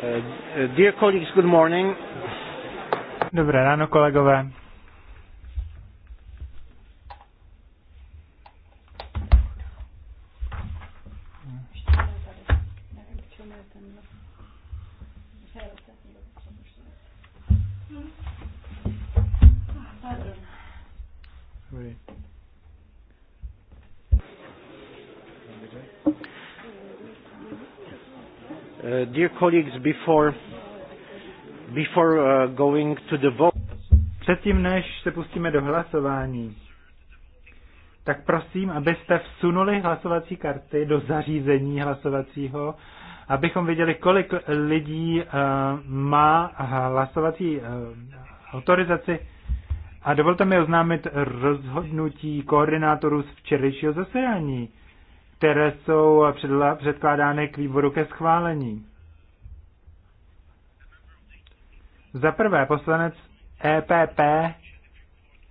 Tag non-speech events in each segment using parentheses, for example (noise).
Eh, eh, dear colleagues, good morning. Dobré ráno, kolegové. Uh, dear colleagues, before, before uh, going to the vote... Předtím, než se pustíme do hlasování, tak prosím, abyste vsunuli hlasovací karty do zařízení hlasovacího, abychom viděli, kolik lidí uh, má hlasovací uh, autorizaci. A dovolte mi oznámit rozhodnutí koordinátorů z včerejšího zasedání které jsou předkládány k výboru ke schválení. Za prvé, poslanec EPP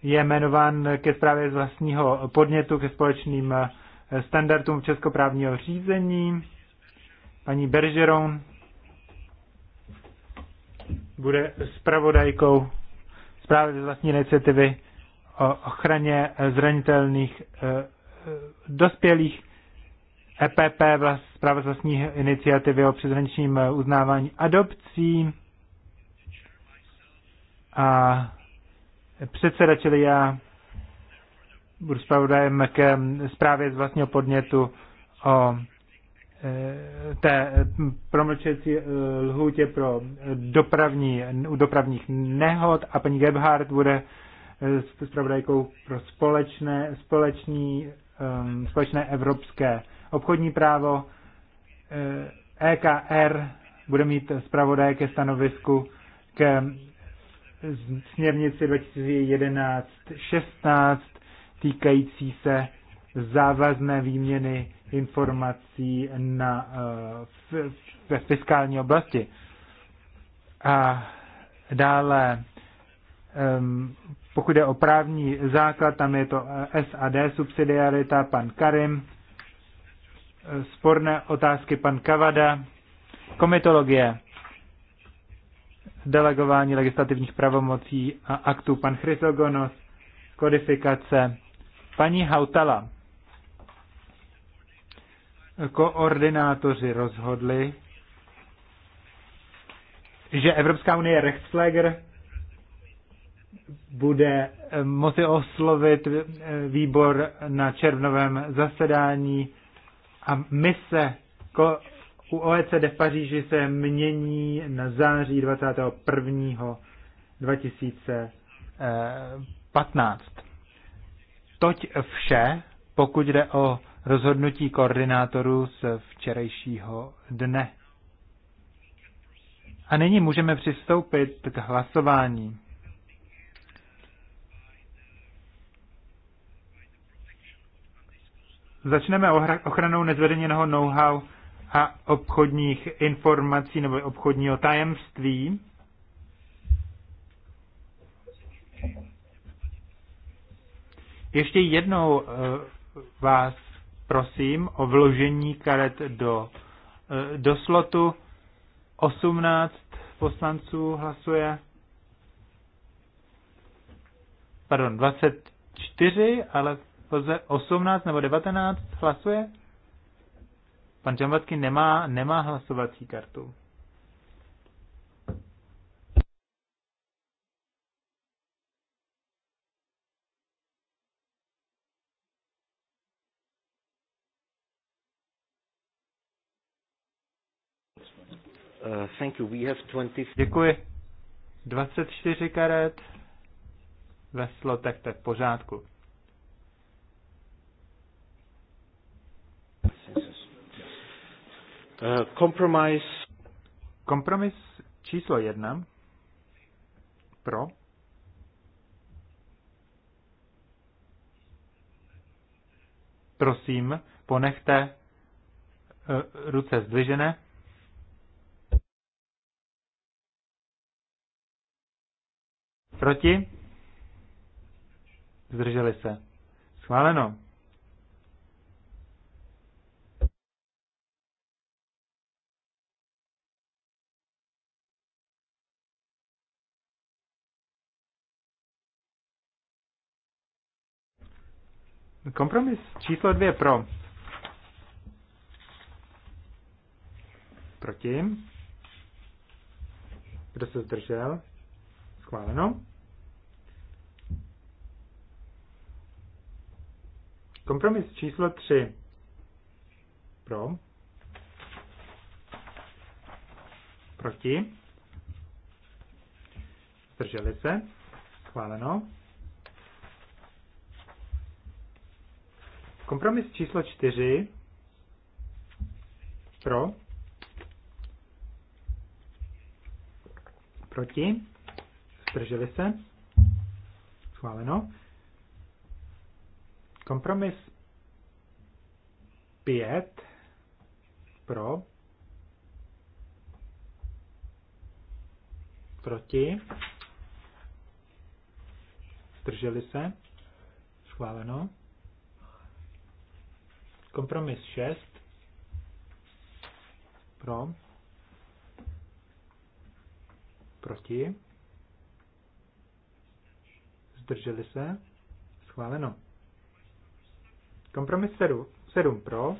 je jmenován ke zprávě z vlastního podnětu ke společným eh, standardům českoprávního řízení. Paní Bergeron bude zpravodajkou zprávy z vlastní iniciativy o ochraně zranitelných eh, eh, dospělých. EPP, zpráva z vlastní iniciativy o přeshraničním eh, uznávání adopcí. A předseda, čili já, budu zpravodajem ke zprávě z vlastního podnětu o eh, té eh, promlčecí lhůtě pro dopravní, u dopravních nehod a paní Gebhardt bude s zpravodajkou pro společné, společní, um, společné evropské obchodní právo. EKR eh, e bude mít zpravodaj ke stanovisku k směrnici 2011-16 týkající se závazné výměny informací na, eh, v, ve fiskální oblasti. A dále, ehm, pokud je o právní základ, tam je to eh, SAD, subsidiarita, pan Karim, sporné otázky pan Kavada. Komitologie, delegování legislativních pravomocí a aktů pan Chrysogonos, kodifikace paní Hautala. Koordinátoři rozhodli, že Evropská unie Rechtsflager bude eh, moci oslovit eh, výbor na červnovém zasedání a mise u OECD v Paříži se mění na září 21. 2015. Eh, Toť vše, pokud jde o rozhodnutí koordinátorů z včerejšího dne. A nyní můžeme přistoupit k hlasování. Začneme ochranou nezveřejněného know-how a obchodních informací nebo obchodního tajemství. Ještě jednou eh, vás prosím o vložení karet do, eh, do slotu. 18 poslanců hlasuje. Pardon, 24, ale pouze 18 nebo 19 hlasuje? Pan Čambatky nemá, nemá hlasovací kartu. Uh, thank you. We have 20... Děkuji. 24 karet ve slotech, tak v pořádku. Kompromis. Eh, Kompromis číslo jedna. Pro. Prosím, ponechte eh, ruce zdvižené. Proti? Zdrželi se. Schváleno. Kompromis číslo dvě pro. Proti. Kdo se zdržel? Schváleno. Kompromis číslo 3. Pro. Proti. Zdrželi se. Schváleno. Kompromis číslo 4 pro, proti, zdrželi se, schváleno. Kompromis 5 pro, proti, zdrželi se, schváleno. Kompromis 6. Pro. Proti. Zdrželi se. Schváleno. Kompromis 7, 7 pro.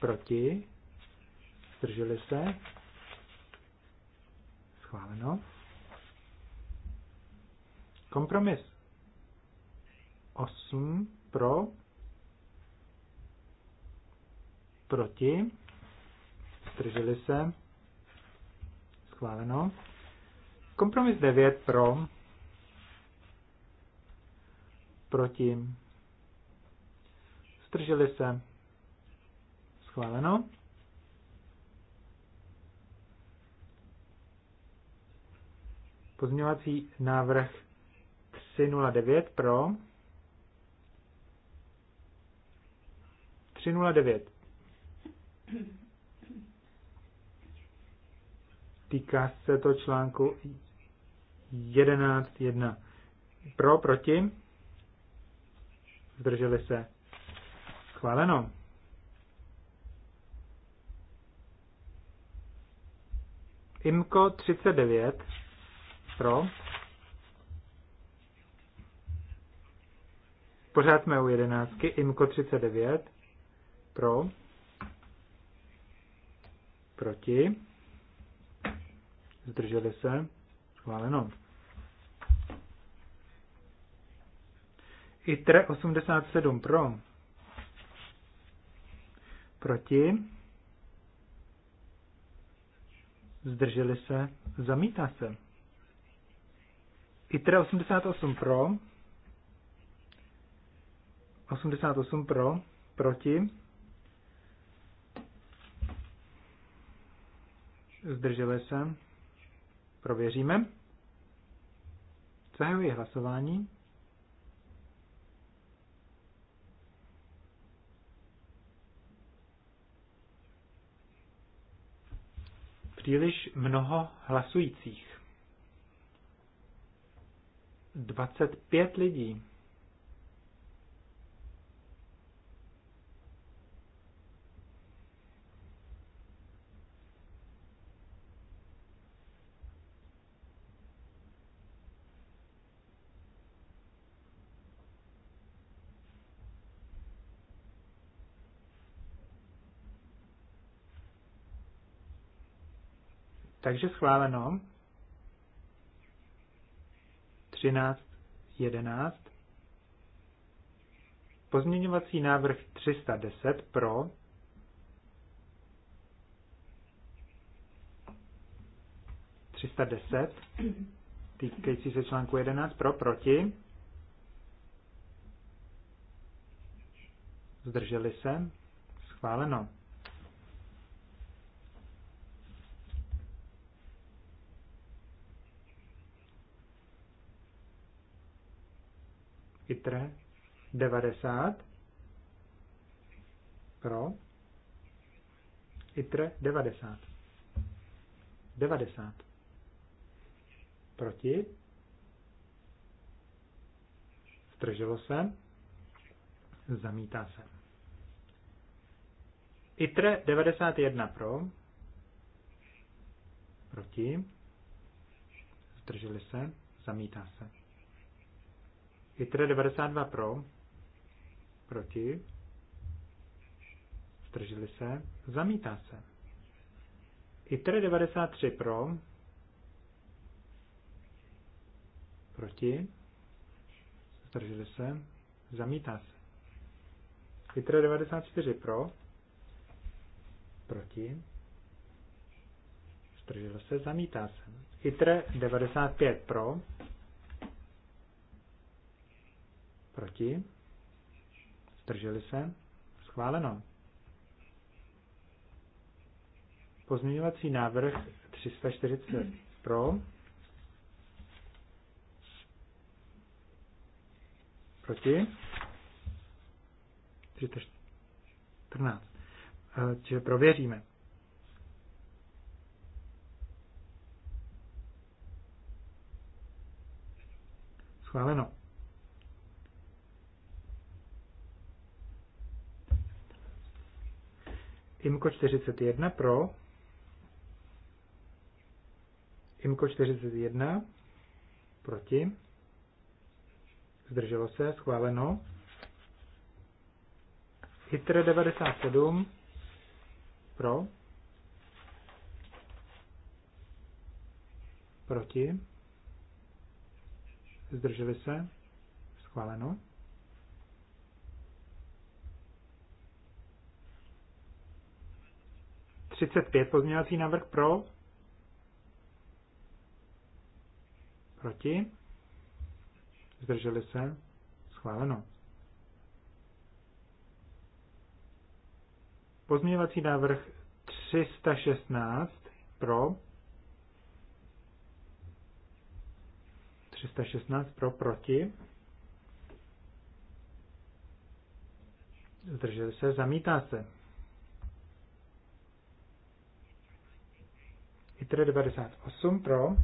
Proti. Zdrželi se. Schváleno. Kompromis 8 pro, proti, zdrželi se, schváleno. Kompromis 9 pro, proti, zdrželi se, schváleno. Pozměňovací návrh 309 pro, 309. Týká se to článku 11.1. Pro, proti? Zdrželi se. Chváleno. IMCO 39 pro. Pořád jsme u jedenáctky. IMCO 39 pro. Proti. Zdrželi se. Schváleno. ITRE 87 pro. Proti. Zdrželi se. Zamítá se. ITRE 88 pro. 88 pro. Proti. zdrželi se, prověříme. Zahajuji hlasování. Příliš mnoho hlasujících. 25 lidí. Takže schváleno. 13, 11. Pozměňovací návrh 310 pro. týkající se článku 11, pro, proti. Zdrželi se. Schváleno. ITRE 90 pro ITRE 90 90 proti zdrželo se zamítá se ITRE 91 pro proti zdrželi se zamítá se je teda 92 pro, proti, zdrželi se, zamítá se. ITR 93 pro, proti, zdrželi se, zamítá se. ITR 94 pro, proti, zdrželi se, zamítá se. ITR 95 pro, Proti? Zdrželi se? Schváleno. Pozměňovací návrh 340 pro. Proti? 314. Eh, Čili prověříme. Schváleno. IMCO 41 pro, IMCO 41 proti, zdrželo se, schváleno, HITRE 97 pro, proti, zdrželi se, schváleno. 35 pozměňovací návrh pro. Proti. Zdrželi se. Schváleno. Pozměňovací návrh 316 pro. 316 pro proti. Zdrželi se, zamítá se. Petr 98 pro,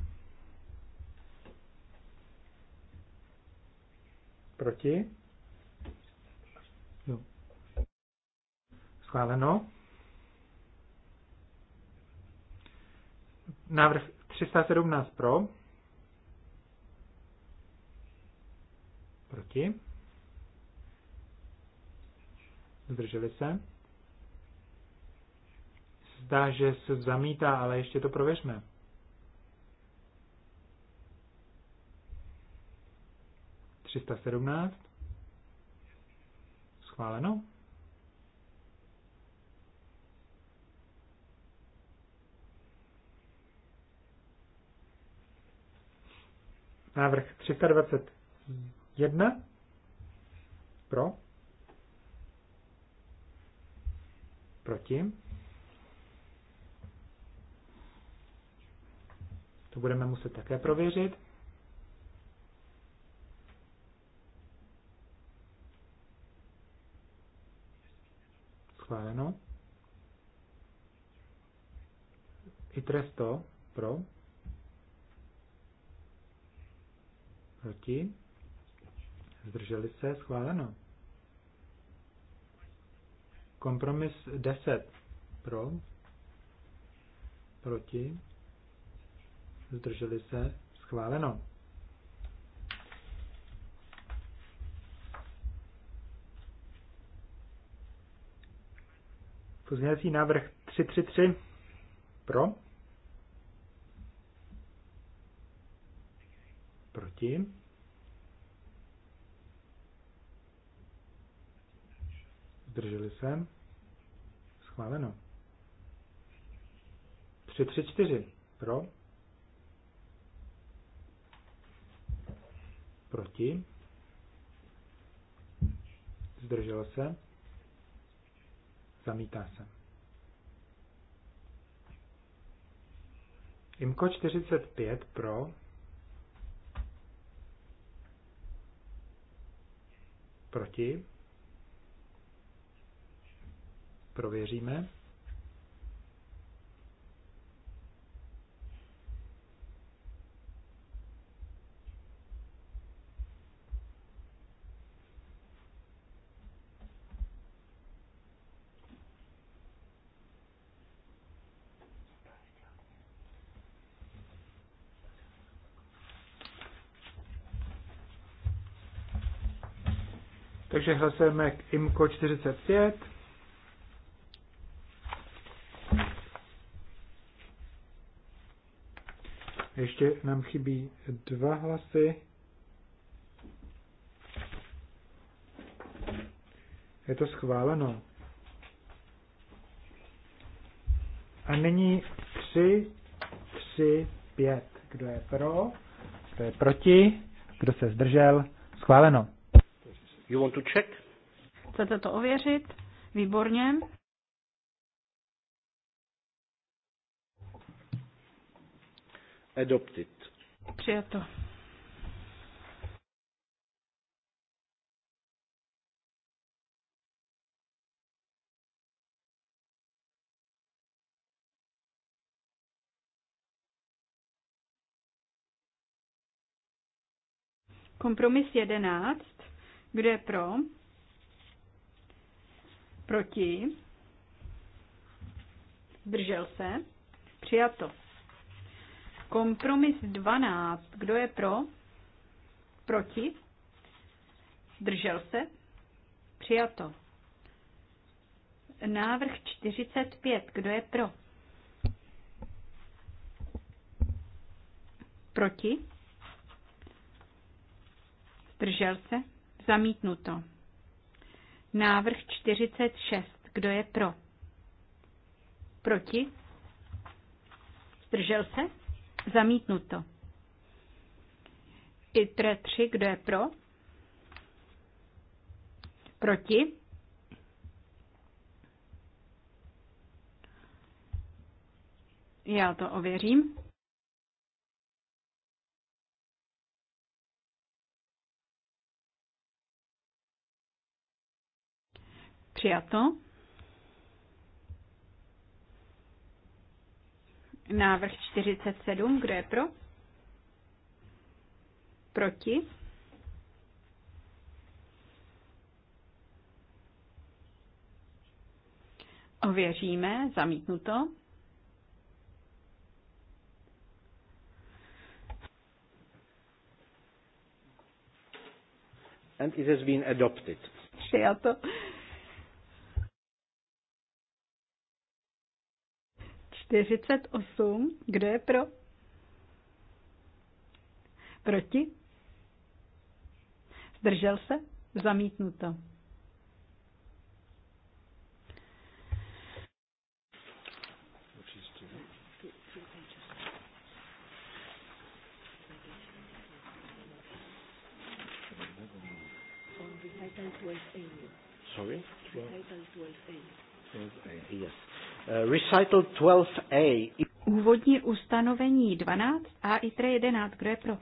proti, no. schváleno. Návrh 317 pro, proti, zdrželi se zdá, že se zamítá, ale ještě to prověřme. Třista sedmnáct. Schváleno. Návrh 321. Pro. Proti. To budeme muset také prověřit. Schváleno. I tresto pro. Proti. Zdrželi se. Schváleno. Kompromis 10 pro. Proti zdrželi se, schváleno. Pozměňovací návrh 333 pro. Proti. Zdrželi se. Schváleno. 334 pro. Proti? Zdrželo se? Zamítá se. Imko 45 pro. Proti? Prověříme. takže hlasujeme k IMCO 45. Ještě nám chybí dva hlasy. Je to schváleno. A nyní 3, 3, 5. Kdo je pro? Kdo je proti? Kdo se zdržel? Schváleno. You want to check? Chcete to ověřit? Výborně. Adopted. Přijato. Kompromis 11. Kdo je pro? Proti? Zdržel se? Přijato. Kompromis 12. Kdo je pro? Proti? Zdržel se? Přijato. Návrh 45. Kdo je pro? Proti? Zdržel se? Zamítnuto. Návrh 46. Kdo je pro? Proti? Zdržel se? Zamítnuto. ITRE 3. Kdo je pro? Proti? Já to ověřím. Přijato. Návrh 47, kdo je pro? Proti? Ověříme, zamítnuto. And it has been adopted. Přijato. 48. Kdo je pro? Proti? Zdržel se? Zamítnuto. Sorry? 12A. 12A. Yes. Eh, recital 12a. Úvodní ustanovení 12 a ITRE 11. Kdo je pro?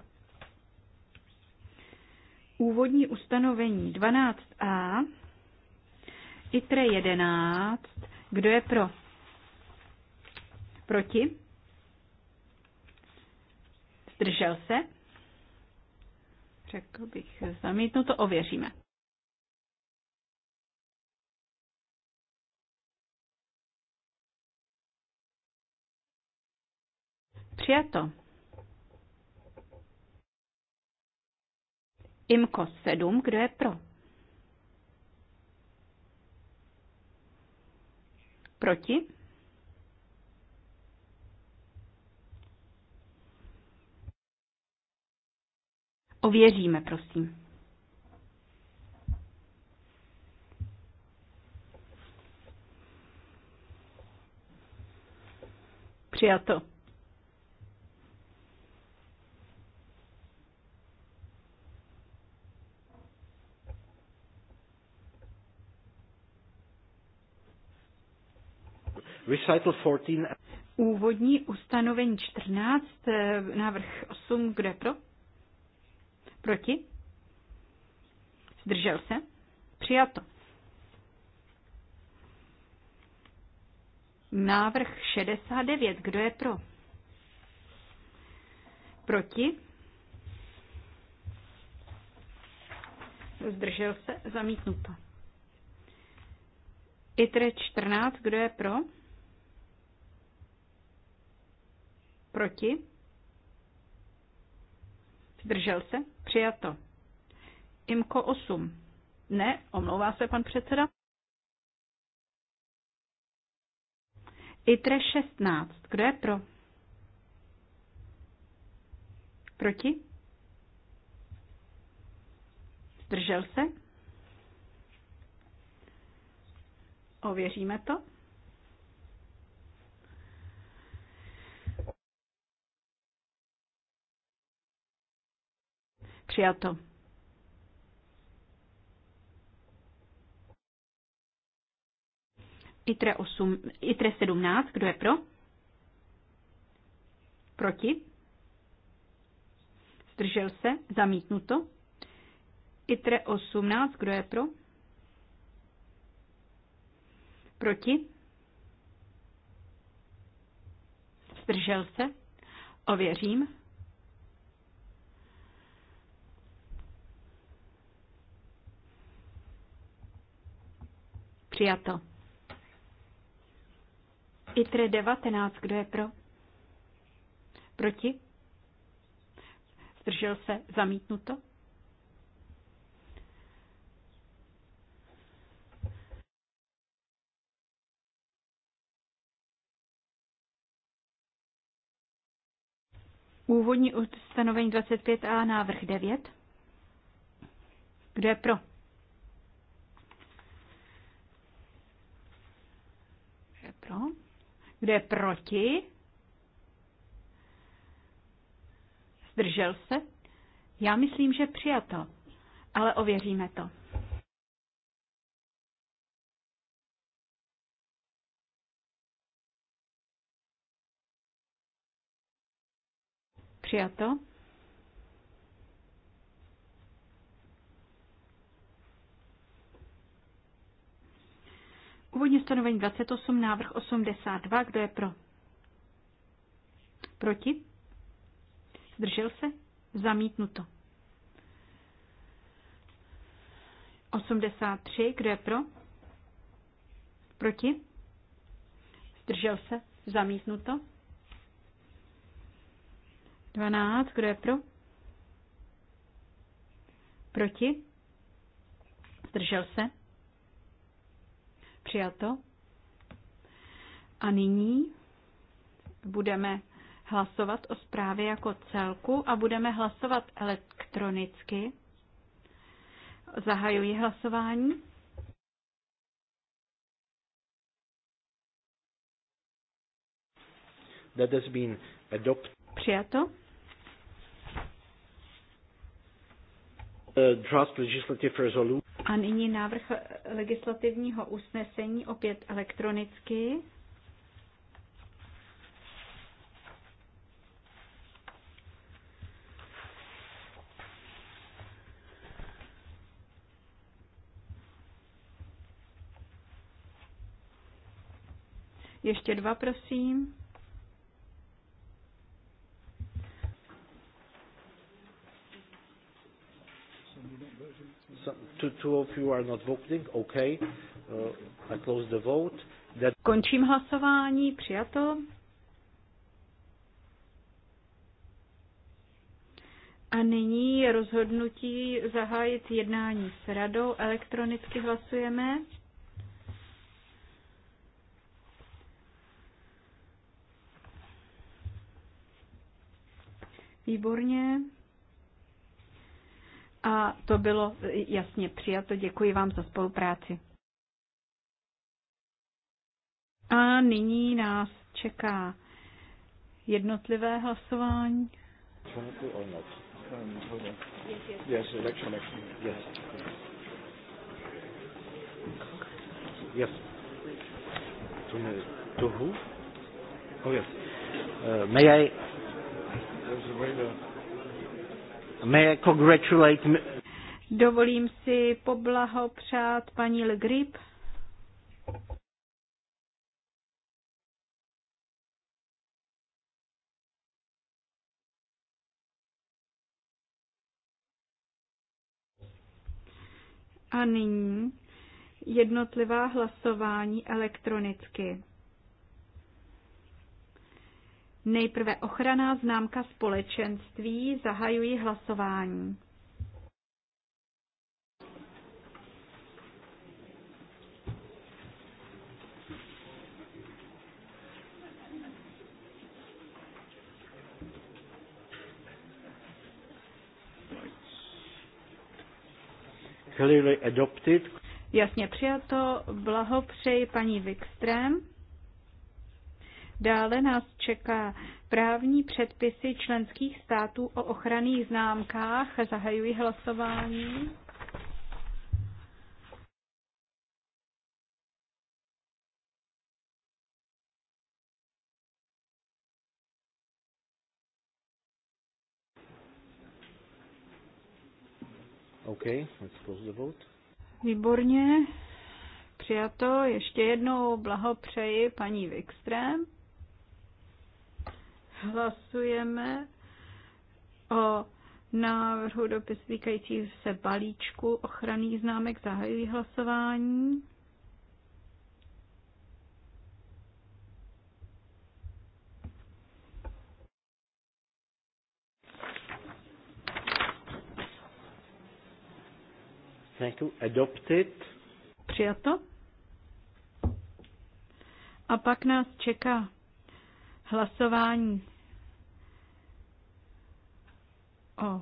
Úvodní ustanovení 12a. ITRE 11. Kdo je pro? Proti? Zdržel se? Řekl bych, zamítnu to, ověříme. Přijato. Imko 7, kdo je pro? Proti? Ověříme, prosím. Přijato. Recital 14. Úvodní ustanovení 14, eh, návrh 8, kdo je pro? Proti? Zdržel se? Přijato. Návrh 69, kdo je pro? Proti? Zdržel se? Zamítnuto. ITRE 14, kdo je pro? Proti? Zdržel se? Přijato. Imko 8. Ne, omlouvá se pan předseda. ITRE 16. Kdo je pro? Proti? Zdržel se? Ověříme to. Přijato. ITRE, 8, ITRE 17, kdo je pro? Proti? Zdržel se? Zamítnuto? ITRE 18, kdo je pro? Proti? Zdržel se? Ověřím. Přijato. ITRE 19, kdo je pro? Proti? Zdržel se? Zamítnuto? Úvodní ustanovení 25a, návrh 9. Kdo je pro? pro? Kdo je proti? Zdržel se? Já myslím, že přijato, ale ověříme to. Přijato. Úvodní stanovení 28, návrh 82. Kdo je pro? Proti? Zdržel se? Zamítnuto. 83. Kdo je pro? Proti? Zdržel se? Zamítnuto. 12. Kdo je pro? Proti? Zdržel se? Přijato. A nyní budeme hlasovat o zprávě jako celku a budeme hlasovat elektronicky. Zahajuji hlasování. That has been adopted. Přijato. Uh, draft legislative resolution a nyní návrh legislativního usnesení opět elektronicky. Ještě dva, prosím. two, two of you are not voting. Okay. Uh, I close the vote. That... Končím hlasování. Přijato. A nyní je rozhodnutí zahájit jednání s radou. Elektronicky hlasujeme. Výborně a to bylo jasně přijato. Děkuji vám za spolupráci. A nyní nás čeká jednotlivé hlasování. Yes, election, election. Yes. Yes. To, who? Oh yes. Uh, may I? There's a way to... May I congratulate... Dovolím si poblahopřát paní Le Grip. A nyní jednotlivá hlasování elektronicky. Nejprve ochraná známka společenství. Zahajuji hlasování. Jasně přijato. Blahopřeji paní Wikström. Dále nás čeká právní předpisy členských států o ochranných známkách. Zahajuji hlasování. Okay, let's close the vote. Výborně. Přijato. Ještě jednou blahopřeji paní Wikström. Hlasujeme o návrhu dopis týkající se balíčku ochranných známek. zahajují hlasování. Adopted. Přijato. A pak nás čeká hlasování A.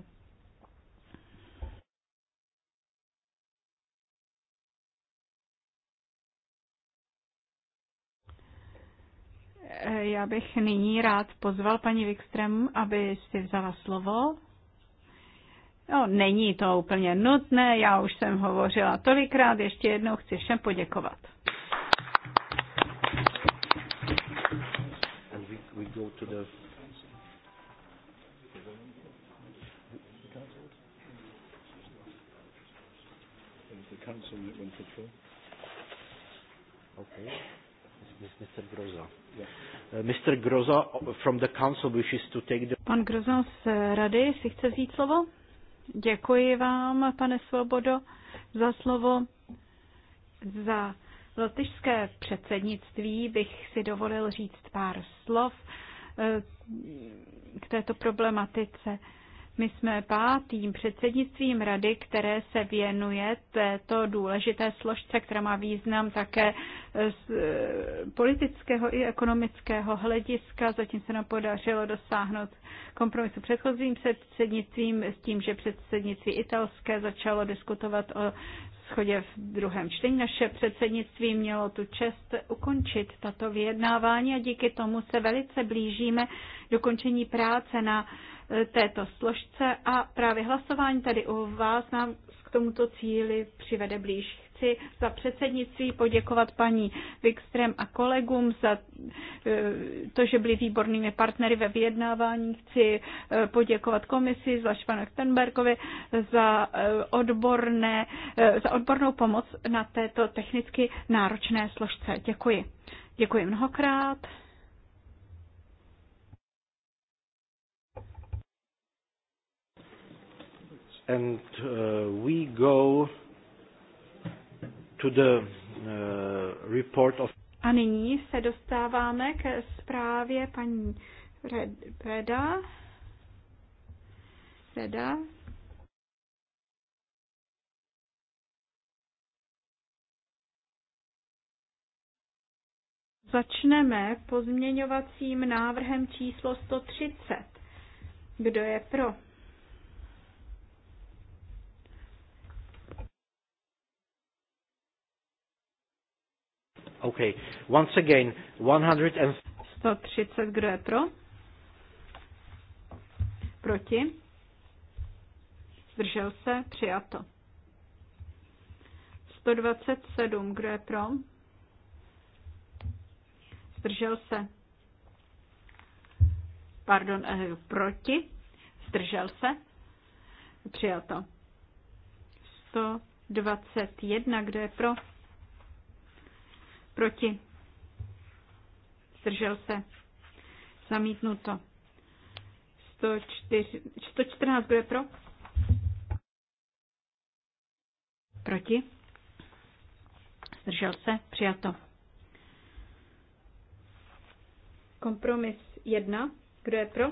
Eh, já bych nyní rád pozval paní Wikström, aby si vzala slovo. No, není to úplně nutné, já už jsem hovořila tolikrát, ještě jednou chci všem poděkovat. And we, we go to the council that went before. Okay. Mr. Groza. Yeah. Uh, Mr. Groza uh, from the council wishes to take the... Pan Groza z rady si chce vzít slovo? Děkuji vám, pane Svobodo, za slovo. Za lotyšské předsednictví bych si dovolil říct pár slov uh, k této problematice. My jsme pátým předsednictvím rady, které se věnuje této důležité složce, která má význam také z eh, politického i ekonomického hlediska. Zatím se nám podařilo dosáhnout kompromisu předchozím předsednictvím s tím, že předsednictví italské začalo diskutovat o schodě v druhém čtení. Naše předsednictví mělo tu čest ukončit tato vyjednávání a díky tomu se velice blížíme dokončení práce na této složce a právě hlasování tady u vás nám k tomuto cíli přivede blíž. Chci za předsednictví poděkovat paní Wikström a kolegům za e, to, že byli výbornými partnery ve vyjednávání. Chci e, poděkovat komisi, zvlášť panu Stenbergovi, za, e, odborné, za odbornou pomoc na této technicky náročné složce. Děkuji. Děkuji mnohokrát. and uh, we go to the uh, report of a nyní se dostáváme k zprávě paní Reda. Reda. Začneme pozměňovacím návrhem číslo 130. Kdo je pro? Okay. Once again, 100 and... 130, kdo je pro? Proti? Zdržel se? Přijato. 127, kdo je pro? Zdržel se? Pardon, eh, proti? Zdržel se? Přijato. 121, kdo je pro? Proti. Zdržel se. Zamítnuto. 114, kdo je pro? Proti. Zdržel se. Přijato. Kompromis 1. Kdo je pro?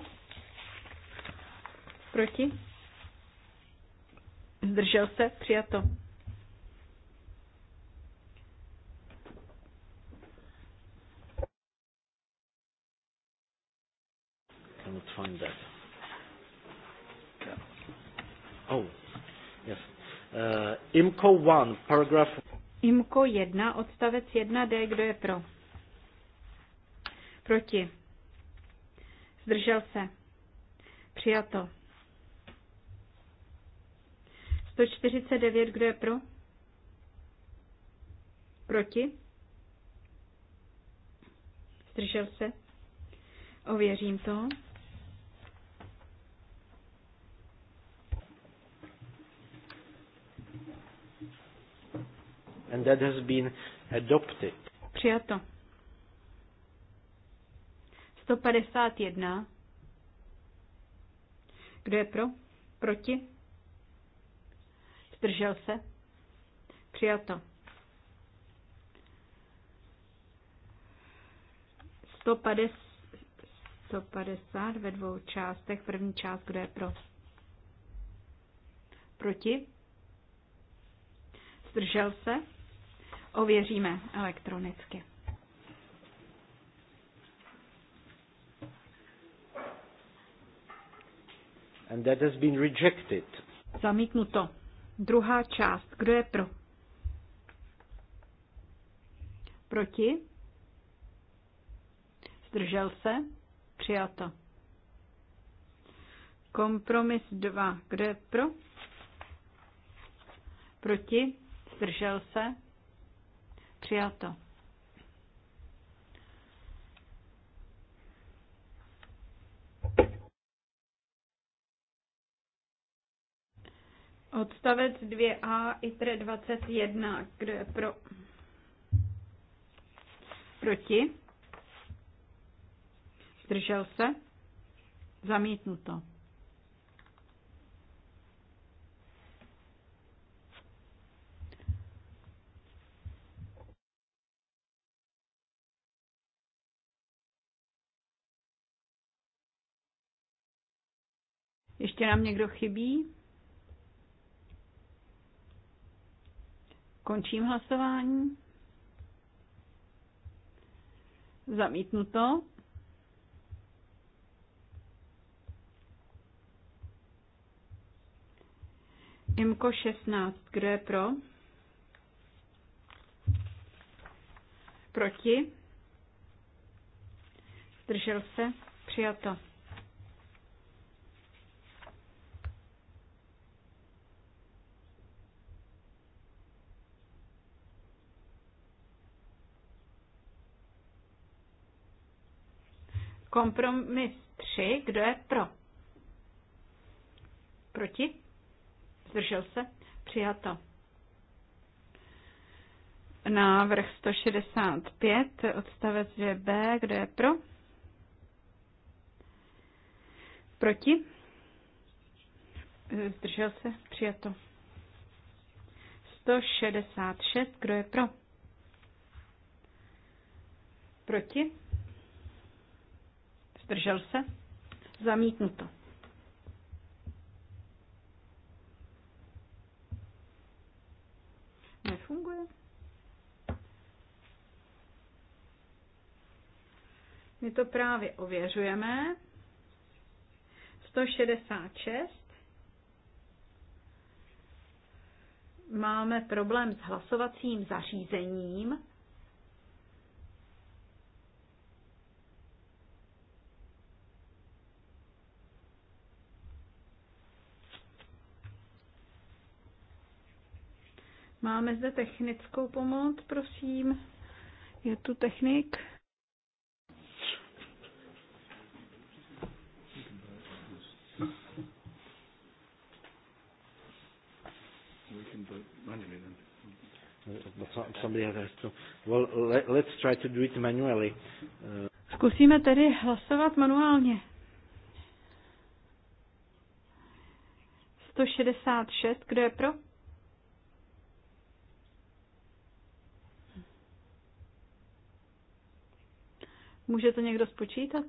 Proti? Zdržel se? Přijato. cannot find that. Oh, yes. Uh, IMCO 1, paragraph... IMCO 1, odstavec 1D, kdo je pro? Proti. Zdržel se. Přijato. 149, kdo je pro? Proti? Zdržel se? Ověřím to. and that has been adopted. Přijato. 151. Kdo je pro? Proti? Zdržel se? Přijato. 150, 150 ve dvou částech. První část, kdo je pro? Proti? Zdržel se? ověříme elektronicky. And that has been rejected. Zamítnuto. Druhá část. Kdo je pro? Proti? Zdržel se? Přijato. Kompromis 2. Kdo je pro? Proti? Zdržel se? Přijato. Odstavec 2a, ITRE 21. Kdo je pro? Proti? Zdržel se? Zamítnuto. Ještě nám někdo chybí? Končím hlasování. Zamítnuto. Imko 16, kdo je pro? Proti? Zdržel se? Přijato. Kompromis 3. Kdo je pro? Proti? Zdržel se? Přijato. Návrh 165, odstavec 2b, kdo je pro? Proti? Zdržel se? Přijato. 166, kdo je pro? Proti? Zdržel se? Zamítnuto. Nefunguje? My to právě ověřujeme. 166. Máme problém s hlasovacím zařízením. Máme zde technickou pomoc, prosím. Je tu technik. Zkusíme tedy hlasovat manuálně. 166, kdo je pro? Může to někdo spočítat?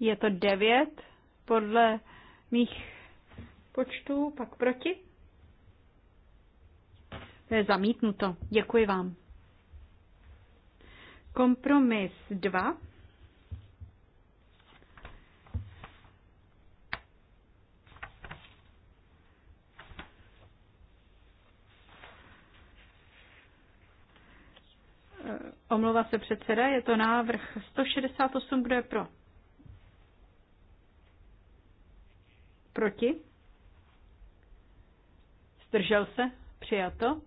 Je to devět podle mých počtů, pak proti? To je zamítnuto. Děkuji vám. Kompromis 2. Omlouvá se předseda, je to návrh 168, kdo je pro? Proti? Zdržel se? Přijato.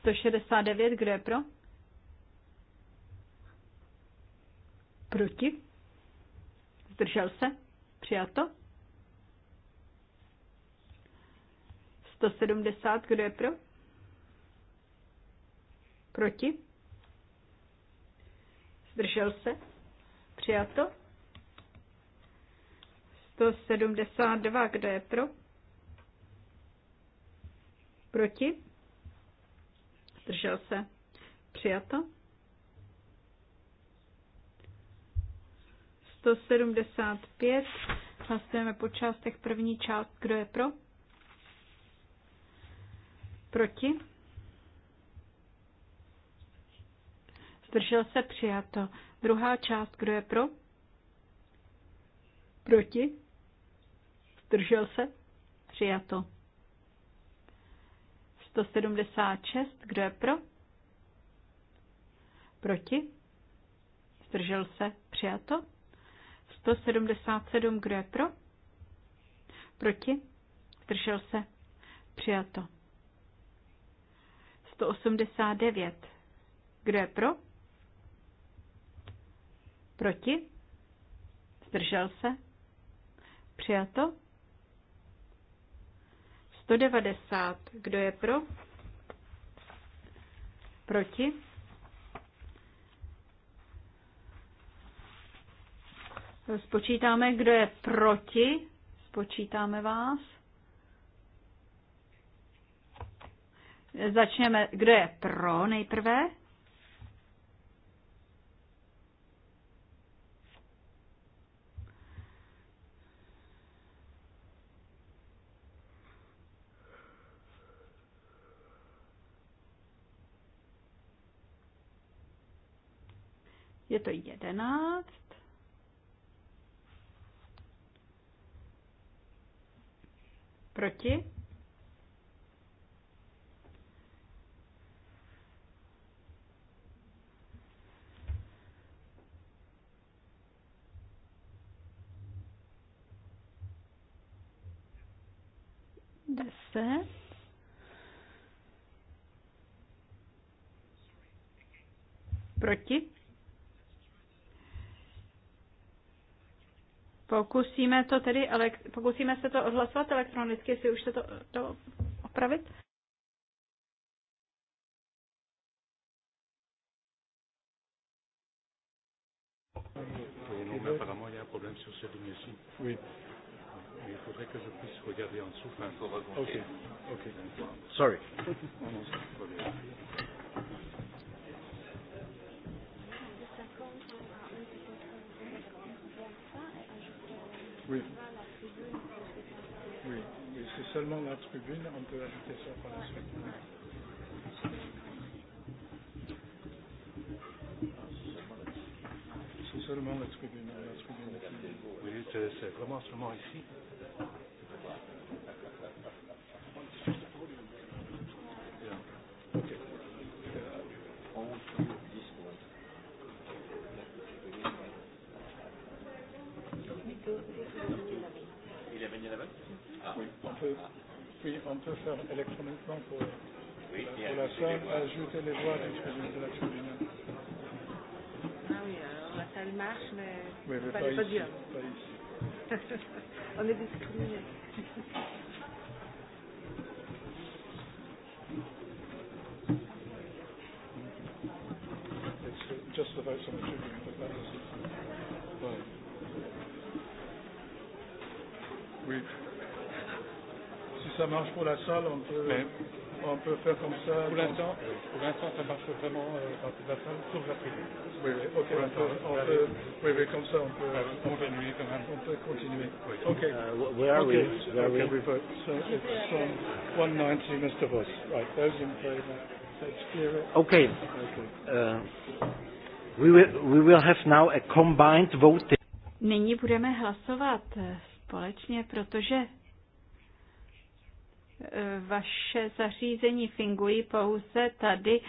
169, kdo je pro? Proti? Zdržel se? Přijato. 170, kdo je pro? Proti? Zdržel se? Přijato? 172. Kdo je pro? Proti? Zdržel se? Přijato? 175. Hlasujeme po částech první část. Kdo je pro? Proti? Zdržel se přijato. Druhá část, kdo je pro? Proti? Zdržel se? Přijato. 176, kdo je pro? Proti? Zdržel se? Přijato. 177, kdo je pro? Proti? Zdržel se? Přijato. 189, kdo je pro? Proti? Zdržel se? Přijato? 190. Kdo je pro? Proti? Spočítáme, kdo je proti. Spočítáme vás. Začněme, kdo je pro nejprve. Je to 11. Proti? Deset. Proti? Pokusíme, to tedy, pokusíme se to odhlasovat elektronicky, jestli už se to, to opravit. Sorry. Oui. Oui, oui c'est seulement la tribune, on peut ajouter ça par la suite. Ah, c'est seulement la tribune, la tribune. Oui, c'est vraiment seulement ici. peut, oui, on peut faire électroniquement pour, oui, pour, pour la salle, ajouter les voix de l'action du Ah oui, alors la salle marche, mais, oui, mais pas, pas, ici, pas dire. Pas ici. (laughs) on est discriminé. just the votes on the tribune, but that doesn't. Well, we've ça marche pour la salle, on peut, Mais, on peut faire comme ça. Pour l'instant, pour l'instant, ça marche vraiment euh, dans toute la salle, sauf la tribune. Oui, oui, ok. Pour on peut, on peut, oui, oui, comme ça, on peut euh, continuer quand même. On peut continuer. Oui. Ok. Uh, where are okay. we? Where okay, are we? Okay. So it's from 190, Mr. Voss. Right, those in favor. Okay. okay. Uh, we will, we will have now a combined vote. Nyní budeme hlasovat společně, protože vaše zařízení fungují pouze tady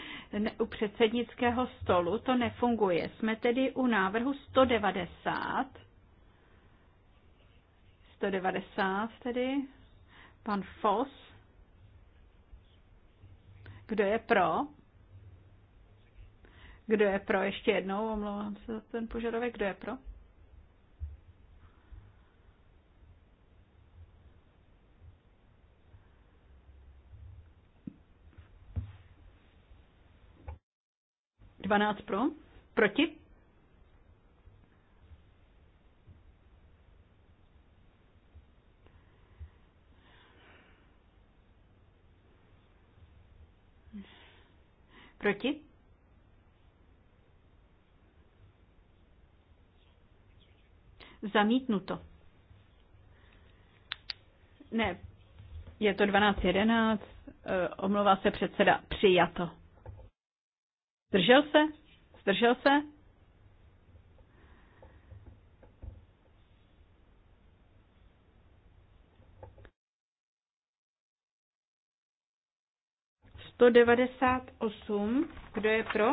u předsednického stolu. To nefunguje. Jsme tedy u návrhu 190. 190 tedy. Pan Foss. Kdo je pro? Kdo je pro? Ještě jednou omlouvám se za ten požadavek. Kdo je pro? 12 pro, proti. Proti? Zamítnuto. Ne, je to 12.11, eh, omlouvá se předseda, přijato. Zdržel se? Zdržel se? Sto devadesát osm. Kdo je pro?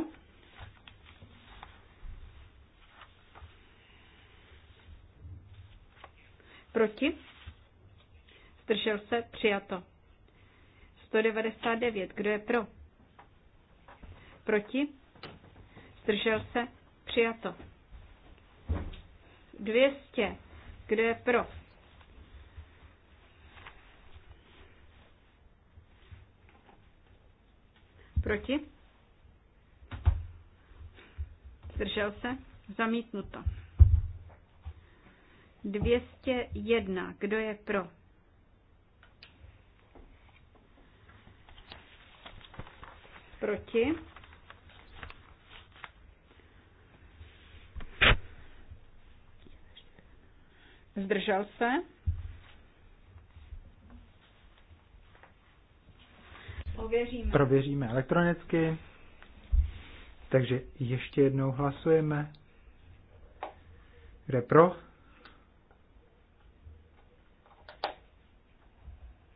Proti? Zdržel se? Přijato. 199. Kdo je pro? Proti? Zdržel se? Přijato. 200. Kdo je pro? Proti? Zdržel se? Zamítnuto. 201. Kdo je pro? Proti? Zdržel se? Prověříme. Prověříme elektronicky. Takže ještě jednou hlasujeme. Kde pro?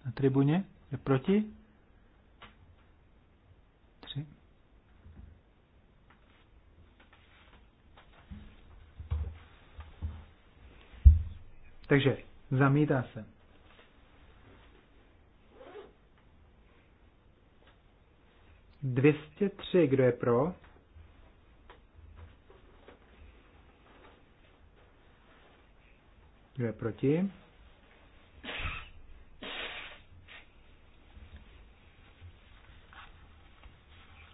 Na tribuně? je proti? Takže zamítá se. Dvěstě tři, kdo je pro? Kdo je proti?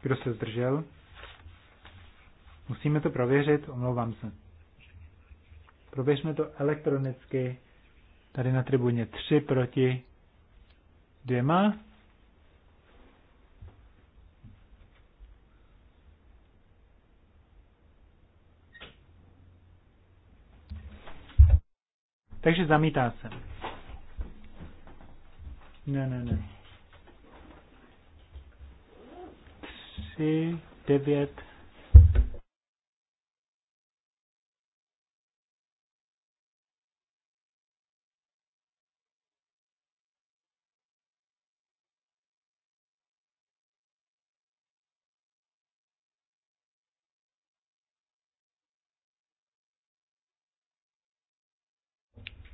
Kdo se zdržel? Musíme to prověřit, omlouvám se. Proběžme to elektronicky. Tady na tribuně 3 proti dvěma. Takže zamítá se. Ne, ne, ne. 3, 9,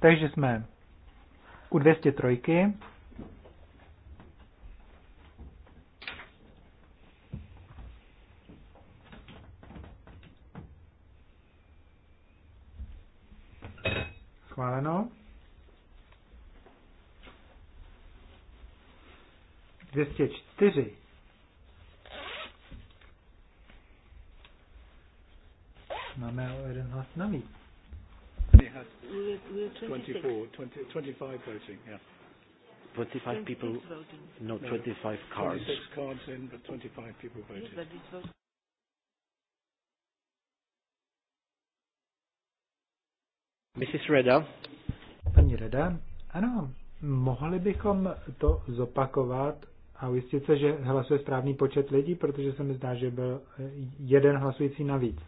Takže jsme u 203. Schváleno. 204. Máme o jeden hlas navíc. 24, 25 voting, yeah. 25 people, voting. no, 25 no. cards. 26 cards in, but 25 people voted. Yes, but it's Mrs. Reda. Paní Reda, ano, mohli bychom to zopakovat a ujistit se, že hlasuje správný počet lidí, protože se mi zdá, že byl eh, jeden hlasující navíc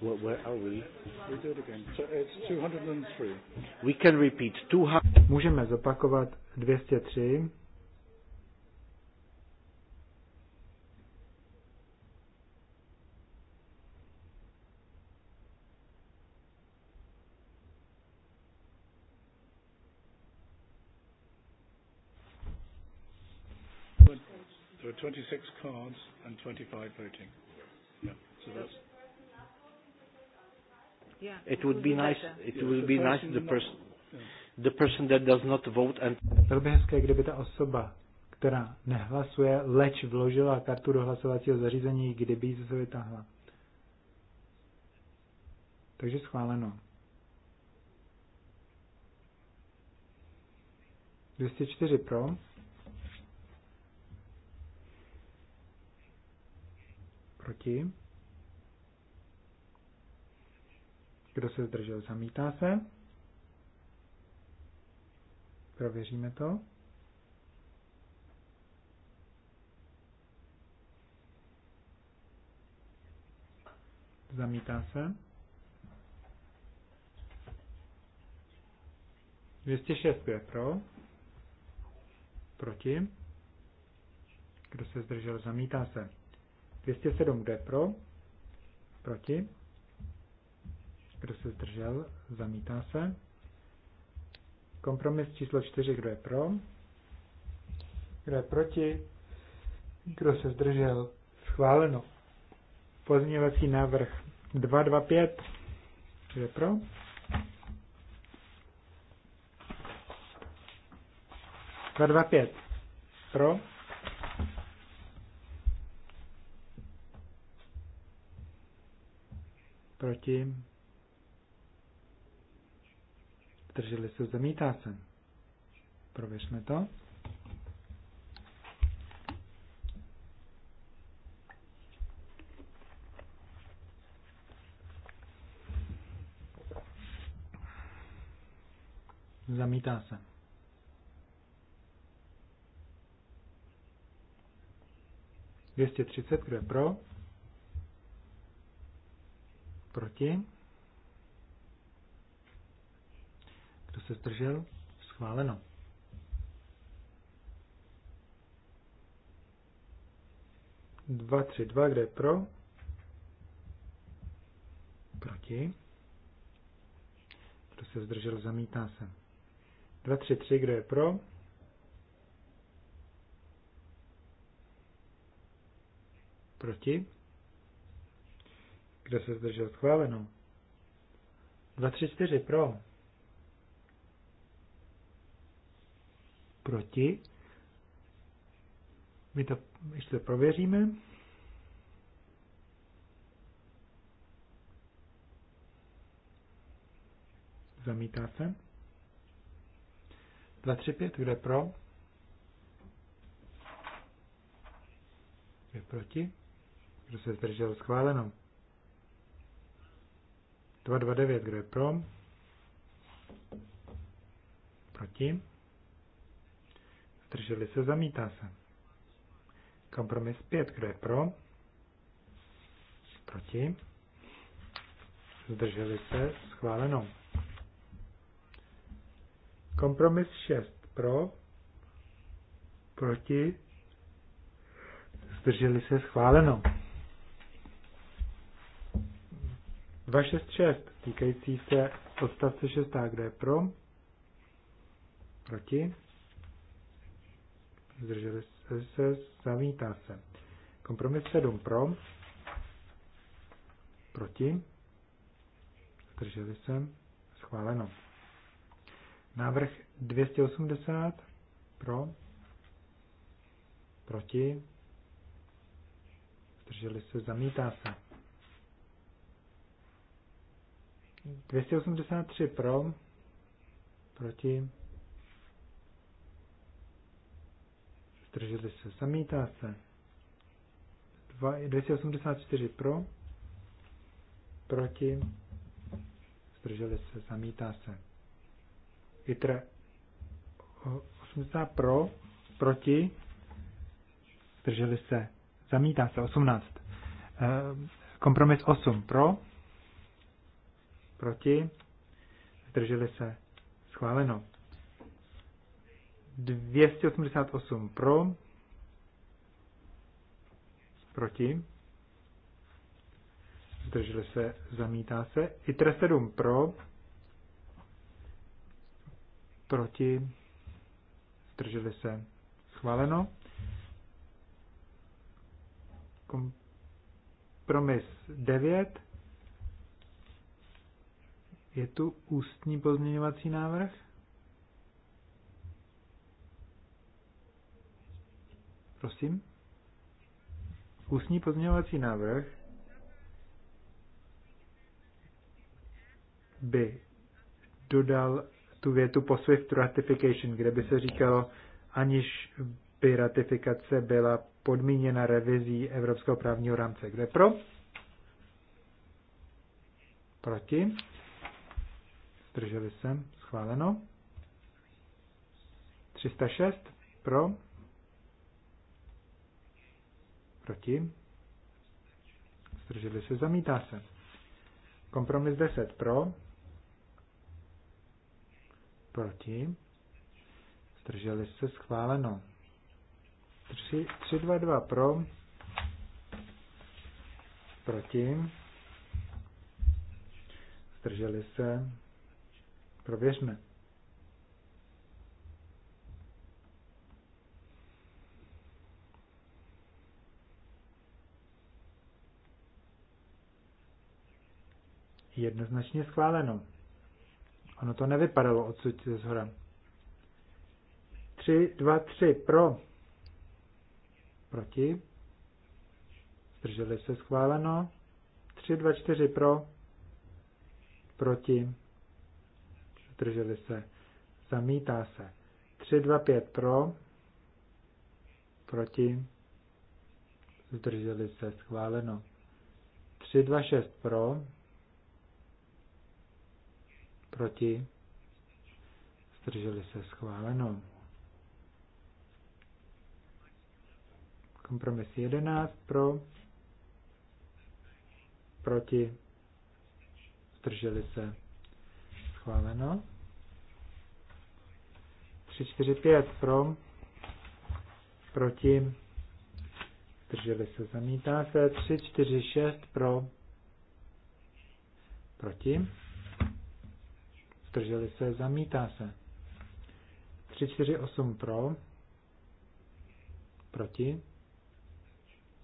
where, where are we? We do it again. So it's 203. We can repeat. 200. Můžeme zopakovat 203. There are 26 cards and 25 voting. Yeah it, would be, nice. It would be nice the person, the person that does not vote and. Bylo by hezké, kdyby ta osoba, která nehlasuje, leč vložila kartu do hlasovacího zařízení, kdyby ji zase vytáhla. Takže schváleno. 204 pro. Proti. Kdo se zdržel? Zamítá se. Prověříme to. Zamítá se. 206 je pro. Proti. Kdo se zdržel? Zamítá se. 207 jde pro. Proti. Kdo se zdržel? Zamítá se. Kompromis číslo 4. Kdo je pro? Kdo je proti? Kdo se zdržel? Schváleno. Pozměňovací návrh 225. Kdo je pro? Dva, dva, pět. Pro. Proti. zdrželi se, zamítá se. Prověřme to. Zamítá se. Dvěstě třicet, kdo je pro? Proti? se zdržel, schváleno. Dva, tři, dva, kde je pro? Proti. Kdo se zdržel, zamítá se. Dva, tři, tři, kde je pro? Proti. Kdo se zdržel, schváleno. Dva tři čtyři pro. proti. My to ještě prověříme. Zamítá se. 3, 5, kde pro? je proti? Kdo se zdržel schváleno? 2, 9, kde pro? Proti? Drželi se, zamítá se. Kompromis 5, kdo je pro? Proti? Zdrželi se, schváleno. Kompromis 6, pro? Proti? Zdrželi se, schváleno. 266, týkající se odstavce 6, kdo je pro? Proti? zdrželi se, zamítá se. Kompromis 7 pro, proti, zdrželi se, schváleno. Návrh 280 pro, proti, zdrželi se, zamítá se. 283 pro, proti, zdrželi se, zamítá se. 284 pro, proti, zdrželi se, zamítá se. ITRE 80 pro, proti, zdrželi se, zamítá se, 18. Eh, kompromis 8 pro, proti, zdrželi se, schváleno. 288 pro, proti, zdrželi se, zamítá se. ITRE 7 pro, proti, zdrželi se, schváleno. Kompromis 9. Je tu ústní pozměňovací návrh? Prosím. Ústní pozměňovací návrh by dodal tu větu po SWIFT ratification, kde by se říkalo, aniž by ratifikace byla podmíněna revizí Evropského právního rámce. Kde pro? Proti? Zdrželi se? Schváleno. 306 pro? Proti? Zdrželi se, zamítá se. Kompromis 10 pro. Proti? Zdrželi se, schváleno. 3, 3 2, 2 pro. Proti? Zdrželi se. Prověřme. jednoznačně schváleno. Ono to nevypadalo odsud ze zhora. 3, 2, 3 pro, proti, zdrželi se schváleno. 3, 2, 4 pro, proti, zdrželi se, zamítá se. 3, 2, 5 pro, proti, zdrželi se, schváleno. 3, 2, 6 pro, proti, zdrželi se schváleno. Kompromis 11 pro, proti, zdrželi se schváleno. 3, 4, 5 pro, proti, zdrželi se zamítá se, 3, 4, 6 pro, proti zdrželi se, zamítá se. 3, 4, 8 pro, proti,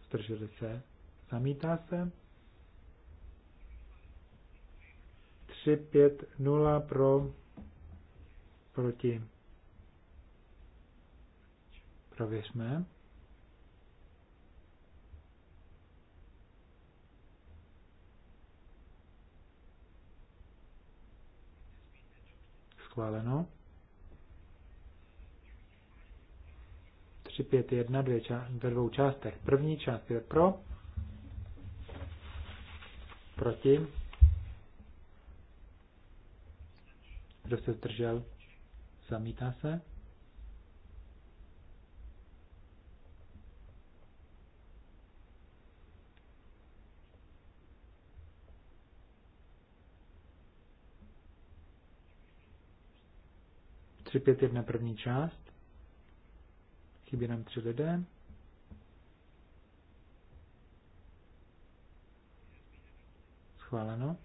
zdrželi se, zamítá se. 3, 5, 0 pro, proti. Prověřme. schváleno. 1, dvě ča- ve dvou částech. První část je pro, proti, kdo se zdržel, zamítá se. 1, první část. Chybí nám tři lidé. Schváleno.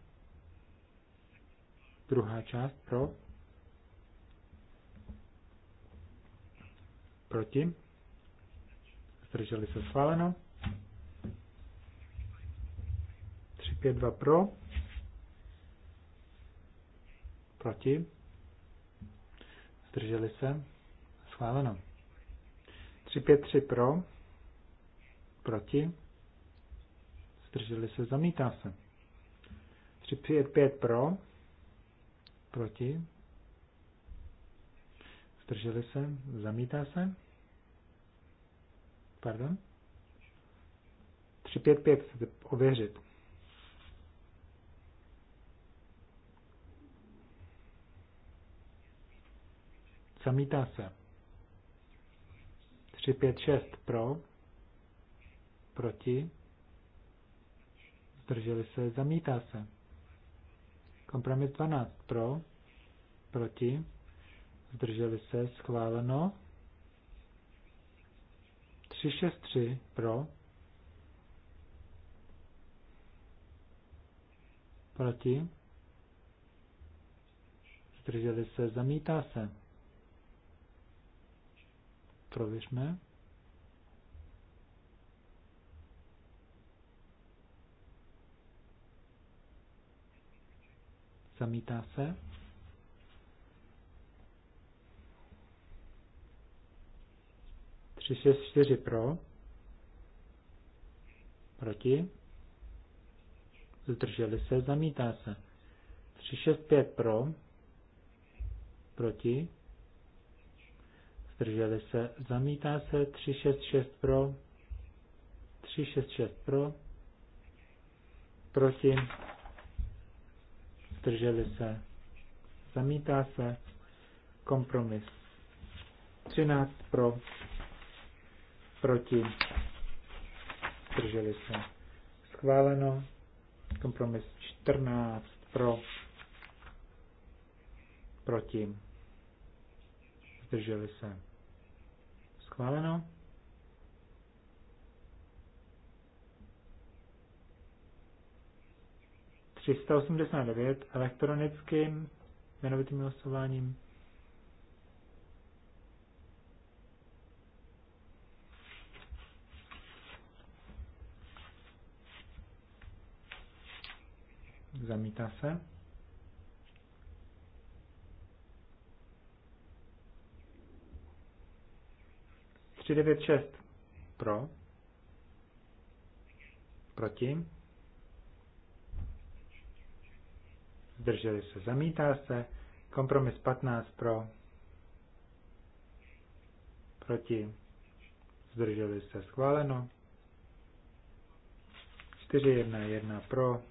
Druhá část pro. Proti. Zdrželi se schváleno. 2 pro. Proti Zdrželi se? Schváleno. 353 pro. Proti. Zdrželi se? Zamítá se. 355 pro. Proti. Zdrželi se? Zamítá se. Pardon. 355 ověřit. Zamítá se. 3, 5, 6 pro, proti, zdrželi se, zamítá se. Kompromis 12 pro, proti, zdrželi se, schváleno. 3, 6, 3 pro, proti, zdrželi se, zamítá se prověřme. Zamítá se. Tři šest čtyři pro. Proti. Zdrželi se. Zamítá se. tři šest pět pro. Proti zdrželi se, zamítá se 366 pro, 366 pro, proti, zdrželi se, zamítá se, kompromis 13 pro, proti, zdrželi se, schváleno, kompromis 14 pro, proti, zdrželi se Schváleno. Třista osmdesát devět elektronickým jmenovitým hlasováním. Zamítá se. 396 pro, proti, zdrželi se, zamítá se, kompromis 15 pro, proti, zdrželi se, schváleno, 411 pro,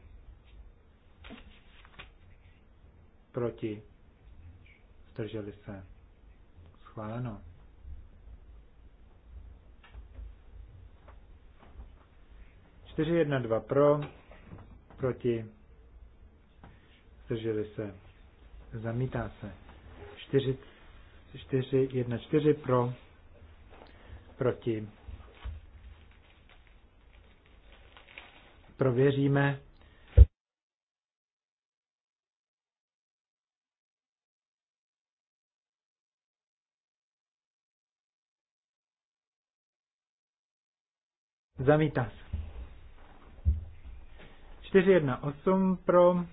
proti, zdrželi se, schváleno. 4-1-2 pro, proti, zdrželi se, zamítá se. 4, 4, 1, 4 pro, proti. Prověříme. Zamítá se. 418 pro,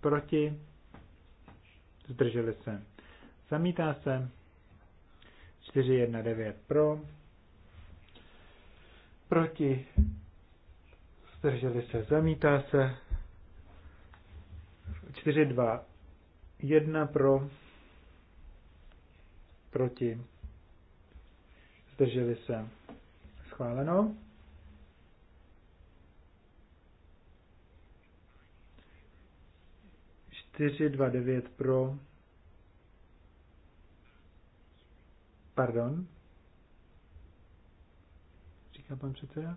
proti, zdrželi se. Zamítá se 419 pro, proti, zdrželi se. Zamítá se 421 pro, proti, zdrželi se. Schváleno. 429 pro. Pardon. Říká pan předseda.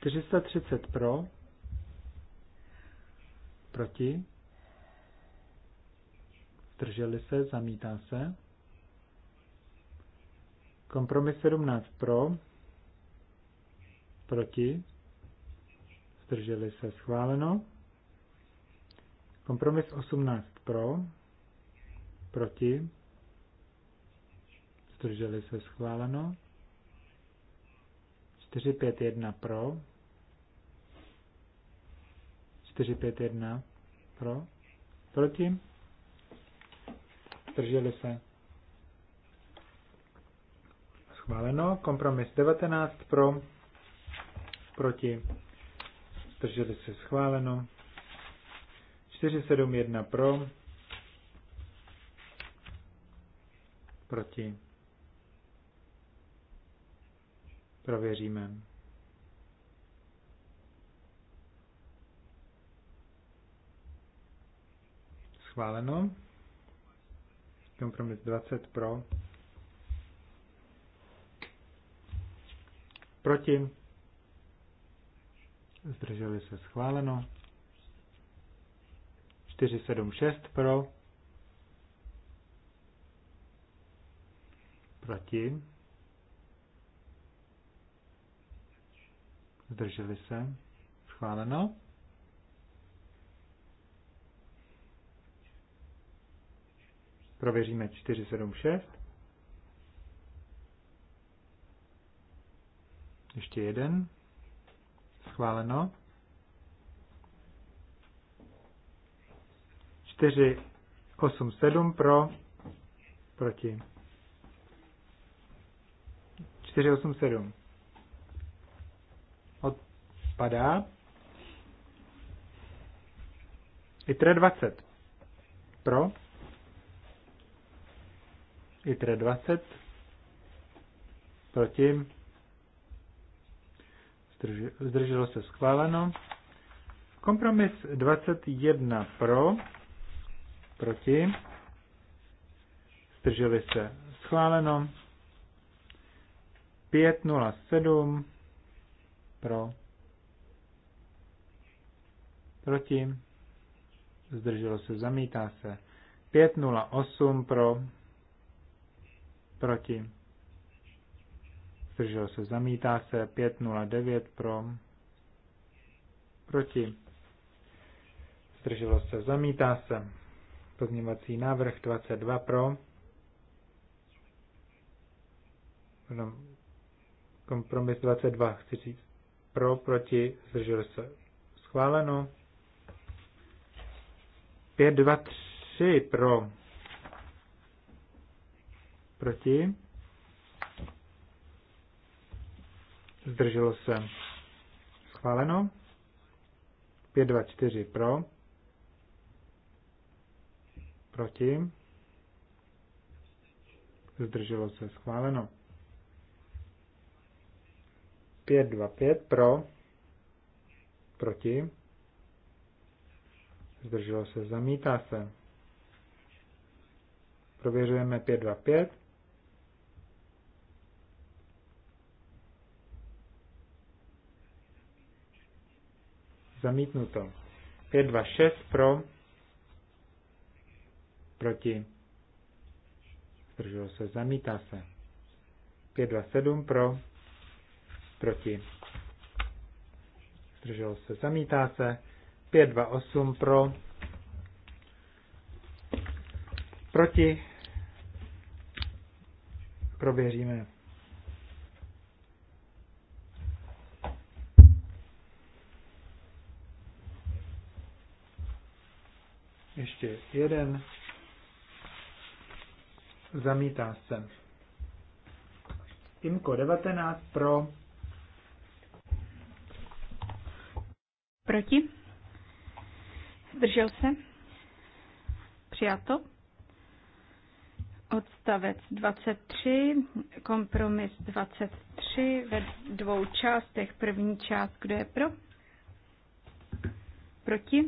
430 pro, proti, drželi se, zamítá se. Kompromis 17 pro, proti, zdrželi se, schváleno. Kompromis 18 pro, proti, zdrželi se, schváleno. 451 pro, 451 pro, proti, Drželi se. Schváleno. Kompromis 19 pro, proti, Drželi se. Schváleno. 471 pro, proti. Prověříme. Schváleno. Kompromis 20 pro. Proti. Zdrželi se schváleno. 476 pro. Proti. Zdrželi se. Schváleno. Prověříme 476. Ještě jeden. Schváleno. 487 pro, proti. 487, Odpadá. ITRE 20. Pro. ITRE 20, proti, zdrželo se schváleno. Kompromis 21 pro, proti, zdrželi se schváleno. 507 pro, proti, zdrželo se, zamítá se. 508 pro, proti, zdržel se, zamítá se, 509 pro, proti, zdrželo se, zamítá se, pozměvací návrh 22 pro, no, kompromis 22, chci říct, pro, proti, zdrželo se, schváleno, 523 pro, Proti? Zdrželo se. Schváleno. 4 pro. Proti? Zdrželo se. Schváleno. 5 pro. Proti? Zdrželo se. Zamítá se. Prověřujeme 5. Zamítnuto. 526 pro, proti, zdrželo se, zamítá se. 527 pro, proti, zdrželo se, zamítá se. 528 pro, proti, prověříme. Ještě jeden. Zamítá se. Imko 19 pro. Proti. Zdržel se. Přijato. Odstavec 23, kompromis 23 ve dvou částech. První část, kdo je pro? Proti?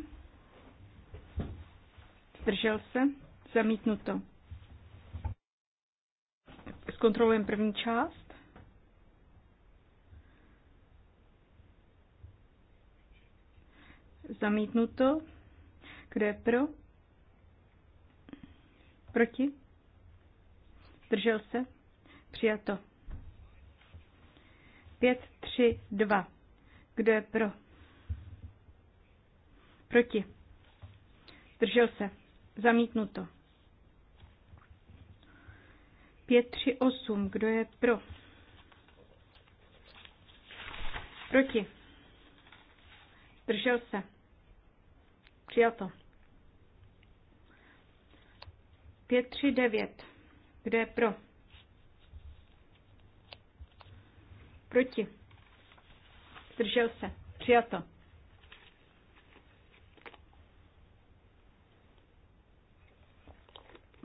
Zdržel se? Zamítnuto. Zkontrolujeme první část. Zamítnuto. Kdo je pro? Proti? Zdržel se? Přijato. 5, 3, 2. Kdo je pro? Proti? Zdržel se? Zamítnuto. 5-3-8. Kdo je pro? Proti. Držel se. 5-3-9. Kdo je pro? Proti. Držel se. Přijato.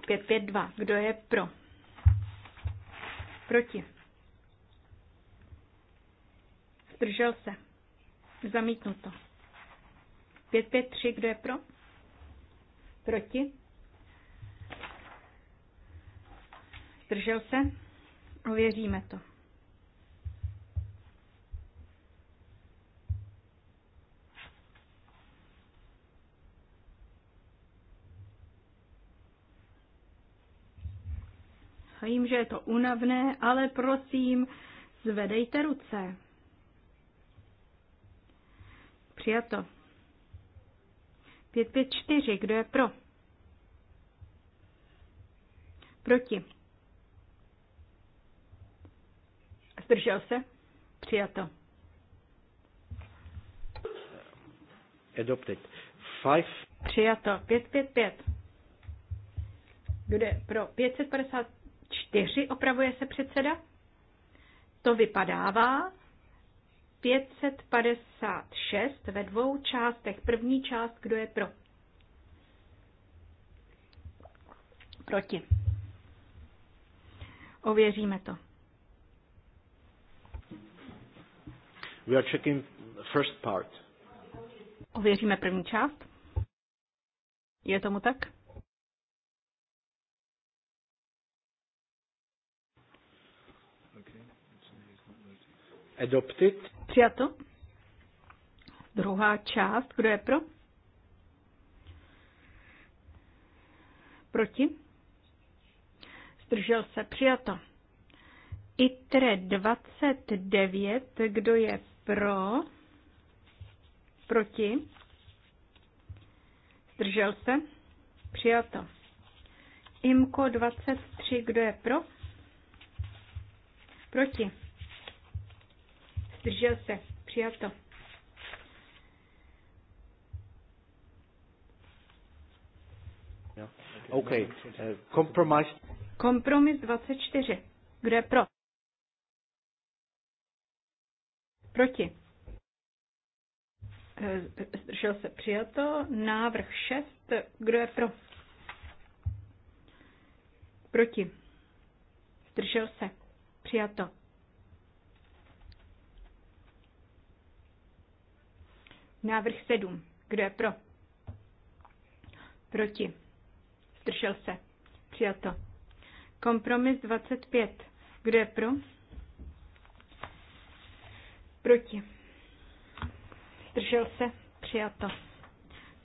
552. Kdo je pro? Proti. Zdržel se. Zamítnuto. 553. Kdo je pro? Proti. Zdržel se. Ověříme to. Vím, že je to unavné, ale prosím, zvedejte ruce. Přijato. 554, kdo je pro? Proti. Zdržel se? Přijato. Adopted. Five. Přijato. 555. Kde pro 555 čtyři, opravuje se předseda. To vypadává 556 ve dvou částech. První část, kdo je pro? Proti. Ověříme to. We are checking first part. Ověříme první část. Je tomu tak? Adopted. Přijato. Druhá část. Kdo je pro? Proti? Zdržel se. Přijato. ITRE 29. Kdo je pro? Proti? Zdržel se? Přijato. IMKO 23. Kdo je pro? Proti? zdržel se, přijato. Okay. Kompromis. Kompromis 24. Eh, Kdo je pro? Proti. Zdržel se přijato. Návrh 6. Kdo je pro? Proti. Zdržel se. Přijato. Návrh 7. Kdo je pro? Proti. Zdržel se. Přijato. Kompromis 25. Kdo je pro? Proti. Zdržel se. Přijato.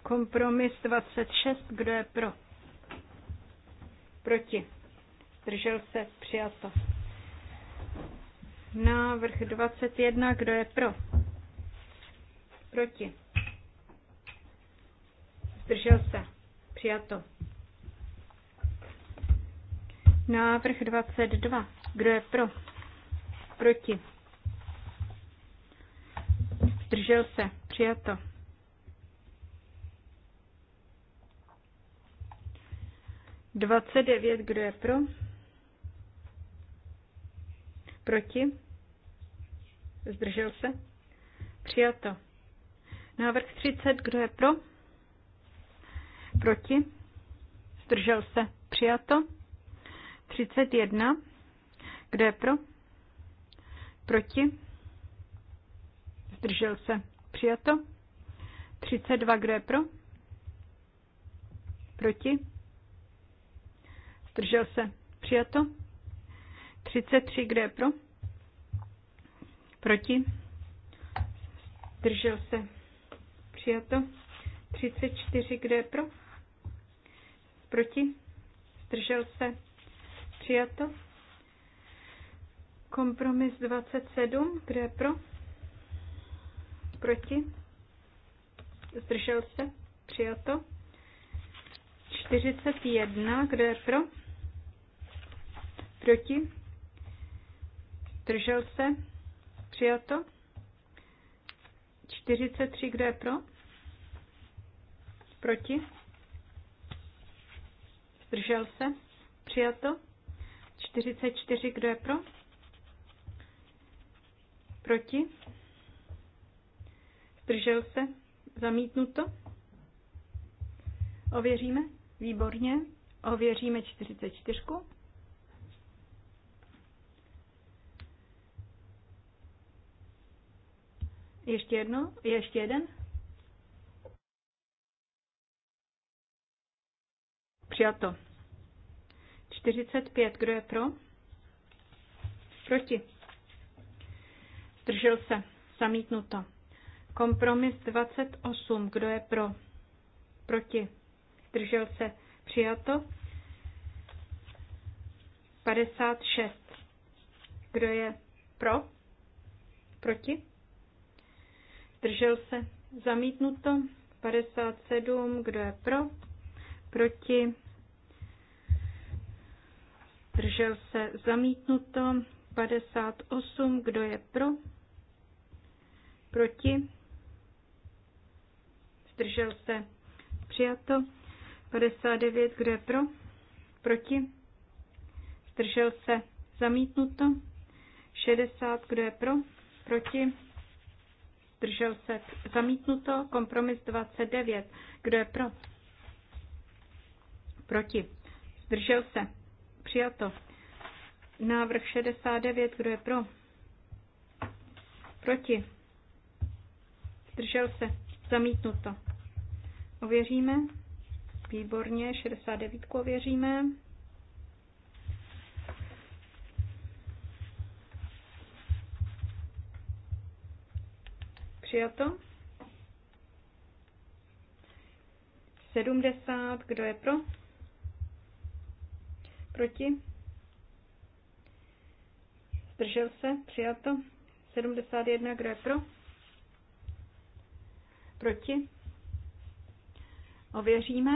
Kompromis 26. Kdo je pro? Proti. Zdržel se. Přijato. Návrh 21. Kdo je pro? Proti. Zdržel se. Přijato. Návrh 22. Kdo je pro? Proti. Zdržel se. Přijato. Dvacet devět, kdo je pro? Proti? Zdržel se? Přijato. Návrh 30, kdo je pro? Proti? Zdržel se? Přijato. 31, kdo je pro? Proti? Zdržel se? Přijato. 32, kdo je pro? Proti? Zdržel se? Přijato. 33, kdo je pro? Proti? Zdržel se? přijato. 34, kdo je pro? Proti? Zdržel se? Přijato. Kompromis 27, kdo je pro? Proti? Zdržel se? Přijato. 41, kdo je pro? Proti? Zdržel se? Přijato. 43, kdo je pro? Proti? Zdržel se? Přijato? 44, kdo je pro? Proti? Zdržel se? Zamítnuto? Ověříme? Výborně. Ověříme 44. Ještě jedno? Ještě jeden? Přijato. 45. Kdo je pro? Proti. Zdržel se. Zamítnuto. Kompromis 28. Kdo je pro? Proti. Zdržel se. Přijato. 56. Kdo je pro? Proti? Zdržel se. Zamítnuto. 57. Kdo je pro? Proti? zdržel se, zamítnuto 58, kdo je pro, proti, zdržel se, přijato 59, kdo je pro, proti, zdržel se, zamítnuto 60, kdo je pro, proti, zdržel se, zamítnuto kompromis 29, kdo je pro, proti, zdržel se, Přijato. Návrh 69, kdo je pro? Proti. Zdržel se. Zamítnuto. Ověříme. Výborně, 69 ověříme. Přijato. 70, kdo je pro? Proti? Zdržel se? Přijato. 71. Kdo je pro? Proti? Ověříme.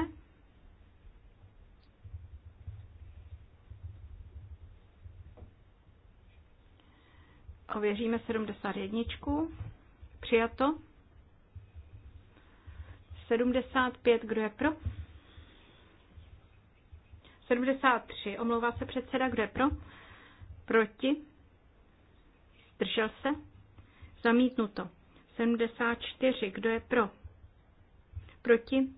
Ověříme 71. Přijato. 75. Kdo je pro? 73. Omlouvá se předseda, kdo je pro? Proti? Zdržel se? Zamítnuto. 74. Kdo je pro? Proti?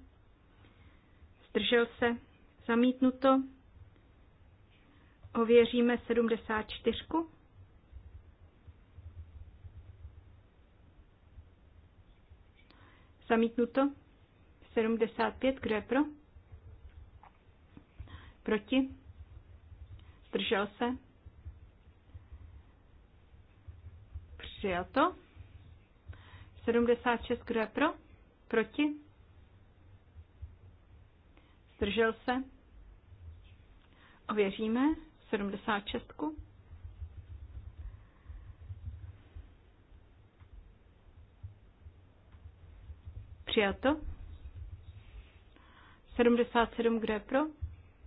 Zdržel se? Zamítnuto. Ověříme 74. Zamítnuto. 75. Kdo je pro? Proti? Zdržel se? to, 76, kdo je pro? Proti? Zdržel se? Ověříme 76. to, 77, kdo je pro?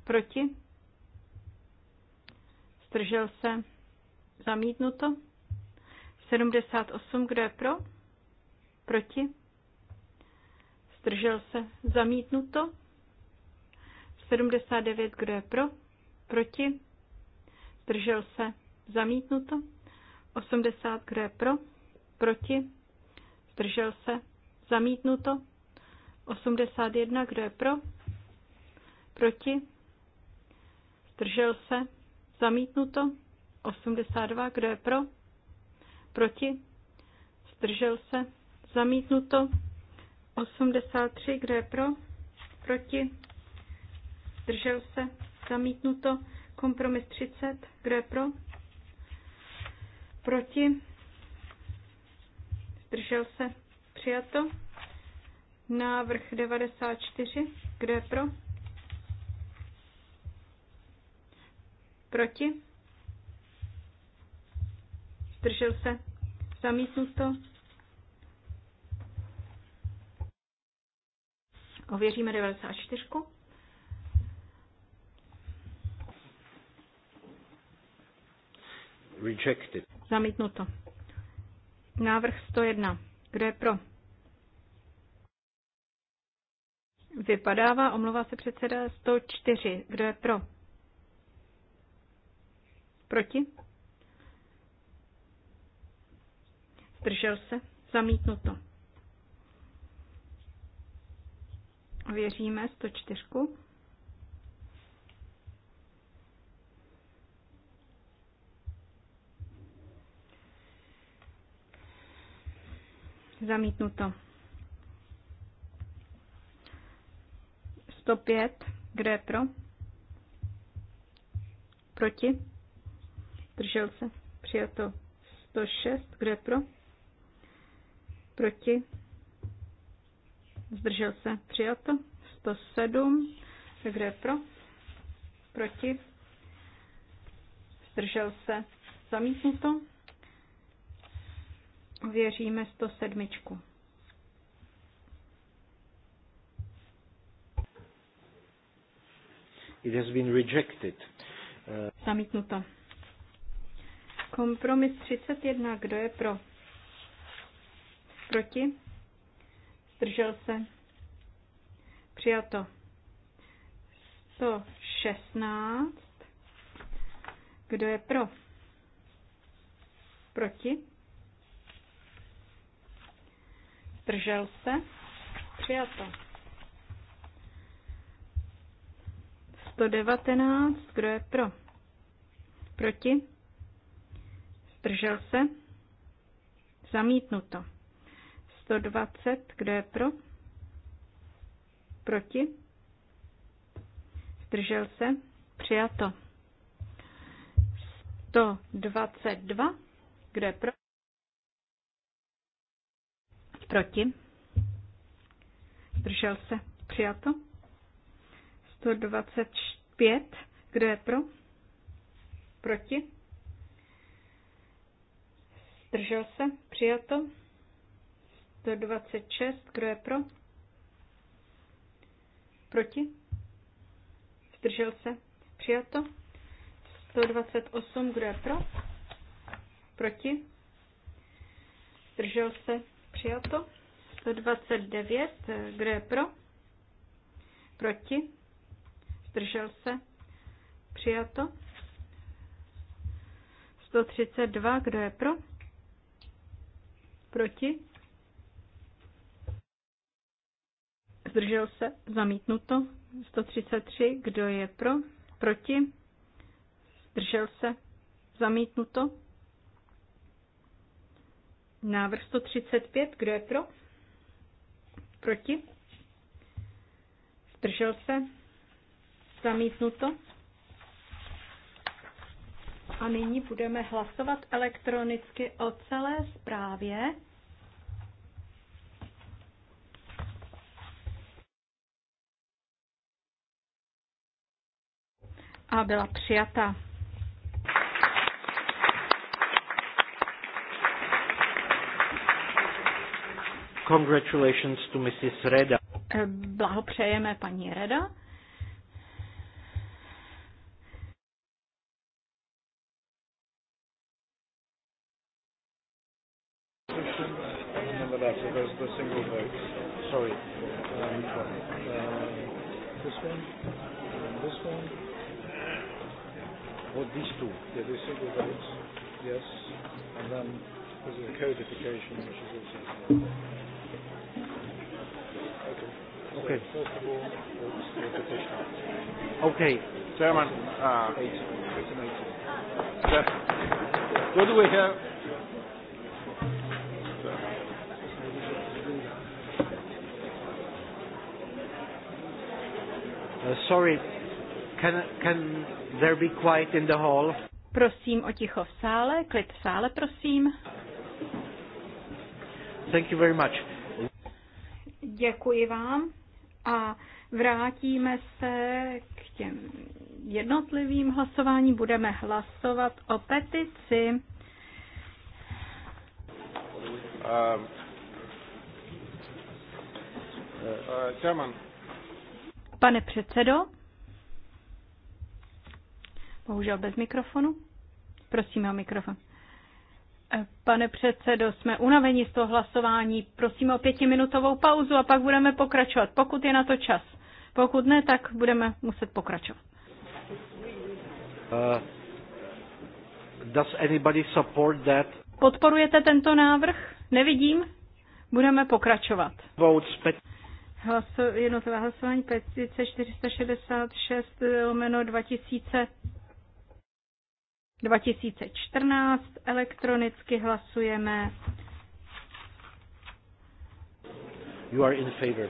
Proti? Zdržel se? Zamítnuto? 78, kdo je pro? Proti? Zdržel se? Zamítnuto? 79, kdo je pro? Proti? Zdržel se? Zamítnuto? 80, kdo je pro? Proti? Zdržel se? Zamítnuto? 81, kdo je pro? Proti? Zdržel se? Zamítnuto. 82. Kdo je pro? Proti? Zdržel se? Zamítnuto. 83. Kdo je pro? Proti? Zdržel se? Zamítnuto. Kompromis 30. Kdo je pro? Proti? Zdržel se? Přijato. Návrh 94. Kdo je pro? Proti? Zdržel se? Zamítnuto? Ověříme 94. Rejected. Zamítnuto. Návrh 101. Kdo je pro? Vypadává, omlouvá se předseda 104. Kdo je pro? Proti? Zdržel se? Zamítnuto. Věříme 104. Zamítnuto. 105. Kdo je pro? Proti? Zdržel se. Přijato 106. Kdo je pro? Proti? Zdržel se. Přijato 107. Kdo je pro? Proti? Zdržel se. Zamítnuto. Věříme 107. It has been rejected. Uh, Zamítnuto. Kompromis 31. Kdo je pro? Proti? Zdržel se? Přijato. 116. Kdo je pro? Proti? Zdržel se? Přijato. 119. Kdo je pro? Proti? Zdržel se? Zamítnuto. 120. Kdo je pro? Proti? Zdržel se? Přijato. 122. Kdo je pro? Proti? Zdržel se? Přijato. 125. Kdo je pro? Proti? Zdržel se? Přijato. 126. Kdo je pro? Proti? Zdržel se? Přijato. 128. Kdo je pro? Proti? Zdržel se? Přijato. 129. Kdo je pro? Proti? Zdržel se? Přijato. 132. Kdo je pro? Proti? Zdržel se? Zamítnuto. 133. Kdo je pro? Proti? Zdržel se? Zamítnuto. Návrh 135. Kdo je pro? Proti? Zdržel se? Zamítnuto. A nyní budeme hlasovat elektronicky o celé zprávě. A byla přijata. Congratulations to Mrs. Reda. Blahopřejeme paní Reda. Okay. Okay. Chairman. Uh, what do we have? Uh, sorry, can, can there be quiet in the hall? Prosím o ticho v sále, klid v sále, prosím. Thank you very much. Děkuji vám a vrátíme se k těm jednotlivým hlasováním. Budeme hlasovat o petici. Um, uh, Pane předsedo, bohužel bez mikrofonu. Prosíme o mikrofon. Pane předsedo, jsme unaveni z toho hlasování. Prosíme o pětiminutovou pauzu a pak budeme pokračovat, pokud je na to čas. Pokud ne, tak budeme muset pokračovat. Uh, does anybody support that? Podporujete tento návrh? Nevidím. Budeme pokračovat. Votes, Hlaso, jednotlivé hlasování petice 466 lomeno 2000. 2014 elektronicky hlasujeme. You are in favor.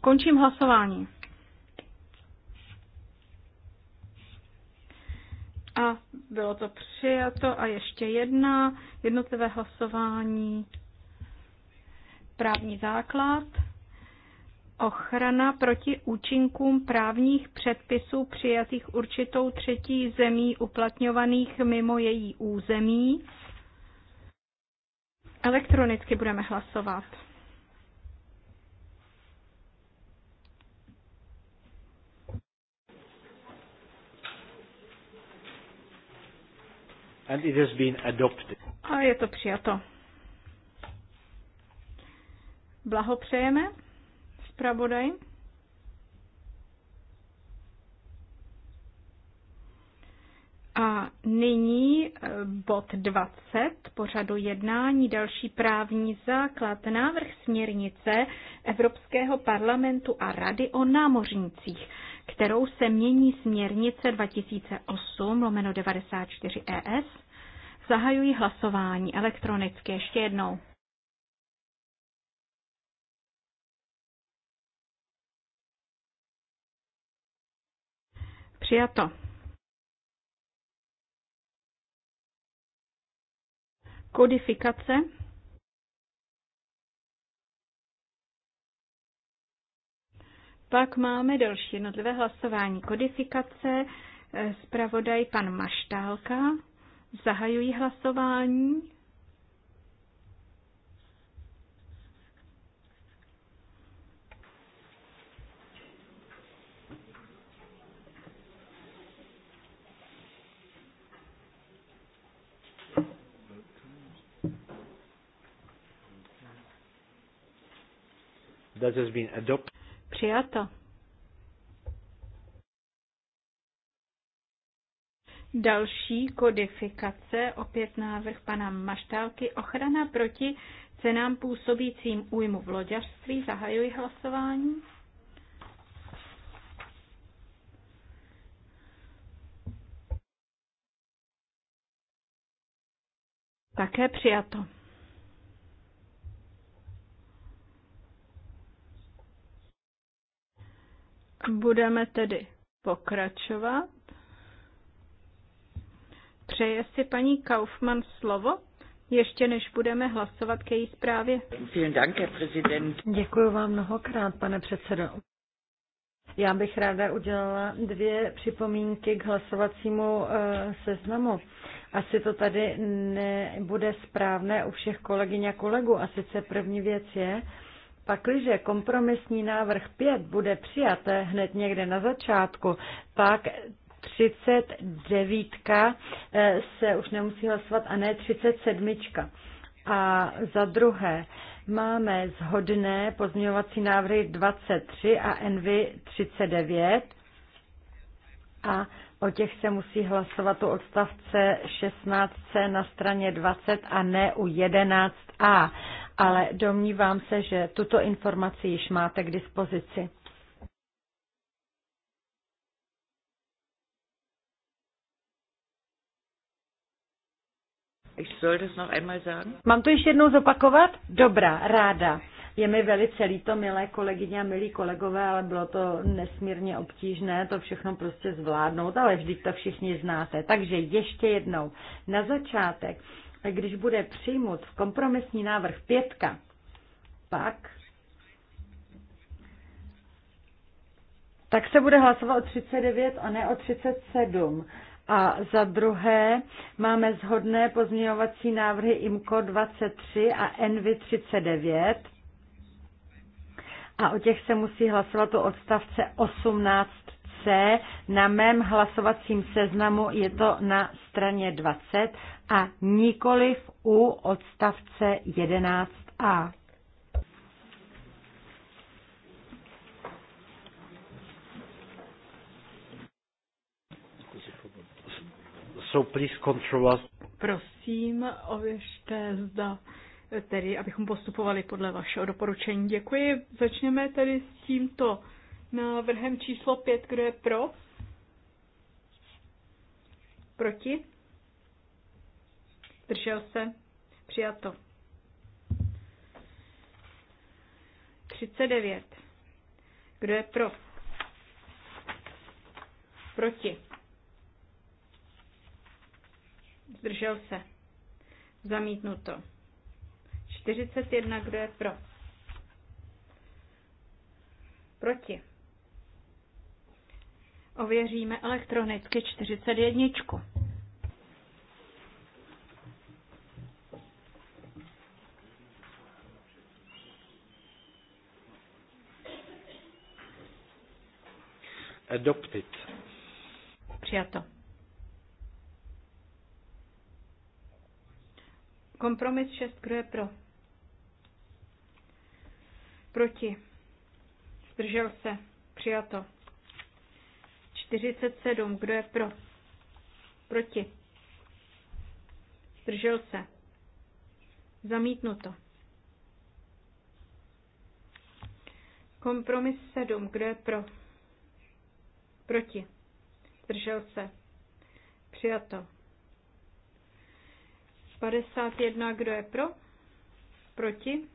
Končím hlasování. A bylo to přijato a ještě jedna jednotlivé hlasování. Právní základ. Ochrana proti účinkům právních předpisů přijatých určitou třetí zemí uplatňovaných mimo její území. Elektronicky budeme hlasovat. And it has been adopted. A je to přijato. Blahopřejeme zpravodaj. A nyní eh, bod 20 pořadu jednání, další právní základ, návrh směrnice Evropského parlamentu a rady o námořnicích kterou se mění směrnice 2008 lomeno 94 ES. Zahajuji hlasování elektronicky ještě jednou. Přijato. Kodifikace Pak máme další jednotlivé hlasování. Kodifikace, eh, zpravodaj pan Maštálka. Zahajují hlasování. That has been adopted přijata. Další kodifikace, opět návrh pana Maštálky, ochrana proti cenám působícím újmu v loďařství. Zahajuji hlasování. Také přijato. Budeme tedy pokračovat. Přeje si paní Kaufmann slovo, ještě než budeme hlasovat ke její zprávě. Děkuji vám mnohokrát, pane předsedo. Já bych ráda udělala dvě připomínky k hlasovacímu eh, seznamu. Asi to tady nebude správné u všech kolegyň a kolegů. A sice první věc je, Pakliže kompromisní návrh 5 bude přijat hned někde na začátku, pak 39 eh, se už nemusí hlasovat a ne 37. A za druhé, máme zhodné pozměňovací návrhy 23 a NV 39 a o těch se musí hlasovat u odstavce 16 na straně 20 a ne u 11a ale domnívám se, že tuto informaci již máte k dispozici. Ich soll das noch einmal sagen? Mám to ještě jednou zopakovat? Dobrá, ráda. Je mi velice líto, milé kolegyně a milí kolegové, ale bylo to nesmírně obtížné to všechno prostě zvládnout, ale vždyť to všichni znáte. Takže ještě jednou, na začátek když bude přijmout kompromisní návrh pětka, pak tak se bude hlasovat o 39 a ne o 37. A za druhé máme zhodné pozměňovací návrhy IMCO 23 a NV 39. A o těch se musí hlasovat o odstavce 18c. Na mém hlasovacím seznamu je to na straně 20 a nikoliv u odstavce 11a. So please control us. Prosím, ověřte, zda tedy, abychom postupovali podle vašeho doporučení. Děkuji. Začneme tedy s tímto návrhem číslo 5, kdo je pro? Proti? Zdržel se? Přijato. 39. Kdo je pro? Proti. Zdržel se. Zamítnuto. 41. Kdo je pro? Proti. Ověříme elektronicky 41. Adopted. Přijato. Kompromis 6, kdo je pro? Proti. Zdržel se. Přijato. 47, kdo je pro? Proti. Zdržel se. Zamítnuto. Kompromis 7, kdo je pro? Proti. Zdržel se. Přijato. 51. Kdo je pro? Proti.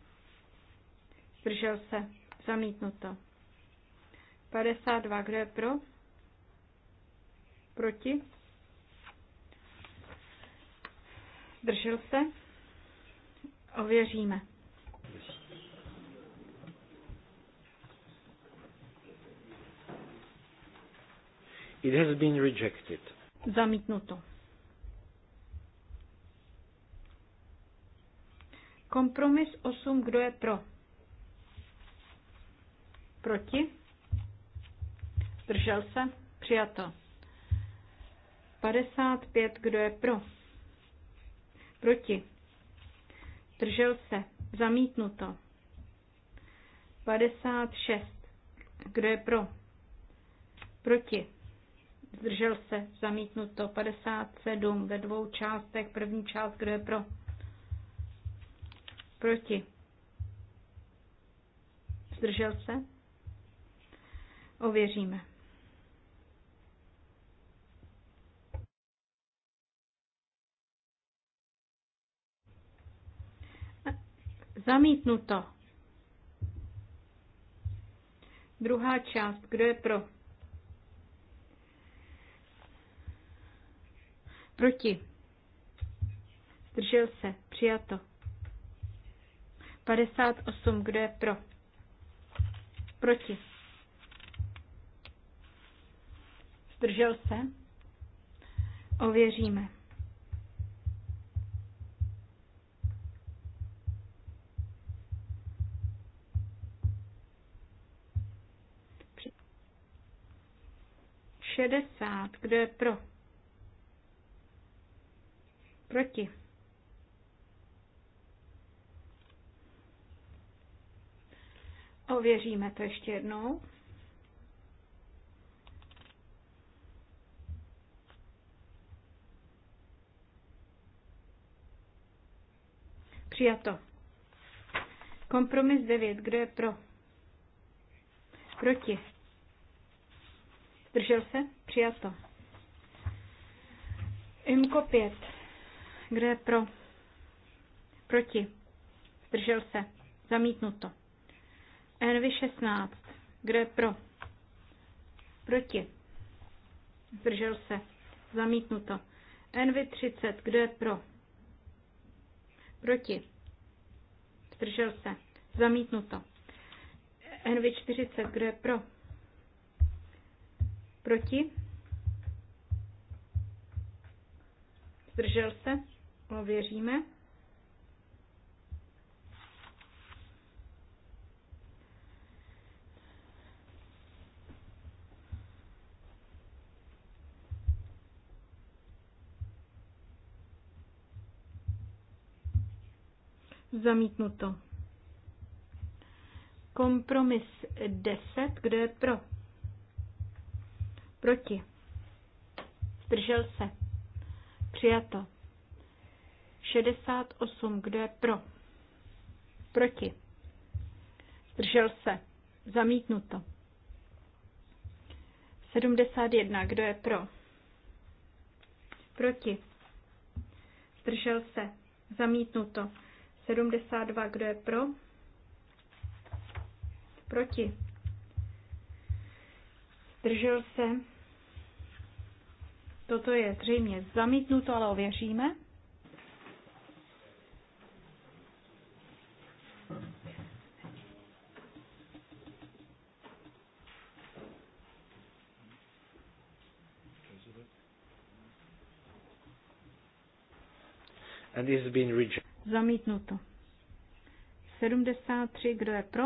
Zdržel se. Zamítnuto. 52. Kdo je pro? Proti. Zdržel se. Ověříme. It has been rejected. Zamítnuto. Kompromis 8, kdo je pro? Proti? Držel se? Přijato. 55, kdo je pro? Proti? Držel se? Zamítnuto. 56, kdo je pro? Proti? zdržel se, zamítnuto 57 ve dvou částech, první část, kdo je pro, proti, zdržel se, ověříme. Zamítnuto. Druhá část. Kdo je pro? Proti. Zdržel se. Přijato. 58. Kdo je pro? Proti. Zdržel se. Ověříme. Při... Kdo je pro? Proti. Ověříme to ještě jednou. Přijato. Kompromis 9. Kdo je pro? Proti. Držel se? Přijato. Imko 5. Kdo je pro? Proti? Zdržel se? Zamítnuto. NV16. Kdo je pro? Proti? Zdržel se? Zamítnuto. NV30. Kdo je pro? Proti? Zdržel se? Zamítnuto. NV40. Kdo je pro? Proti? Zdržel se? Ověříme. Zamítnuto. Kompromis 10. Kdo je pro? Proti. Zdržel se. Přijato. 68. Kdo je pro? Proti. Zdržel se. Zamítnuto. 71. Kdo je pro? Proti. Zdržel se. Zamítnuto. 72. Kdo je pro? Proti. Zdržel se. Toto je zřejmě zamítnuto, ale ověříme. and is been rejected. Zamítnuto. 73, kdo je pro?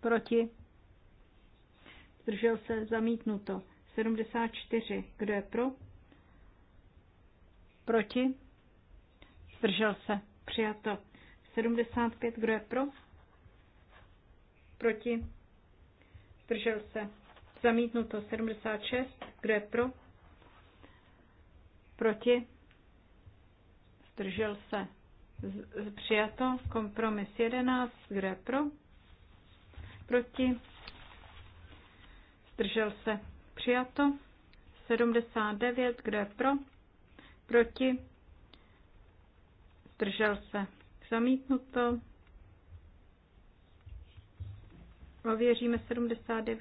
Proti? Zdržel se zamítnuto. 74, kdo je pro? Proti? Zdržel se. Přijato. 75, kdo je pro? Proti? Zdržel se. Zamítnuto. 76, kdo je pro? Proti? zdržel se. Přijato kompromis 11, kde pro, proti, zdržel se. Přijato 79, kde pro, proti, zdržel se. Zamítnuto. Ověříme 79.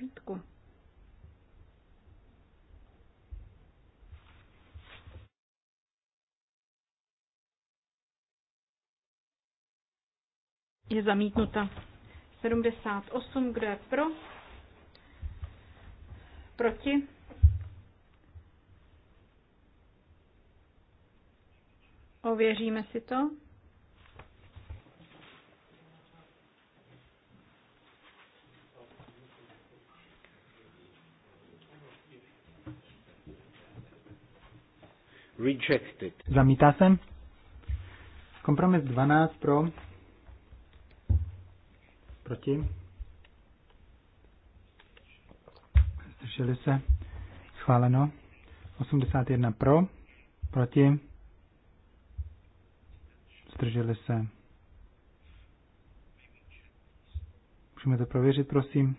je zamítnuta. 78, kdo je pro? Proti? Ověříme si to. Rejected. Zamítá se. Kompromis 12 pro Proti? Zdrželi se? Schváleno. 81 pro. Proti? Zdrželi se? Můžeme to prověřit, prosím.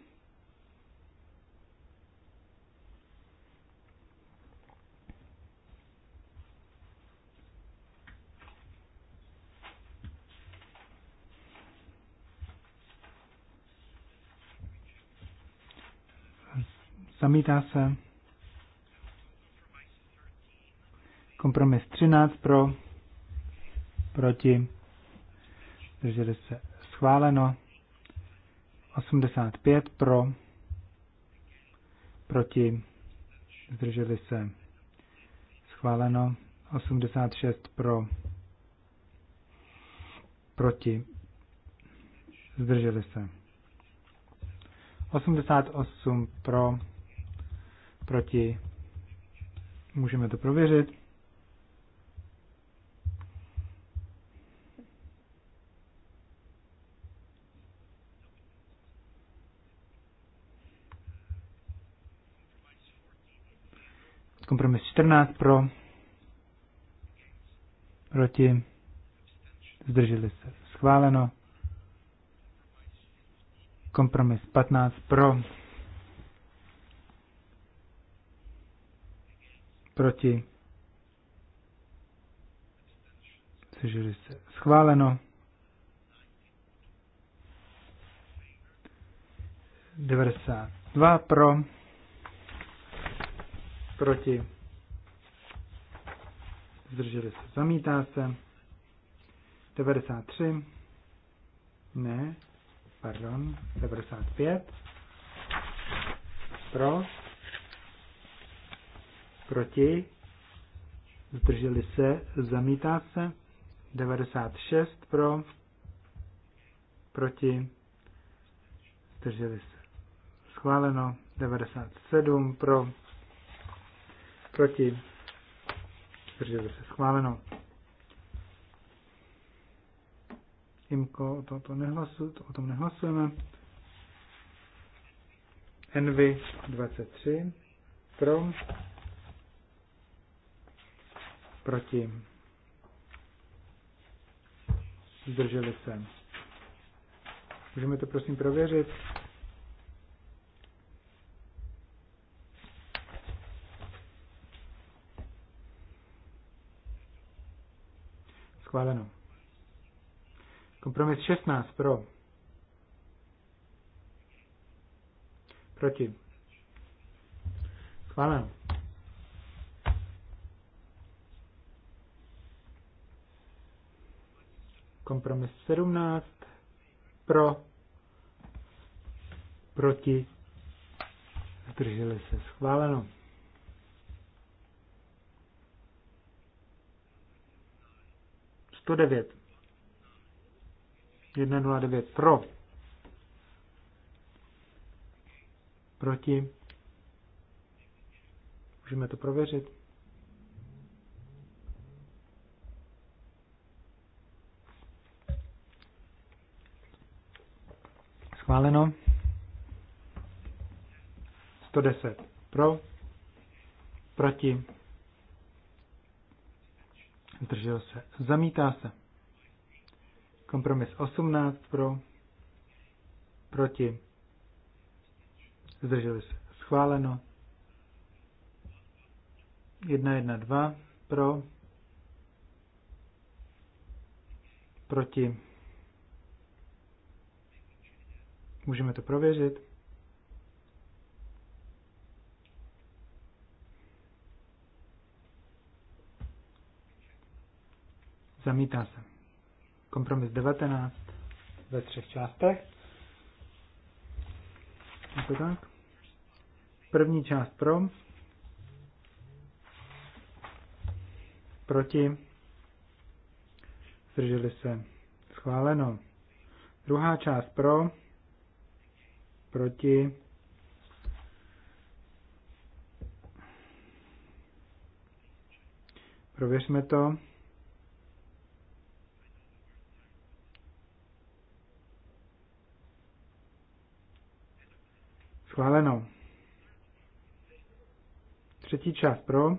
Zamítá se. Kompromis 13 pro, proti, drželi se schváleno. 85 pro, proti, zdrželi se schváleno. 86 pro, proti, zdrželi se. 88 pro, proti. Můžeme to prověřit. Kompromis 14 pro, proti, zdrželi se, schváleno. Kompromis 15 pro, proti, zdrželi se, schváleno. Dva pro, proti, zdrželi se, zamítá se. 93, ne, pardon, 95, pro, proti, zdrželi se, zamítá se, 96 pro, proti, zdrželi se, schváleno, 97 pro, proti, zdrželi se, schváleno. Imko, o, to, to nehlasu, to, o tom nehlasujeme. Envy 23 pro, proti, zdrželi se. Můžeme to prosím prověřit. Schváleno. Kompromis 16 pro. Proti. Schváleno. Kompromis 17 pro, proti, zdrželi se schváleno. Sto devět. Jedna nula devět pro. Proti. Můžeme to prověřit. Schváleno. 110 pro, proti, zdržel se, zamítá se. Kompromis 18 pro, proti, zdrželi se, schváleno. 112 pro, proti, Můžeme to prověřit. Zamítá se. Kompromis 19 ve třech částech. Je to tak? První část pro. Proti. Zdrželi se. Schváleno. Druhá část pro proti, prověřme to. Schváleno. Třetí část pro.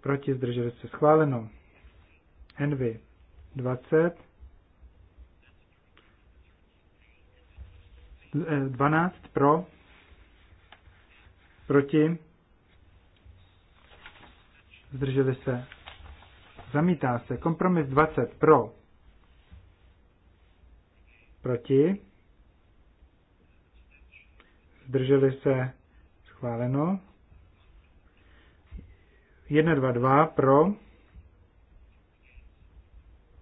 Proti zdrželi se schváleno. Envy 20. 12 pro, proti, zdrželi se, zamítá se. Kompromis 20 pro, proti, zdrželi se, schváleno. 1, 2, 2 pro,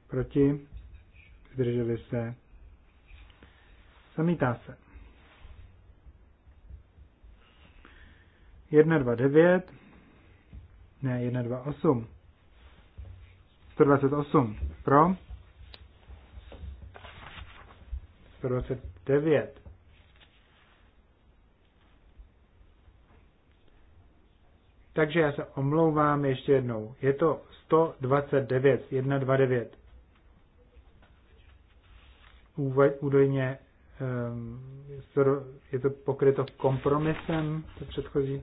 proti, zdrželi se, zamítá se. 129, ne, 128. 128 pro. 129. Takže já se omlouvám ještě jednou. Je to 129, 129. Údajně ehm, je to pokryto kompromisem, to předchozí.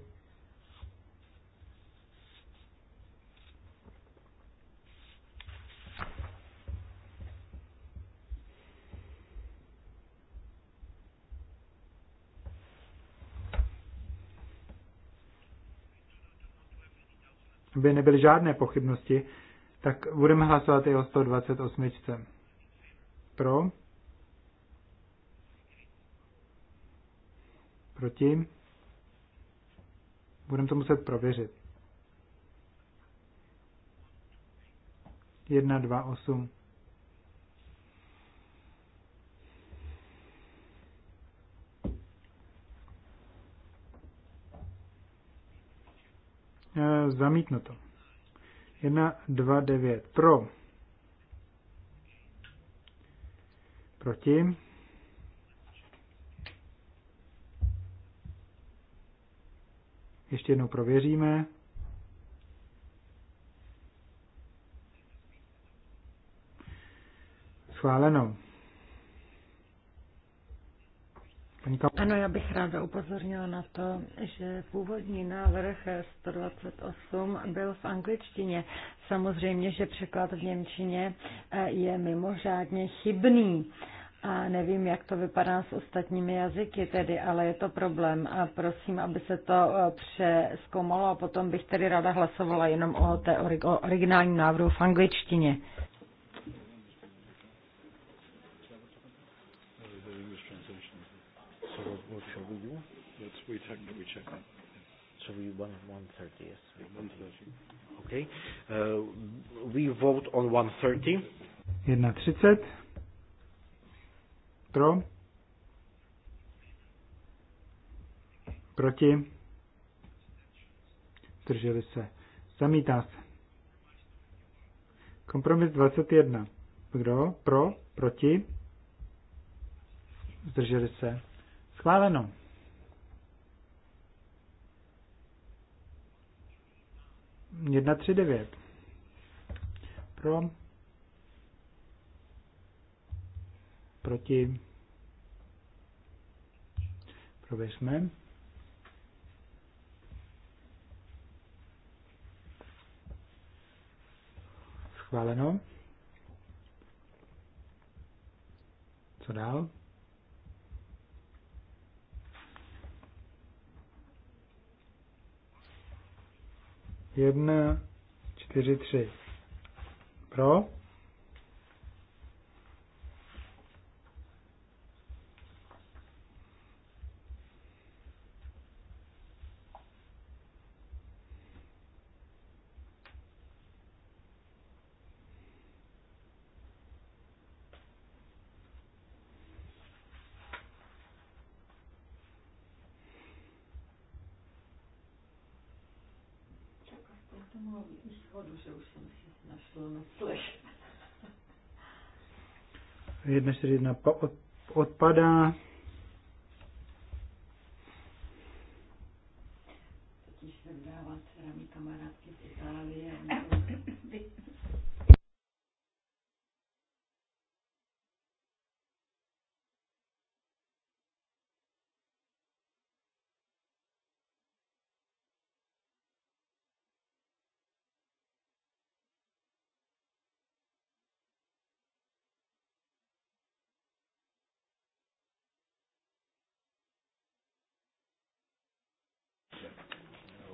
by nebyly žádné pochybnosti, tak budeme hlasovat i o 128. Pro. Proti. Budeme to muset prověřit. 1, 2, 8. Eh, zamítnuto. 1, 2, 9 pro. Proti. Ještě jednou prověříme. Schváleno. Ano, já bych ráda upozornila na to, že původní návrh 128 byl v angličtině. Samozřejmě, že překlad v Němčině eh, je mimořádně chybný. A nevím, jak to vypadá s ostatními jazyky tedy, ale je to problém. A prosím, aby se to eh, přeskomalo a potom bych tedy ráda hlasovala jenom o té originálním návrhu v angličtině. We check. We check. So we want 130, yes. thirty. Okay. Uh, we vote on Jedna třicet. Pro. Proti. Drželi se. Zamítá se. Kompromis 21. Kdo? Pro? Proti? Zdrželi se. Schváleno. 1.3.9. Pro. Proti. Prověřme. Schváleno. Co dál? 1, 4, 3. Pro? jedna odpadá.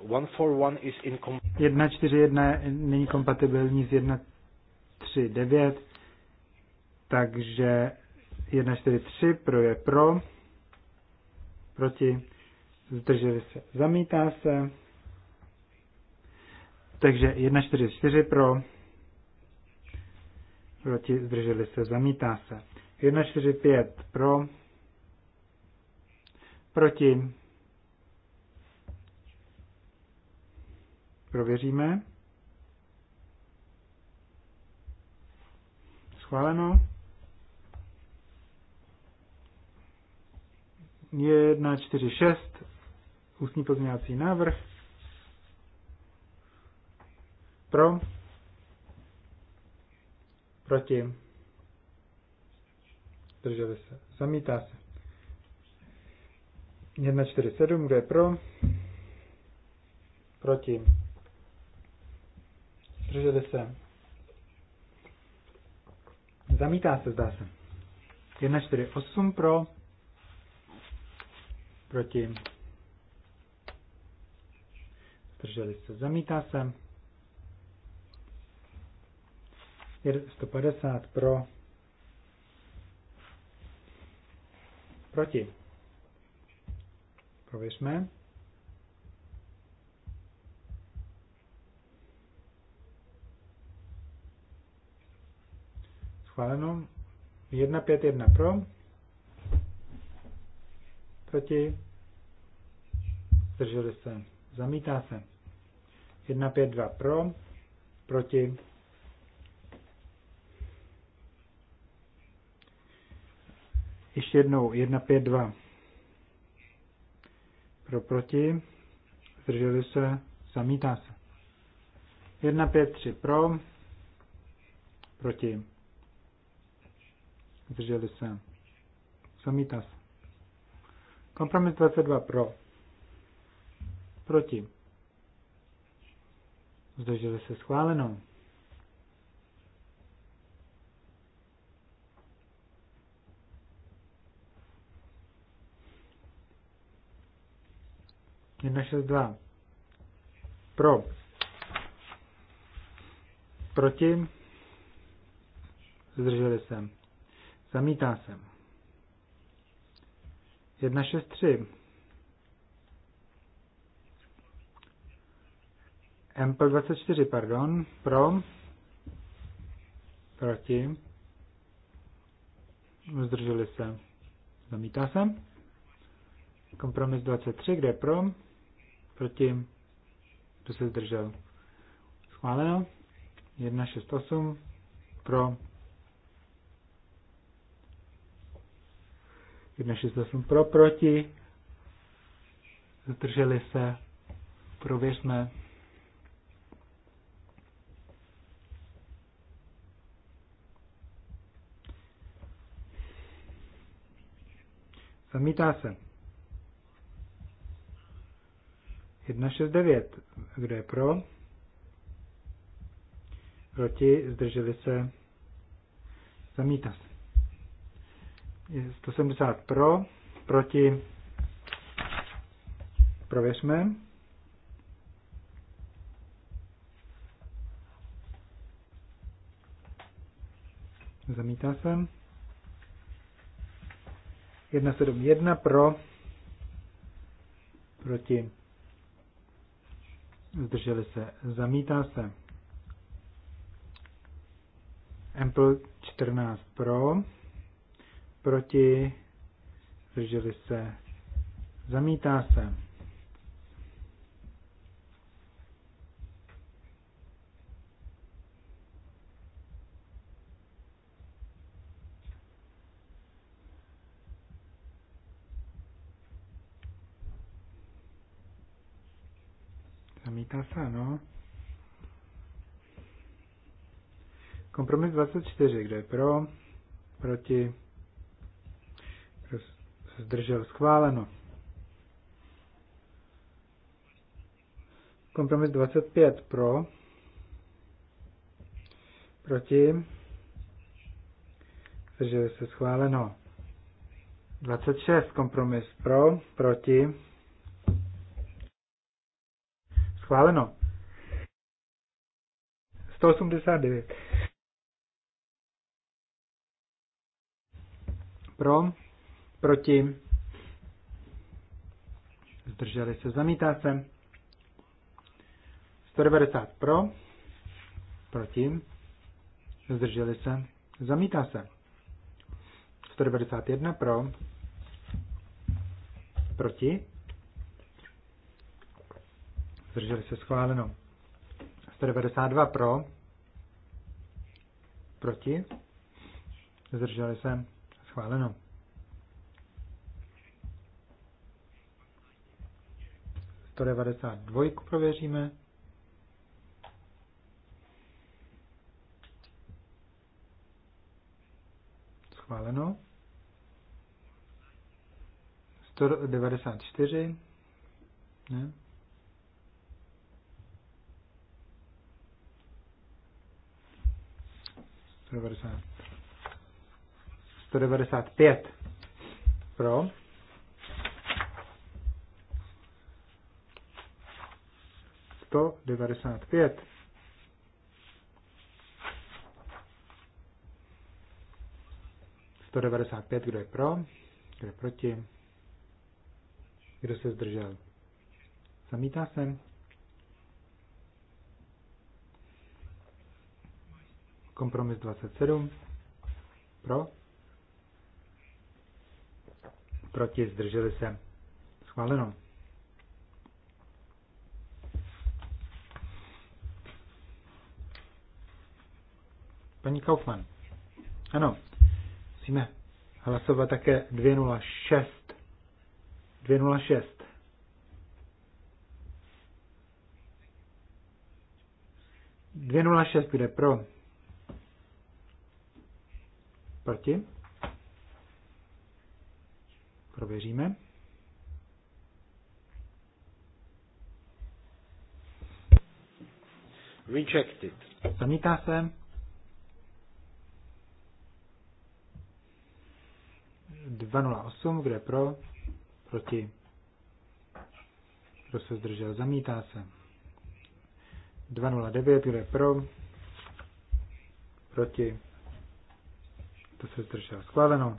141 není kompatibilní s 139, takže 143 pro je pro, proti, zdrželi se, zamítá se. Takže 144 pro, proti, zdrželi se, zamítá se. 145 pro, proti, prověříme. Schváleno. Je 146, ústní pozměňovací návrh. Pro. Proti. Drželi se. Zamítá se. 147, kdo je pro? Proti Drželi se. Zamítá se, zdá se. 1,48 pro. Proti. Drželi se. Zamítá se. 150 pro. Proti. Prověřme. Schváleno. 1 pro. Proti. Zdrželi se. Zamítá se. 2 pro. Proti. Ještě jednou 2. pro proti, zdrželi se, zamítá se. 3 pro, proti zdrželi se. Samitas. Kompromis 22 pro. Proti. Zdrželi se schválenou. Jedna šest dva. Pro. Proti. Zdrželi se Zamítá se. 163. Ample 24, pardon, pro, proti, zdrželi se, zamítá se. Kompromis 23, kde je pro, proti, kdo se zdržel. Schváleno. 168 pro, 168 pro, proti, zdrželi se, prověřme. Zamítá se. 169. Kdo je pro? Proti? Zdrželi se? Zamítá se. 170 pro, proti, prověřme. Zamítá se. 171 pro, proti, zdrželi se, zamítá se. Ample 14 pro, proti, zdrželi se, zamítá se. Zamítá se, ano. Kompromis 24, kde je pro, proti, zdržel schváleno. Kompromis 25 pro, proti, zdrželi se schváleno. 26 kompromis pro, proti, schváleno. 189. Pro, proti, zdrželi se, zamítá se. 190 pro, proti, zdrželi se, zamítá se. 191 pro, proti, zdrželi se schváleno. 192 pro, proti, zdrželi se schváleno. 192 prověříme. Schváleno. 194. Ne? Sto devadesát pět pro. 195. Sto devadesát pět, kdo je pro, kdo je proti, kdo se zdržel. Zamítá se. Kompromis 27. Pro. Proti zdrželi se. Schváleno. Paní Kaufman, Ano, musíme hlasovat také 206. 206. Dvě nula šest bude pro. Proti. Prověříme. Rejected. Zamítá se. 208, kde pro, proti, kdo se zdržel, zamítá se. 209, kde pro, proti, kdo se zdržel, schváleno.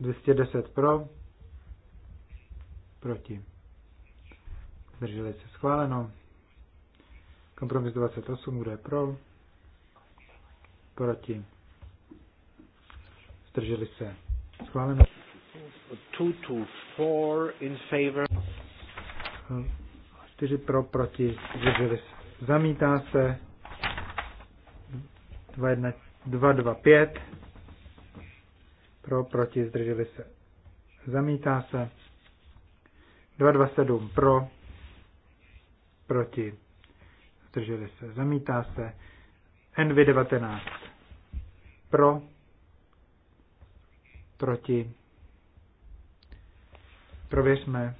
210 pro, proti. Zdrželi se schváleno. Kompromis 28 kde pro, proti zdrželi se. Schváleno. Two to four in favor. Čtyři pro, proti, zdrželi se. Zamítá se. Dva jedna, dva, dva pět. Pro, proti, zdrželi se. Zamítá se. Dva dva sedm pro, proti, zdrželi se. Zamítá se. NV19 pro, proti. Prověřme.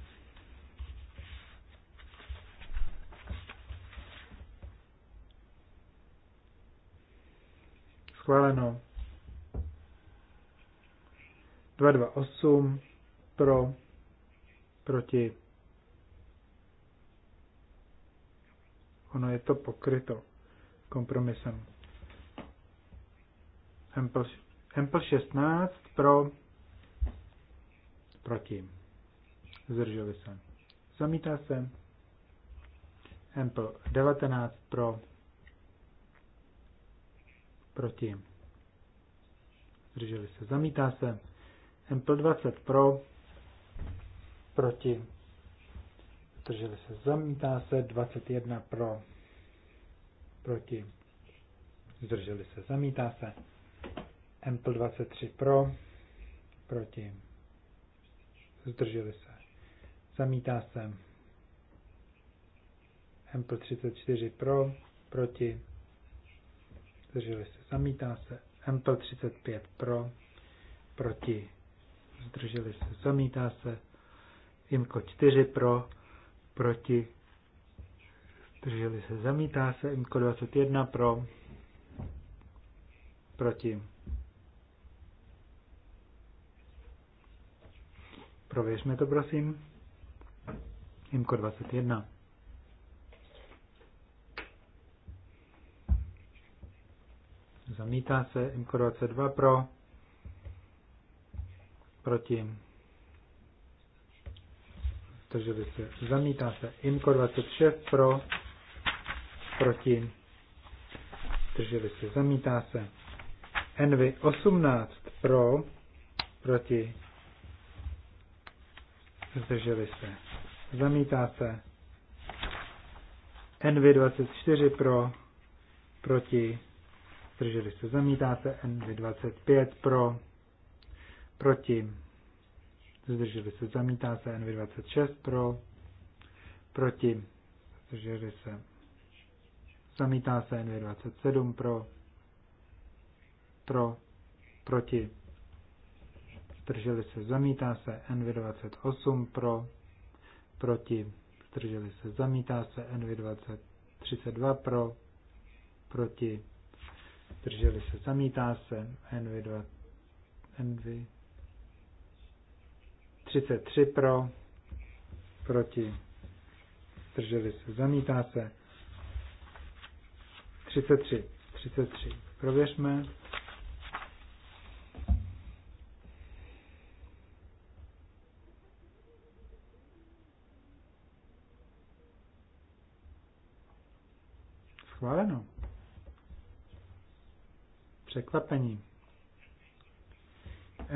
Schváleno. 228 pro, proti. Ono je to pokryto kompromisem. Hempel Hempel 16 pro, proti, zdrželi se. Zamítá se. Hempel 19 pro, proti, zdrželi se. Zamítá se. Hempel 20 pro, proti, zdrželi se. Zamítá se. 21 pro, proti, zdrželi se. Zamítá se mp 23 pro, proti, zdrželi se, zamítá se. mp 34 pro, proti, zdrželi se, zamítá se. mp 35 pro, proti, zdrželi se, zamítá se. Imco 4 pro, proti, zdrželi se, zamítá se. Imco 21 pro, proti Prověřme to, prosím. Imko 21. Zamítá se Imko 22 pro. Proti. Zdrželi se. Zamítá se Imko 26 pro. Proti. Zdrželi se. Zamítá se. Envy 18 pro. Proti zdrželi se, zamítá se. NV24 pro, proti, zdrželi se, zamítá se. NV25 pro, proti, zdrželi se, zamítá se. NV26 pro, proti, zdrželi se, zamítá se. NV27 pro, pro, proti zdrželi se, zamítá se, NV28 pro, proti, zdrželi se, zamítá se, NV32 pro, proti, zdrželi se, zamítá se, NV2, NV 33 pro, proti, zdrželi se, zamítá se, 33, 33, prověřme, Schváleno. Překvapení.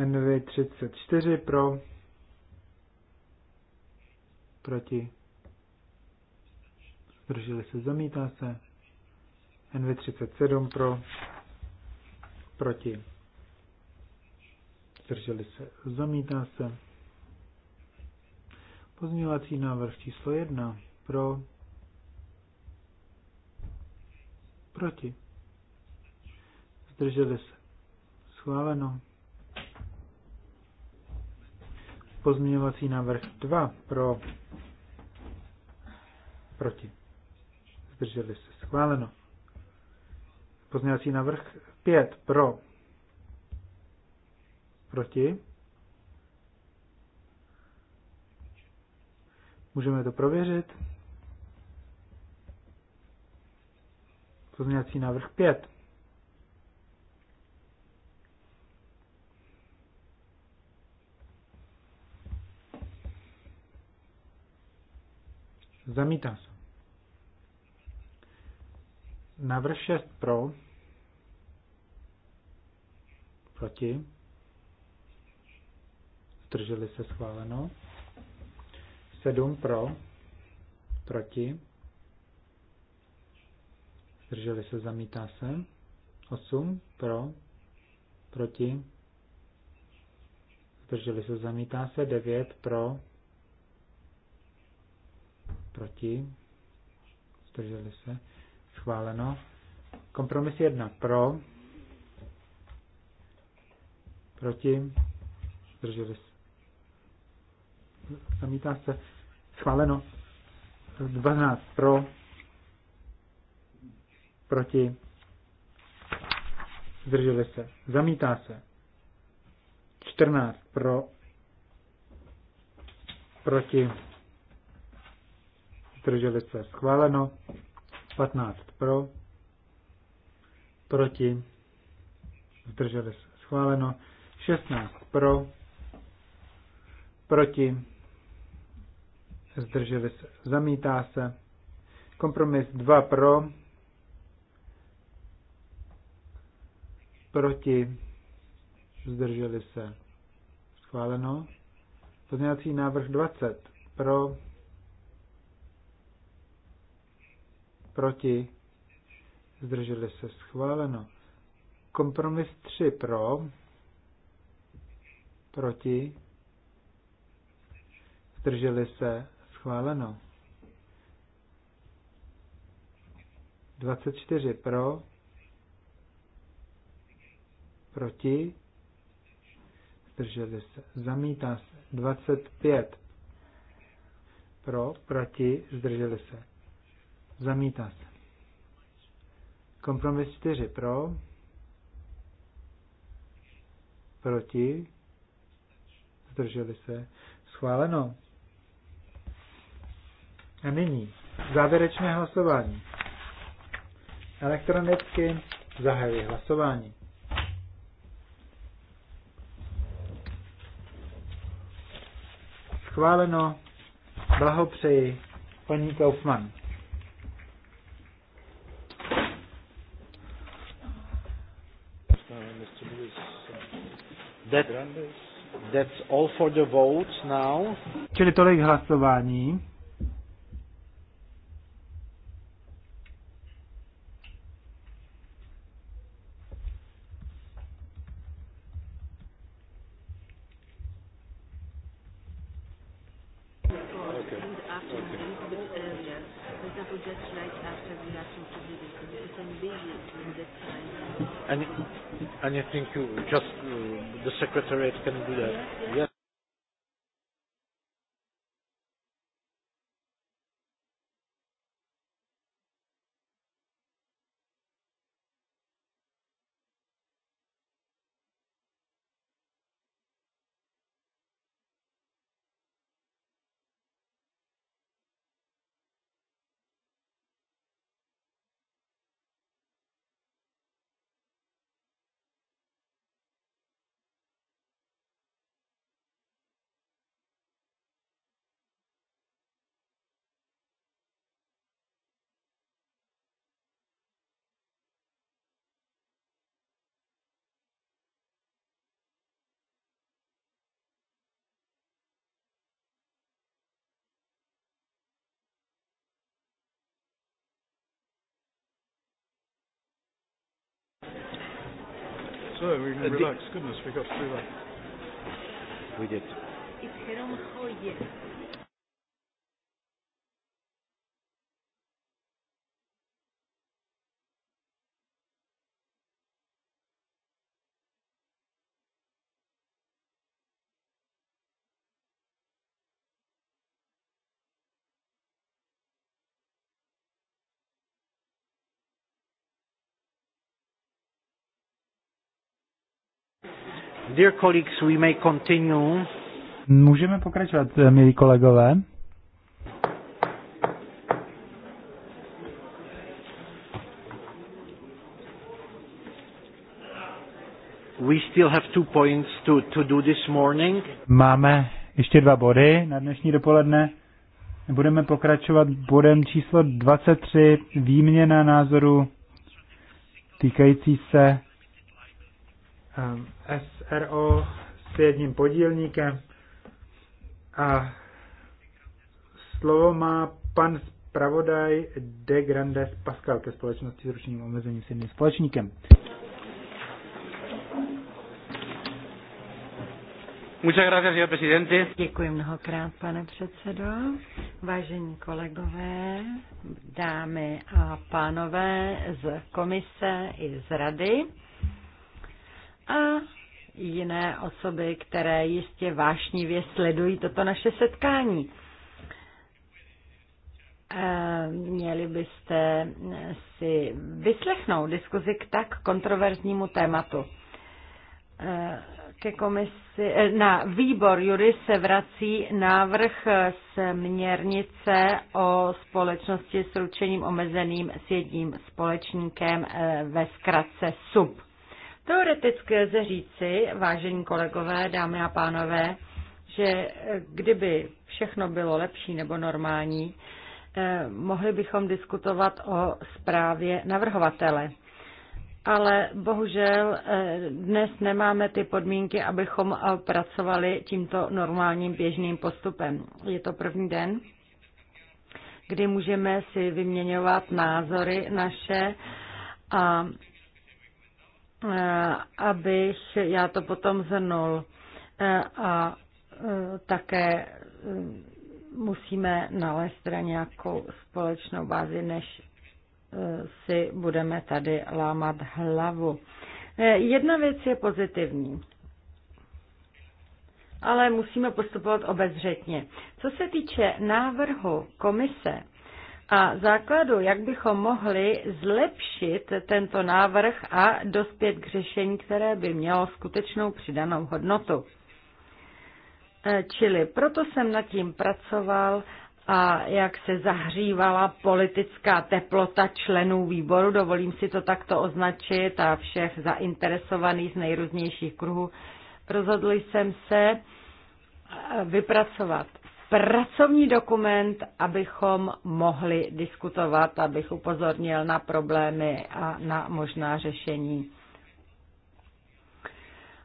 NV 34 pro, proti, zdrželi se, zamítá se. NV 37 pro, proti, zdrželi se, zamítá se. Pozměňovací návrh číslo 1 pro, Proti. Zdrželi se. Schváleno. Pozměňovací návrh 2 pro. Proti. Zdrželi se. Schváleno. Pozměňovací návrh 5 pro. Proti. Můžeme to prověřit. Pozměňovací návrh 5. Zamítá se. Návrh 6 pro. Proti. Zdrželi se schváleno. 7 pro. Proti zdrželi se, zamítá se. 8 pro, proti, zdrželi se, zamítá se. 9 pro, proti, zdrželi se, schváleno. Kompromis 1 pro, proti, zdrželi se. Zamítá se. Schváleno. 12 pro, proti, zdrželi se, zamítá se. 14 pro, proti, zdrželi se, schváleno. 15 pro, proti, zdrželi se, schváleno. 16 pro, proti, zdrželi se, zamítá se. Kompromis 2 pro, proti, zdrželi se, schváleno. Pozměňovací návrh 20, pro, proti, zdrželi se, schváleno. Kompromis 3 pro, proti, zdrželi se, schváleno. 24 pro, proti, zdrželi se, zamítá se, 25 pro, proti, zdrželi se, zamítá se. Kompromis 4 pro, proti, zdrželi se, schváleno. A nyní závěrečné hlasování. Elektronicky zahajuji hlasování. Schváleno. Blahopřeji paní Kaufmann. That, that's all for the votes now. Čili tolik hlasování. Secretariat can be So we can uh, relax. Goodness, we got through that. We did. It's Dear colleagues, we may continue. Můžeme pokračovat, eh, milí kolegové. We still have two points to, to do this morning. Máme ještě dva body na dnešní dopoledne. Budeme pokračovat bodem číslo 23, výměna názoru týkající se um, S RO s jedním podílníkem. A slovo má pan zpravodaj De Grandes Pascal ke společnosti s ručním omezením s jedním společníkem. Děkuji mnohokrát, pane předsedo. Vážení kolegové, dámy a pánové z komise i z rady. A jiné osoby, které jistě vášnivě sledují toto naše setkání. Eh, měli byste si vyslechnout diskuzi k tak kontroverznímu tématu. Eh, ke komisi, eh, na výbor jury se vrací návrh směrnice o společnosti s ručením omezeným s jedním společníkem ve zkratce SUB. Teoreticky lze říci, vážení kolegové, dámy a pánové, že eh, kdyby všechno bylo lepší nebo normální, eh, mohli bychom diskutovat o zprávě navrhovatele. Ale bohužel eh, dnes nemáme ty podmínky, abychom pracovali tímto normálním běžným postupem. Je to první den, kdy můžeme si vyměňovat názory naše a Eh, abych já to potom zhrnul eh, a eh, také musíme nalézt nějakou společnou bázi, než si budeme tady lámat hlavu. Jedna věc je pozitivní, ale musíme postupovat obezřetně. Co se týče návrhu komise, a základu, jak bychom mohli zlepšit tento návrh a dospět k řešení, které by mělo skutečnou přidanou hodnotu. E, čili proto jsem nad tím pracoval a jak se zahřívala politická teplota členů výboru, dovolím si to takto označit, a všech zainteresovaných z nejrůznějších kruhů, rozhodl jsem se vypracovat pracovní dokument, abychom mohli diskutovat, abych upozornil na problémy a na možná řešení.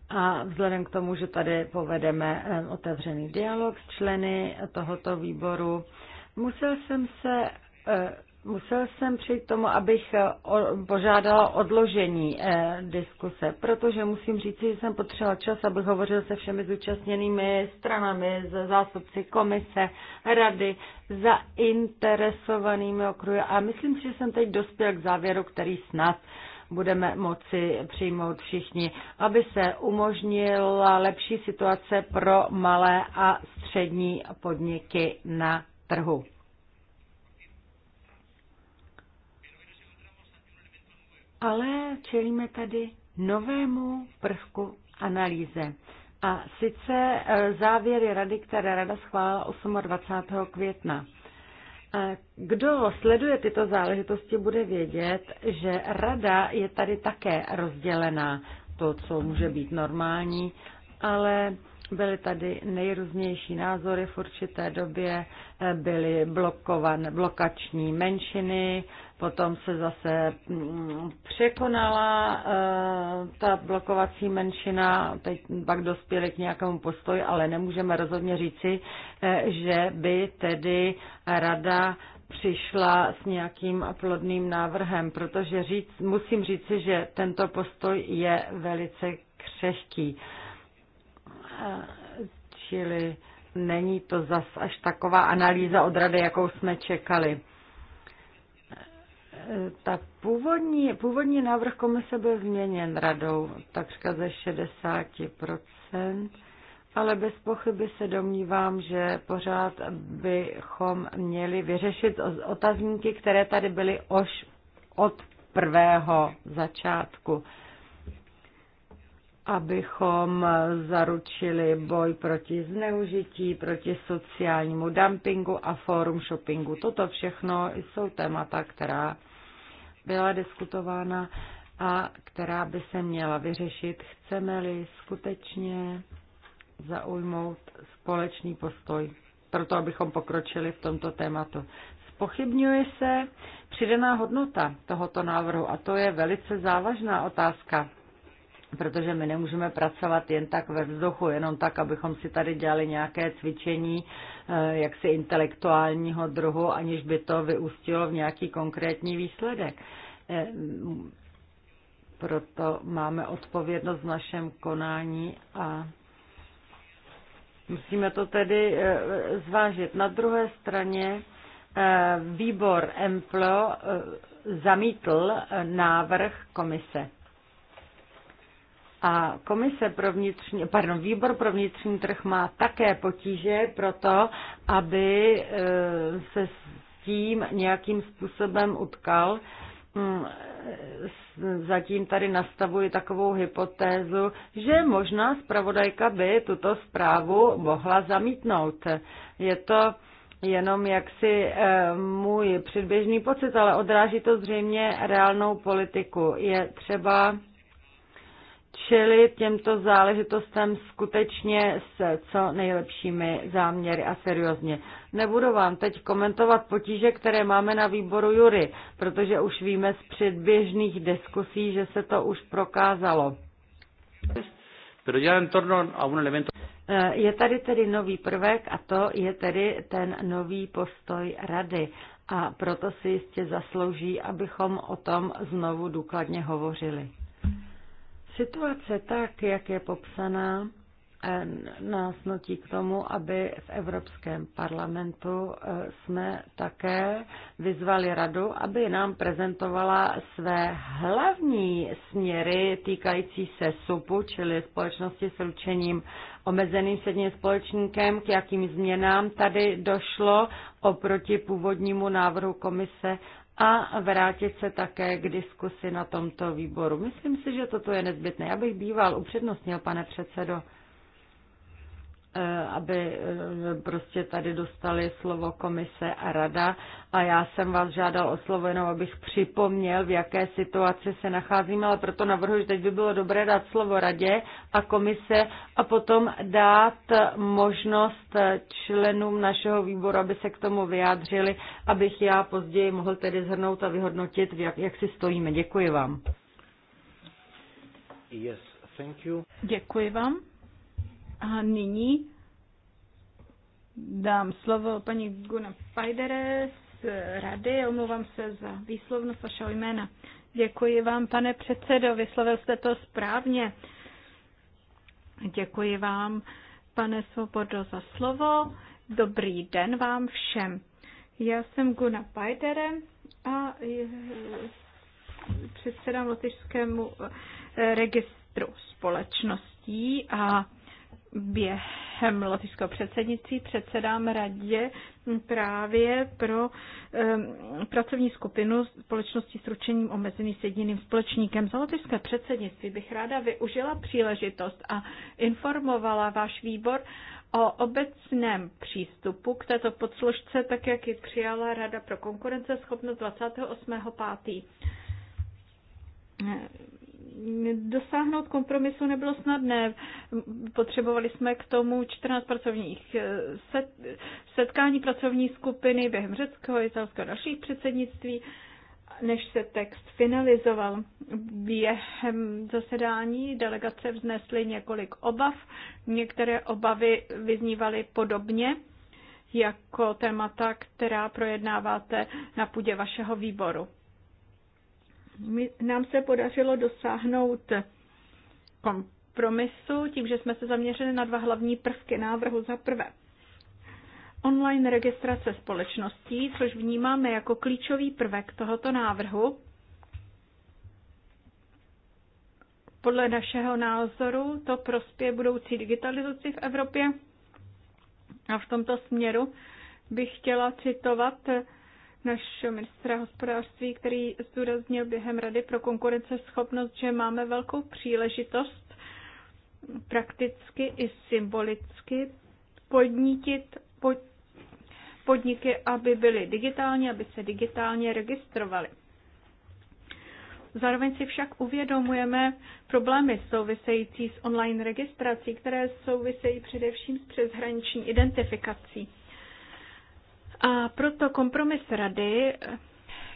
A vzhledem k tomu, že tady povedeme eh, otevřený dialog s členy tohoto výboru, musel jsem se eh, Musel jsem přijít tomu, abych eh, požádala odložení eh, diskuse, protože musím říct, že jsem potřebovala čas, abych hovořil se všemi zúčastněnými stranami, za zástupci komise, rady, zainteresovanými okruhy a myslím si, že jsem teď dospěl k závěru, který snad budeme moci přijmout všichni, aby se umožnila lepší situace pro malé a střední podniky na trhu. ale čelíme tady novému prvku analýze. A sice e, závěry rady, které rada schválila 28. května. E, kdo sleduje tyto záležitosti, bude vědět, že rada je tady také rozdělená. To, co může být normální, ale byly tady nejrůznější názory v určité době, e, byly blokované, blokační menšiny, Potom se zase mm, překonala eh, ta blokovací menšina, teď pak dospěli k nějakému postoji, ale nemůžeme rozhodně říci, eh, že by tedy rada přišla s nějakým plodným návrhem, protože říct, musím říci, že tento postoj je velice křehký. Eh, čili není to zas až taková analýza od rady, jakou jsme čekali. Eh, Ta původní, původní návrh komise byl změněn radou takřka ze 60%, ale bez pochyby se domnívám, že pořád bychom měli vyřešit otazníky, které tady byly už od prvého začátku abychom zaručili boj proti zneužití, proti sociálnímu dumpingu a forum shoppingu. Toto všechno jsou témata, která byla diskutována a která by se měla vyřešit, chceme-li skutečně zaujmout společný postoj, proto abychom pokročili v tomto tématu. Spochybňuje se přidaná hodnota tohoto návrhu a to je velice závažná otázka protože my nemůžeme pracovat jen tak ve vzduchu, jenom tak, abychom si tady dělali nějaké cvičení eh, jaksi intelektuálního druhu, aniž by to vyústilo v nějaký konkrétní výsledek. Eh, proto máme odpovědnost v našem konání a musíme to tedy eh, zvážit. Na druhé straně výbor EMPLO zamítl návrh komise. A komise pro vnitřní, pardon, výbor pro vnitřní trh má také potíže pro to, aby eh, se s tím nějakým způsobem utkal. Mm, zatím tady nastavuji takovou hypotézu, že možná zpravodajka by tuto zprávu mohla zamítnout. Je to jenom jaksi eh, můj předběžný pocit, ale odráží to zřejmě reálnou politiku. Je třeba čelit těmto záležitostem skutečně s co nejlepšími záměry a seriózně. Nebudu vám teď komentovat potíže, které máme na výboru Jury, protože už víme z předběžných diskusí, že se to už prokázalo. Eh, je tady tedy nový prvek a to je tedy ten nový postoj rady. A proto si jistě zaslouží, abychom o tom znovu důkladně hovořili. Situace tak, jak je popsaná, eh, nás nutí k tomu, aby v Evropském parlamentu eh, jsme také vyzvali radu, aby nám prezentovala své hlavní směry týkající se SUPu, čili společnosti s ručením omezeným sedním společníkem, k jakým změnám tady došlo oproti původnímu návrhu komise a vrátit se také k diskusi na tomto výboru. Myslím si, že toto je nezbytné. Já bych býval upřednostnil, pane předsedo, Eh, aby eh, prostě tady dostali slovo komise a rada. A já jsem vás žádal o slovo jenom, abych připomněl, v jaké situaci se nacházíme, ale proto navrhuji, že teď by bylo dobré dát slovo radě a komise a potom dát možnost členům našeho výboru, aby se k tomu vyjádřili, abych já později mohl tedy zhrnout a vyhodnotit, jak, jak si stojíme. Děkuji vám. Yes, thank you. Děkuji vám. A nyní dám slovo paní Guna Pajdere z Rady. Omlouvám se za výslovnost vašeho jména. Děkuji vám, pane předsedo, vyslovil jste to správně. Děkuji vám, pane Svobodo, za slovo. Dobrý den vám všem. Já jsem Guna Pajdere a předsedám Lotyšskému eh, registru společností a během lotyšského předsednictví předsedám radě právě pro um, pracovní skupinu společnosti s ručením omezený s jediným společníkem. Za lotyšské předsednictví bych ráda využila příležitost a informovala váš výbor o obecném přístupu k této podsložce, tak jak ji přijala Rada pro konkurenceschopnost 28.5. Dosáhnout kompromisu nebylo snadné. Potřebovali jsme k tomu 14 pracovních eh, set, setkání pracovní skupiny během řeckého, italského a dalších předsednictví, než se text finalizoval. Během zasedání delegace vznesly několik obav. Některé obavy vyznívaly podobně jako témata, která projednáváte na půdě vašeho výboru. My, nám se podařilo dosáhnout kompromisu tím, že jsme se zaměřili na dva hlavní prvky návrhu. Za prvé, online registrace společností, což vnímáme jako klíčový prvek tohoto návrhu. Podle našeho názoru to prospěje budoucí digitalizaci v Evropě. A v tomto směru bych chtěla citovat našeho ministra hospodářství, který zdůraznil během Rady pro konkurenceschopnost, že máme velkou příležitost prakticky i symbolicky podnítit pod, podniky, aby byly digitální, aby se digitálně registrovaly. Zároveň si však uvědomujeme problémy související s online registrací, které souvisejí především s přeshraniční identifikací. A proto kompromis rady eh,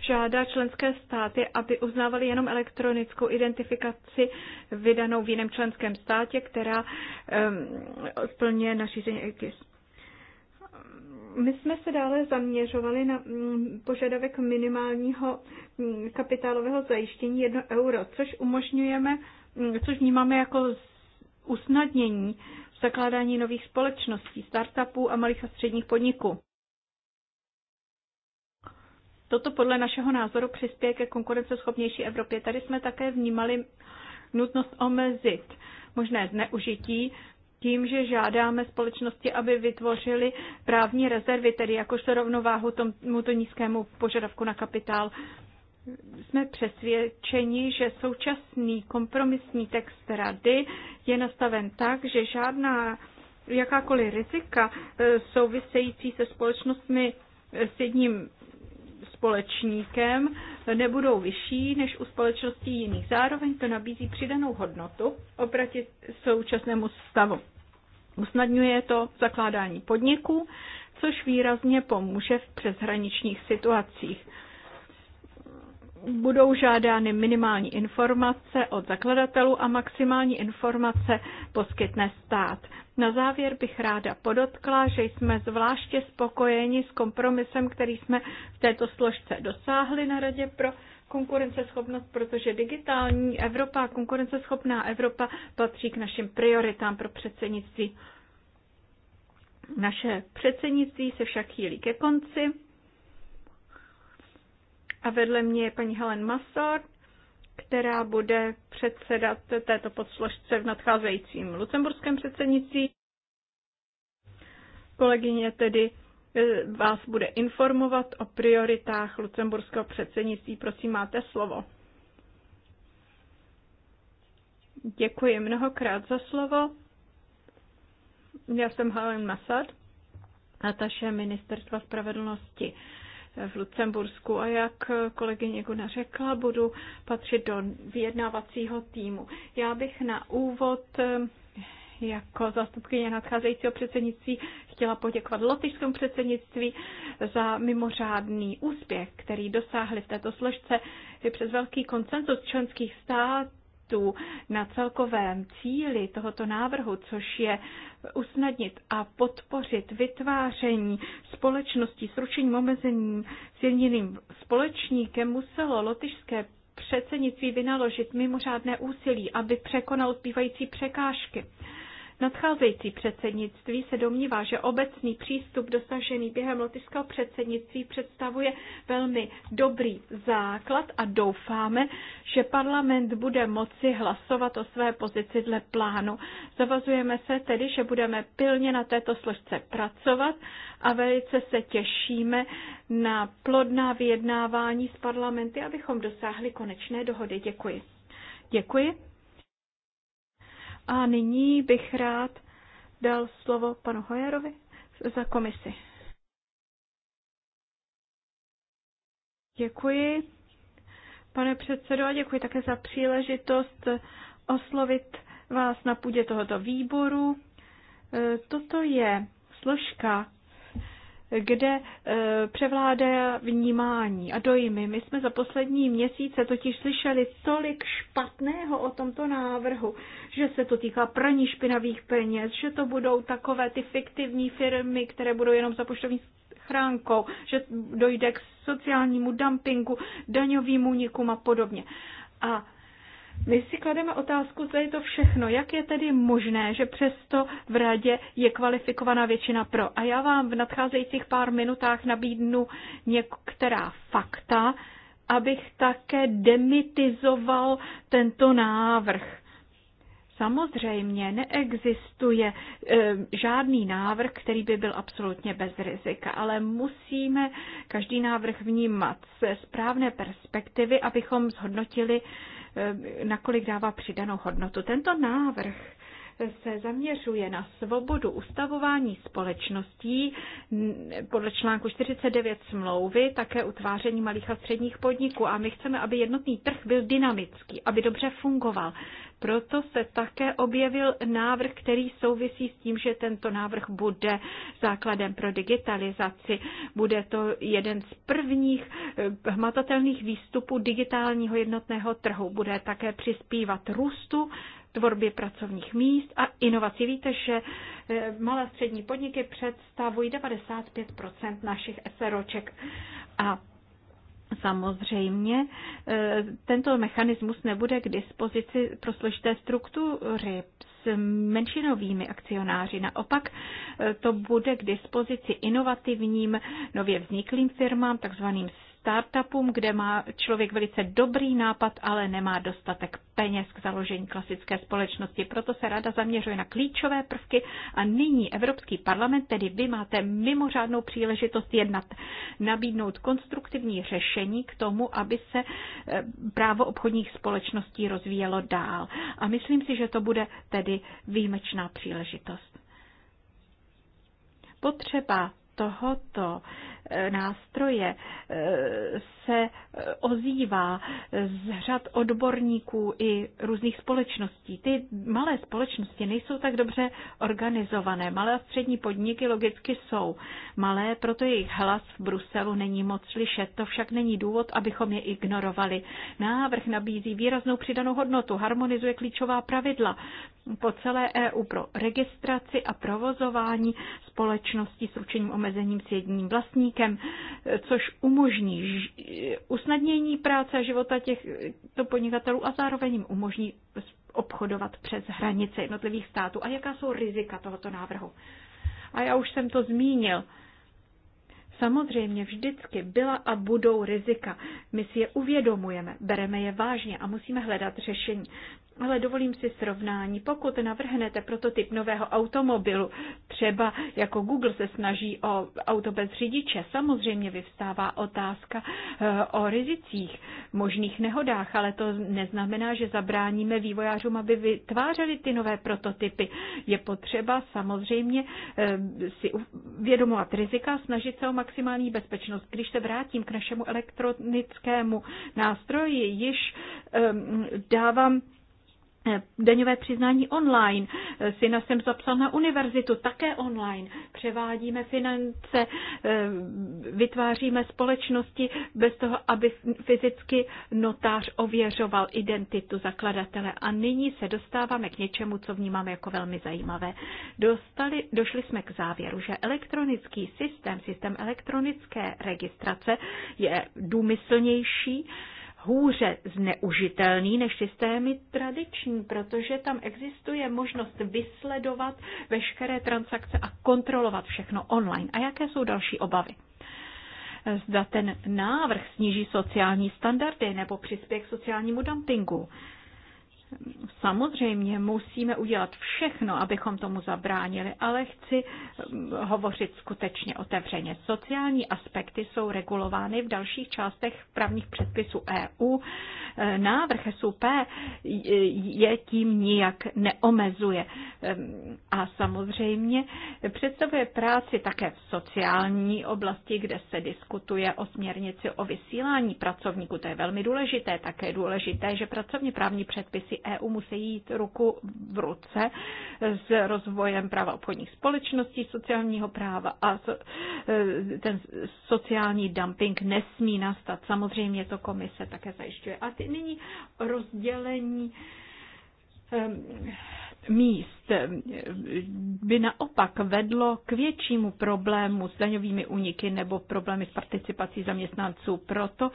žádá členské státy, aby uznávali jenom elektronickou identifikaci vydanou v jiném členském státě, která um, splňuje nařízení EKIS. My jsme se dále zaměřovali na mm, požadavek minimálního mm, kapitálového zajištění 1 euro, což umožňujeme, mm, což vnímáme jako usnadnění zakládání nových společností, startupů a malých a středních podniků. Toto podle našeho názoru přispěje ke konkurenceschopnější Evropě. Tady jsme také vnímali nutnost omezit možné zneužití tím, že žádáme společnosti, aby vytvořili právní rezervy, tedy jakožto rovnováhu tomuto nízkému požadavku na kapitál. Jsme přesvědčeni, že současný kompromisní text rady je nastaven tak, že žádná jakákoliv rizika e, související se společnostmi s jedním společníkem nebudou vyšší než u společností jiných. Zároveň to nabízí přidanou hodnotu oproti současnému stavu. Usnadňuje to zakládání podniků, což výrazně pomůže v přeshraničních situacích budou žádány minimální informace od zakladatelů a maximální informace poskytne stát. Na závěr bych ráda podotkla, že jsme zvláště spokojeni s kompromisem, který jsme v této složce dosáhli na Radě pro konkurenceschopnost, protože digitální Evropa a konkurenceschopná Evropa patří k našim prioritám pro předsednictví. Naše předsednictví se však chýlí ke konci a vedle mě je paní Helen Masor, která bude předsedat této podsložce v nadcházejícím lucemburském předsednictví. Kolegyně tedy eh, vás bude informovat o prioritách lucemburského předsednictví. Prosím, máte slovo. Děkuji mnohokrát za slovo. Já jsem Helen Masad, nataše Ministerstva spravedlnosti v Lucembursku. A jak kolegyně Guna řekla, budu patřit do vyjednávacího týmu. Já bych na úvod eh, jako zastupkyně nadcházejícího předsednictví chtěla poděkovat lotyšskému předsednictví za mimořádný úspěch, který dosáhli v této složce přes velký koncenzus členských států států na celkovém cíli tohoto návrhu, což je usnadnit a podpořit vytváření společnosti. s ručením omezením s jediným společníkem, muselo lotyšské předsednictví vynaložit mimořádné úsilí, aby překonal zbývající překážky. Nadcházející předsednictví se domnívá, že obecný přístup dosažený během lotyšského předsednictví představuje velmi dobrý základ a doufáme, že parlament bude moci hlasovat o své pozici dle plánu. Zavazujeme se tedy, že budeme pilně na této složce pracovat a velice se těšíme na plodná vyjednávání s parlamenty, abychom dosáhli konečné dohody. Děkuji. Děkuji. A nyní bych rád dal slovo panu Hojerovi za komisi. Děkuji, pane předsedo, a děkuji také za příležitost oslovit vás na půdě tohoto výboru. E, toto je složka kde eh, převládá vnímání a dojmy. My jsme za poslední měsíce totiž slyšeli tolik špatného o tomto návrhu, že se to týká praní špinavých peněz, že to budou takové ty fiktivní firmy, které budou jenom za poštovní schránkou, že dojde k sociálnímu dumpingu, daňovým únikům a podobně. A my si klademe otázku, zda je to všechno. Jak je tedy možné, že přesto v radě je kvalifikovaná většina pro? A já vám v nadcházejících pár minutách nabídnu některá fakta, abych také demitizoval tento návrh. Samozřejmě neexistuje e, žádný návrh, který by byl absolutně bez rizika, ale musíme každý návrh vnímat ze správné perspektivy, abychom zhodnotili Eh, nakolik dává přidanou hodnotu. Tento návrh se zaměřuje na svobodu ustavování společností podle článku 49 smlouvy, také utváření malých a středních podniků. A my chceme, aby jednotný trh byl dynamický, aby dobře fungoval. Proto se také objevil návrh, který souvisí s tím, že tento návrh bude základem pro digitalizaci. Bude to jeden z prvních eh, hmatatelných výstupů digitálního jednotného trhu. Bude také přispívat růstu tvorbě pracovních míst a inovací. Víte, že eh, malé a střední podniky představují 95 našich SROček a Samozřejmě eh, tento mechanismus nebude k dispozici pro složité struktury s menšinovými akcionáři. Naopak eh, to bude k dispozici inovativním, nově vzniklým firmám, takzvaným startupům, kde má člověk velice dobrý nápad, ale nemá dostatek peněz k založení klasické společnosti. Proto se rada zaměřuje na klíčové prvky a nyní Evropský parlament, tedy vy máte mimořádnou příležitost jednat, nabídnout konstruktivní řešení k tomu, aby se eh, právo obchodních společností rozvíjelo dál. A myslím si, že to bude tedy výjimečná příležitost. Potřeba tohoto eh, nástroje eh, se eh, ozývá z řad odborníků i různých společností. Ty malé společnosti nejsou tak dobře organizované. Malé a střední podniky logicky jsou malé, proto jejich hlas v Bruselu není moc slyšet. To však není důvod, abychom je ignorovali. Návrh nabízí výraznou přidanou hodnotu, harmonizuje klíčová pravidla po celé EU pro registraci a provozování společností s ručením omezeným omezením s jedním vlastníkem, což umožní usnadnění práce a života těchto podnikatelů a zároveň jim umožní obchodovat přes hranice jednotlivých států. A jaká jsou rizika tohoto návrhu? A já už jsem to zmínil. Samozřejmě vždycky byla a budou rizika. My si je uvědomujeme, bereme je vážně a musíme hledat řešení ale dovolím si srovnání. Pokud navrhnete prototyp nového automobilu, třeba jako Google se snaží o auto bez řidiče, samozřejmě vyvstává otázka eh, o rizicích, možných nehodách, ale to neznamená, že zabráníme vývojářům, aby vytvářeli ty nové prototypy. Je potřeba samozřejmě eh, si uvědomovat rizika snažit se o maximální bezpečnost. Když se vrátím k našemu elektronickému nástroji, již ehm, dávám Eh, daňové přiznání online. Eh, syna jsem zapsal na univerzitu, také online. Převádíme finance, eh, vytváříme společnosti bez toho, aby fyzicky notář ověřoval identitu zakladatele. A nyní se dostáváme k něčemu, co vnímáme jako velmi zajímavé. Dostali, došli jsme k závěru, že elektronický systém, systém elektronické registrace je důmyslnější, hůře zneužitelný než systémy tradiční, protože tam existuje možnost vysledovat veškeré transakce a kontrolovat všechno online. A jaké jsou další obavy? Zda ten návrh sníží sociální standardy nebo přispěje k sociálnímu dumpingu. Samozřejmě musíme udělat všechno, abychom tomu zabránili, ale chci mm, hovořit skutečně otevřeně. Sociální aspekty jsou regulovány v dalších částech právních předpisů EU. E, návrh SUP je tím nijak neomezuje. E, a samozřejmě představuje práci také v sociální oblasti, kde se diskutuje o směrnici o vysílání pracovníků. To je velmi důležité. Také je důležité, že pracovně právní předpisy politiky EU musí jít ruku v ruce s rozvojem práva obchodních společností, sociálního práva a e, ten sociální dumping nesmí nastat. Samozřejmě to komise také zajišťuje. A ty nyní rozdělení míst by naopak vedlo k většímu problému s daňovými úniky nebo problémy s participací zaměstnanců. Proto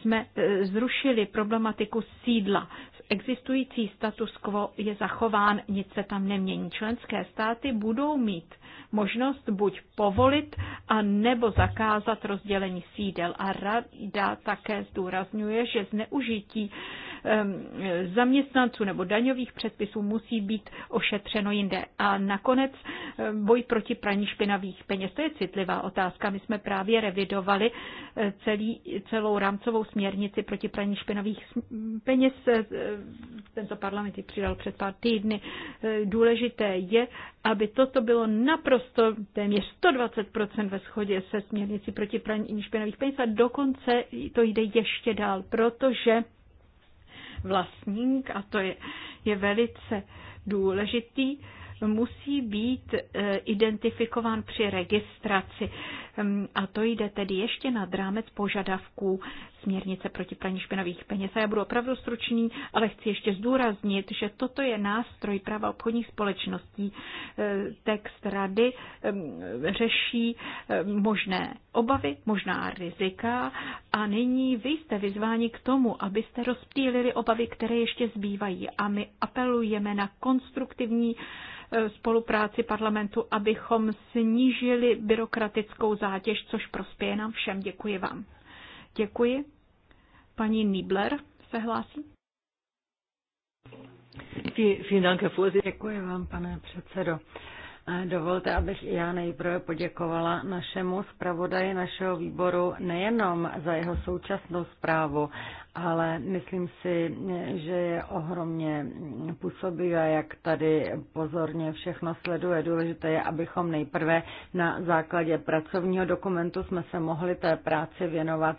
jsme e, zrušili problematiku sídla. Existující status quo je zachován, nic se tam nemění. Členské státy budou mít možnost buď povolit a nebo zakázat rozdělení sídel. A rada také zdůrazňuje, že zneužití zaměstnanců nebo daňových předpisů musí být ošetřeno jinde. A nakonec boj proti praní špinavých peněz. To je citlivá otázka. My jsme právě revidovali eh, celý, celou rámcovou směrnici proti praní špinavých peněz. Eh, tento parlament ji přidal před pár týdny. Eh, důležité je, aby toto bylo naprosto téměř 120% ve shodě se směrnici proti praní špinavých peněz a dokonce to jde ještě dál, protože vlastník, a to je, je velice důležitý, musí být eh, identifikován při registraci a to jde tedy ještě nad rámec požadavků směrnice proti praní špinavých peněz. A já budu opravdu stručný, ale chci ještě zdůraznit, že toto je nástroj práva obchodních společností. E, text rady řeší e, možné obavy, možná rizika a nyní vy jste vyzváni k tomu, abyste rozptýlili obavy, které ještě zbývají a my apelujeme na konstruktivní e, spolupráci parlamentu, abychom snížili byrokratickou zátěž, což prospěje nám všem. Děkuji vám. Děkuji. Paní Nibler se hlásí. Děkuji vám, pane předsedo. Dovolte, abych i já nejprve poděkovala našemu zpravodaji našeho výboru nejenom za jeho současnou zprávu, ale myslím si, že je ohromně působivé, jak tady pozorně všechno sleduje. Důležité je, abychom nejprve na základě pracovního dokumentu jsme se mohli té práci věnovat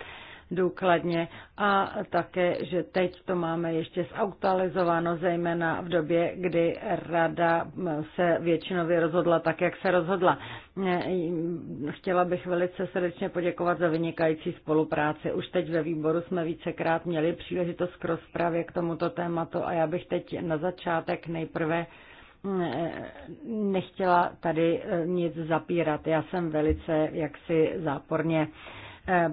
důkladně a také, že teď to máme ještě zautalizováno, zejména v době, kdy rada se většinově rozhodla tak, jak se rozhodla. Chtěla bych velice srdečně poděkovat za vynikající spolupráci. Už teď ve výboru jsme vícekrát měli příležitost k rozpravě k tomuto tématu a já bych teď na začátek nejprve eh, nechtěla tady eh, nic zapírat. Já jsem velice jaksi záporně Eh,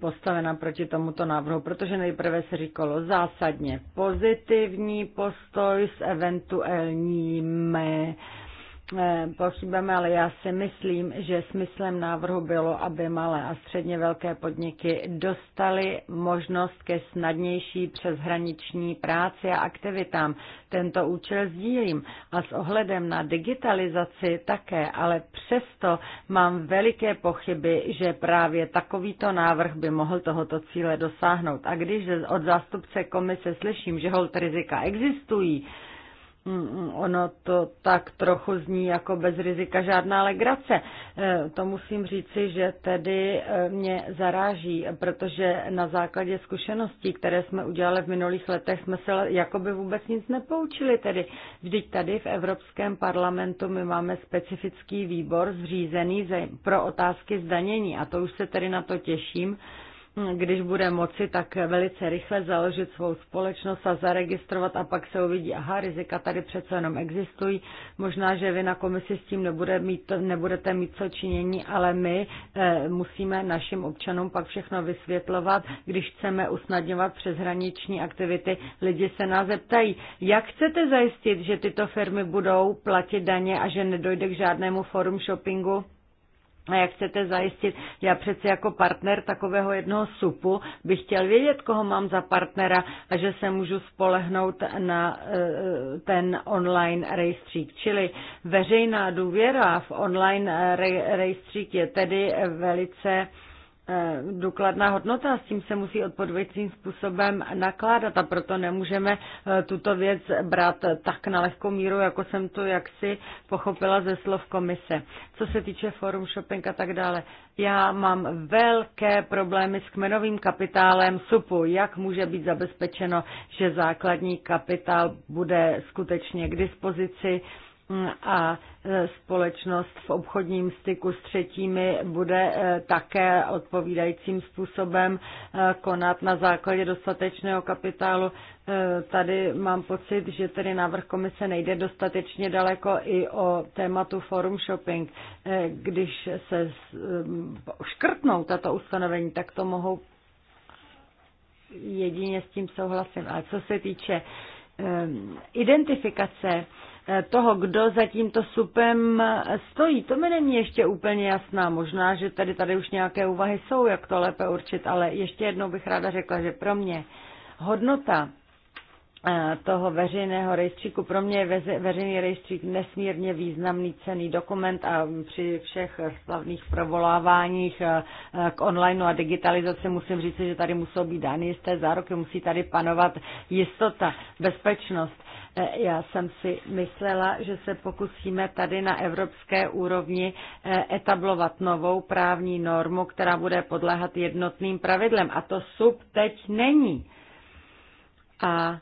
postavena proti tomuto návrhu, protože nejprve se říkalo zásadně pozitivní postoj s eventuálními Eh, pochybeme, ale já si myslím, že smyslem návrhu bylo, aby malé a středně velké podniky dostaly možnost ke snadnější přeshraniční práci a aktivitám. Tento účel sdílím a s ohledem na digitalizaci také, ale přesto mám veliké pochyby, že právě takovýto návrh by mohl tohoto cíle dosáhnout. A když od zástupce komise slyším, že hold rizika existují, Mm, ono to tak trochu zní jako bez rizika žádná legrace. E, to musím říci, že tedy e, mě zaráží, protože na základě zkušeností, které jsme udělali v minulých letech, jsme se jakoby vůbec nic nepoučili. Tedy vždyť tady v Evropském parlamentu my máme specifický výbor zřízený pro otázky zdanění a to už se tedy na to těším, když bude moci, tak velice rychle založit svou společnost a zaregistrovat a pak se uvidí, aha, rizika tady přece jenom existují. Možná, že vy na komisi s tím nebude mít, nebudete mít co činění, ale my eh, musíme našim občanům pak všechno vysvětlovat, když chceme usnadňovat přeshraniční aktivity. Lidi se nás zeptají, jak chcete zajistit, že tyto firmy budou platit daně a že nedojde k žádnému forum shoppingu? jak chcete zajistit. Já přece jako partner takového jednoho supu bych chtěl vědět, koho mám za partnera a že se můžu spolehnout na eh, ten online rejstřík. Čili veřejná důvěra v online eh, rejstřík je tedy velice Eh, důkladná hodnota, s tím se musí odpovědným způsobem nakládat a proto nemůžeme eh, tuto věc brát tak na lehkou míru, jako jsem to jaksi pochopila ze slov komise. Co se týče forum shopping a tak dále, já mám velké problémy s kmenovým kapitálem SUPu. Jak může být zabezpečeno, že základní kapitál bude skutečně k dispozici? a e, společnost v obchodním styku s třetími bude e, také odpovídajícím způsobem e, konat na základě dostatečného kapitálu. Tady mám pocit, že tedy návrh komise nejde dostatečně daleko i o tématu forum shopping. Když se škrtnou tato ustanovení, tak to mohou jedině s tím souhlasit. A co se týče identifikace Eh, toho, kdo za tímto supem eh, stojí. To mi není ještě úplně jasná. Možná, že tady, tady už nějaké úvahy jsou, jak to lépe určit, ale ještě jednou bych ráda řekla, že pro mě hodnota eh, toho veřejného rejstříku. Pro mě je veřejný rejstřík nesmírně významný cený dokument a při všech slavných provoláváních k online a digitalizaci musím říct, že tady musí být dány jisté záruky, musí tady panovat jistota, bezpečnost. E, já jsem si myslela, že se pokusíme tady na evropské úrovni e, etablovat novou právní normu, která bude podléhat jednotným pravidlem. A to sub teď není. A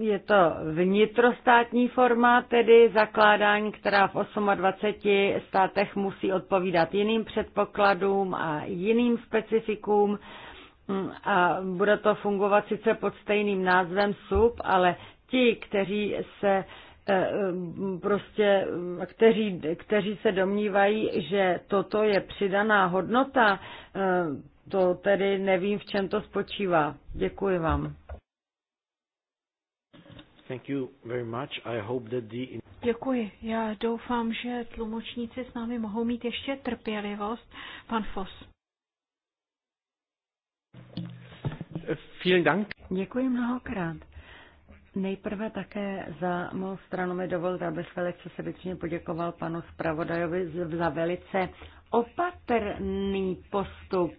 je to vnitrostátní forma, tedy zakládání, která v 28 státech musí odpovídat jiným předpokladům a jiným specifikům. Mm, a bude to fungovat sice pod stejným názvem SUP, ale ti, kteří se eh, mm, prostě, mm, kteří, kteří se domnívají, že toto je přidaná hodnota, eh, to tedy nevím, v čem to spočívá. Děkuji vám. Thank you very much. I hope that the... Děkuji. Já doufám, že tlumočníci s námi mohou mít ještě trpělivost. Pan Foss. Děkuji mnohokrát. Nejprve také za mou stranu mi dovolte, abych velice srdečně poděkoval panu zpravodajovi za velice opatrný postup.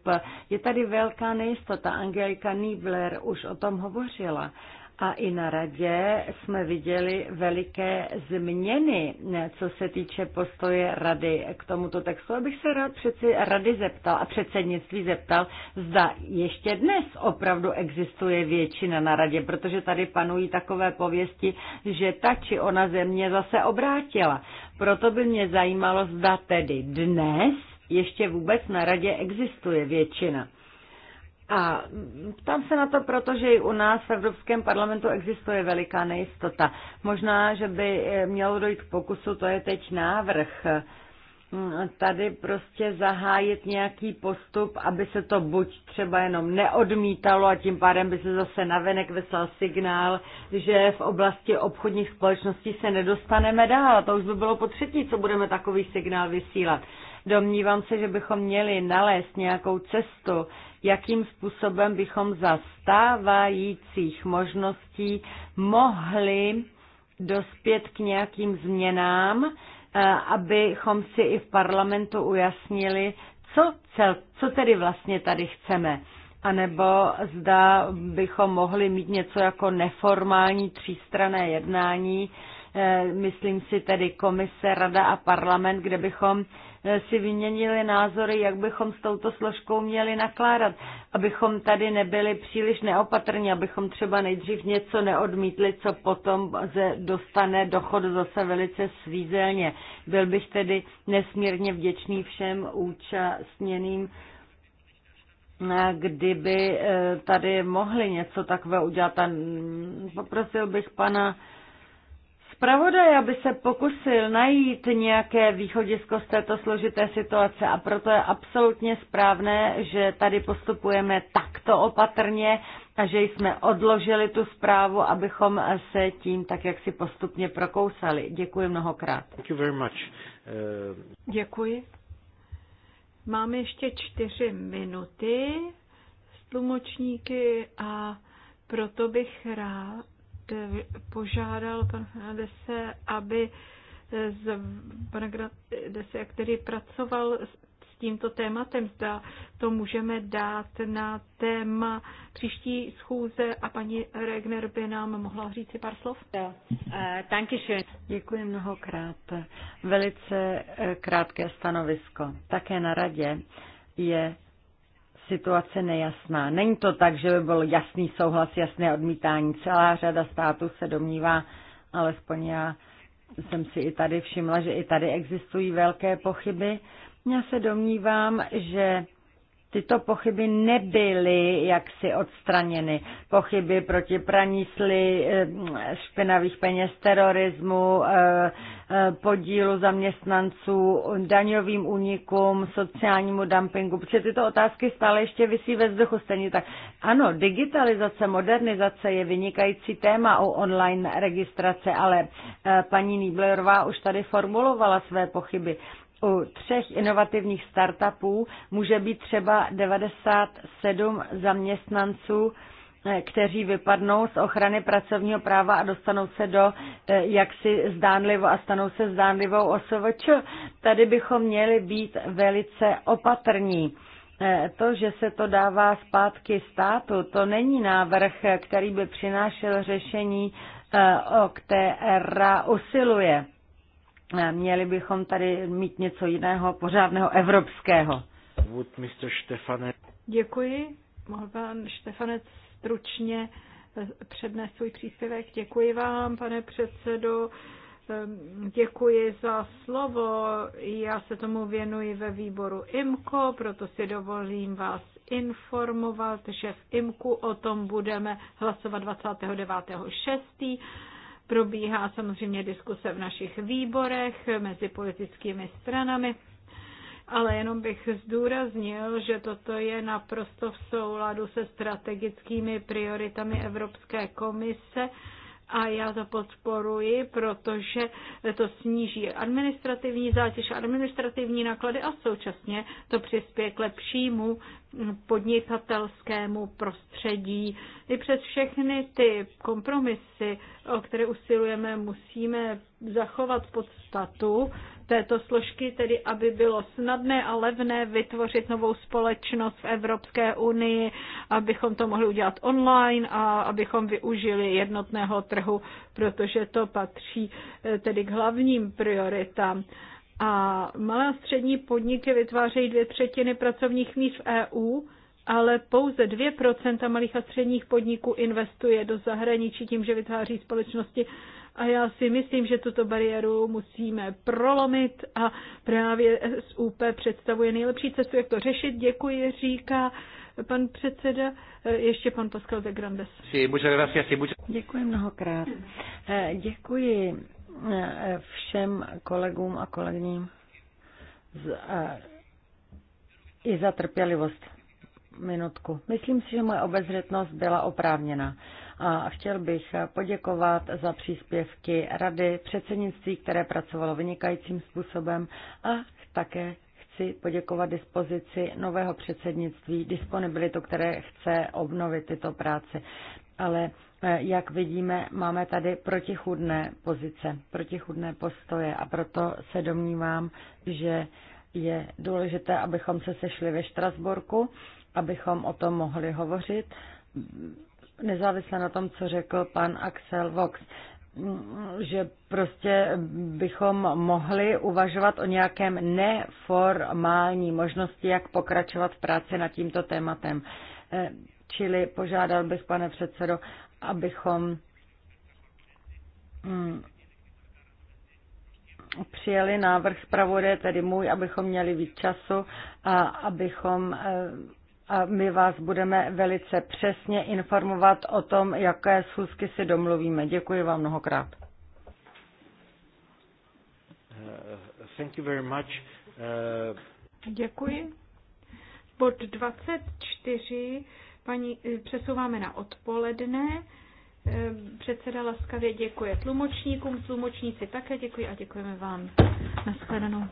Je tady velká nejistota. Angelika Niebler už o tom hovořila. A i na radě jsme viděli veliké změny, co se týče postoje rady k tomuto textu. Abych se rád přeci rady zeptal a předsednictví zeptal, zda ještě dnes opravdu existuje většina na radě, protože tady panují takové pověsti, že ta či ona země zase obrátila. Proto by mě zajímalo, zda tedy dnes ještě vůbec na radě existuje většina. A ptám se na to, protože i u nás v Evropském parlamentu existuje veliká nejistota. Možná, že by eh, mělo dojít k pokusu, to je teď návrh, hm, tady prostě zahájit nějaký postup, aby se to buď třeba jenom neodmítalo a tím pádem by se zase navenek vyslal signál, že v oblasti obchodních společností se nedostaneme dál. A to už by bylo po třetí, co budeme takový signál vysílat. Domnívám se, že bychom měli nalézt nějakou cestu, jakým způsobem bychom za stávajících možností mohli dospět k nějakým změnám, eh, abychom si i v parlamentu ujasnili, co, cel, co tedy vlastně tady chceme. A nebo zda bychom mohli mít něco jako neformální třístrané jednání, eh, myslím si tedy komise, rada a parlament, kde bychom Eh, si vyměnili názory, jak bychom s touto složkou měli nakládat, abychom tady nebyli příliš neopatrní, abychom třeba nejdřív něco neodmítli, co potom dostane dochod zase velice svízelně. Byl bych tedy nesmírně vděčný všem účastněným eh, kdyby eh, tady mohli něco takového udělat. A poprosil bych pana zpravodaj, aby se pokusil najít nějaké východisko z této složité situace a proto je absolutně správné, že tady postupujeme takto opatrně a že jsme odložili tu zprávu, abychom se tím tak jak si postupně prokousali. Děkuji mnohokrát. Thank you very much. Uh... Děkuji. Máme ještě čtyři minuty s tlumočníky a proto bych rád Eh, požádal pan Fernandese, aby eh, z pana Gradese, který pracoval s tímto tématem, zda to můžeme dát na téma příští schůze a paní Regner by nám mohla říct si pár slov. Eh, Děkuji mnohokrát. Velice krátké stanovisko. Také na radě je situace nejasná. Není to tak, že by byl jasný souhlas, jasné odmítání. Celá řada států se domnívá, alespoň já jsem si i tady všimla, že i tady existují velké pochyby. Já se domnívám, že tyto pochyby nebyly jaksi odstraněny. Pochyby proti pranísli eh, špinavých peněz, terorismu, eh, eh, podílu zaměstnanců, daňovým únikům, sociálnímu dumpingu, protože tyto otázky stále ještě vysí ve vzduchu. Stejně tak. Ano, digitalizace, modernizace je vynikající téma u online registrace, ale paní Nýblerová už tady formulovala své pochyby u třech inovativních startupů může být třeba 97 zaměstnanců, eh, kteří vypadnou z ochrany pracovního práva a dostanou se do eh, jaksi zdánlivo a stanou se zdánlivou osovoč. Tady bychom měli být velice opatrní. Eh, to, že se to dává zpátky státu, to není návrh, který by přinášel řešení, o které usiluje. Měli bychom tady mít něco jiného, pořádného evropského. Děkuji. Mohl pan Štefanec stručně eh, přednést svůj příspěvek. Děkuji vám, pane předsedo. Ehm, děkuji za slovo. Já se tomu věnuji ve výboru IMKO, proto si dovolím vás informovat, že v IMKU o tom budeme hlasovat 29.6. Probíhá samozřejmě diskuse v našich výborech mezi politickými stranami, ale jenom bych zdůraznil, že toto je naprosto v souladu se strategickými prioritami Evropské komise a já to podporuji, protože to sníží administrativní zátěž, administrativní náklady a současně to přispěje k lepšímu podnikatelskému prostředí. I přes všechny ty kompromisy, o které usilujeme, musíme zachovat podstatu této složky, tedy aby bylo snadné a levné vytvořit novou společnost v Evropské unii, abychom to mohli udělat online a abychom využili jednotného trhu, protože to patří eh, tedy k hlavním prioritám. A malé a střední podniky vytvářejí dvě třetiny pracovních míst v EU, ale pouze 2% malých a středních podniků investuje do zahraničí tím, že vytváří společnosti a já si myslím, že tuto bariéru musíme prolomit a právě SUP představuje nejlepší cestu, jak to řešit. Děkuji, říká pan předseda, ještě pan Pascal de Grandes. Děkuji mnohokrát. Eh, děkuji eh, všem kolegům a kolegyním z, eh, i za trpělivost. Minutku. Myslím si, že moje obezřetnost byla oprávněná a chtěl bych poděkovat za příspěvky rady předsednictví, které pracovalo vynikajícím způsobem a také chci poděkovat dispozici nového předsednictví, disponibilitu, které chce obnovit tyto práce. Ale eh, jak vidíme, máme tady protichudné pozice, protichudné postoje a proto se domnívám, že je důležité, abychom se sešli ve Štrasborku, abychom o tom mohli hovořit nezávisle na tom, co řekl pan Axel Vox, že prostě bychom mohli uvažovat o nějakém neformální možnosti, jak pokračovat v práci nad tímto tématem. Eh, čili požádal bych, pane předsedo, abychom mm, přijeli návrh zpravodaje, tedy můj, abychom měli víc času a abychom eh, a my vás budeme velice přesně informovat o tom, jaké schůzky si domluvíme. Děkuji vám mnohokrát. Uh, thank you very much. Uh... Děkuji. Bod 24 paní, eh, přesouváme na odpoledne. Eh, předseda laskavě děkuje tlumočníkům, tlumočníci také děkuji a děkujeme vám. Naschledanou.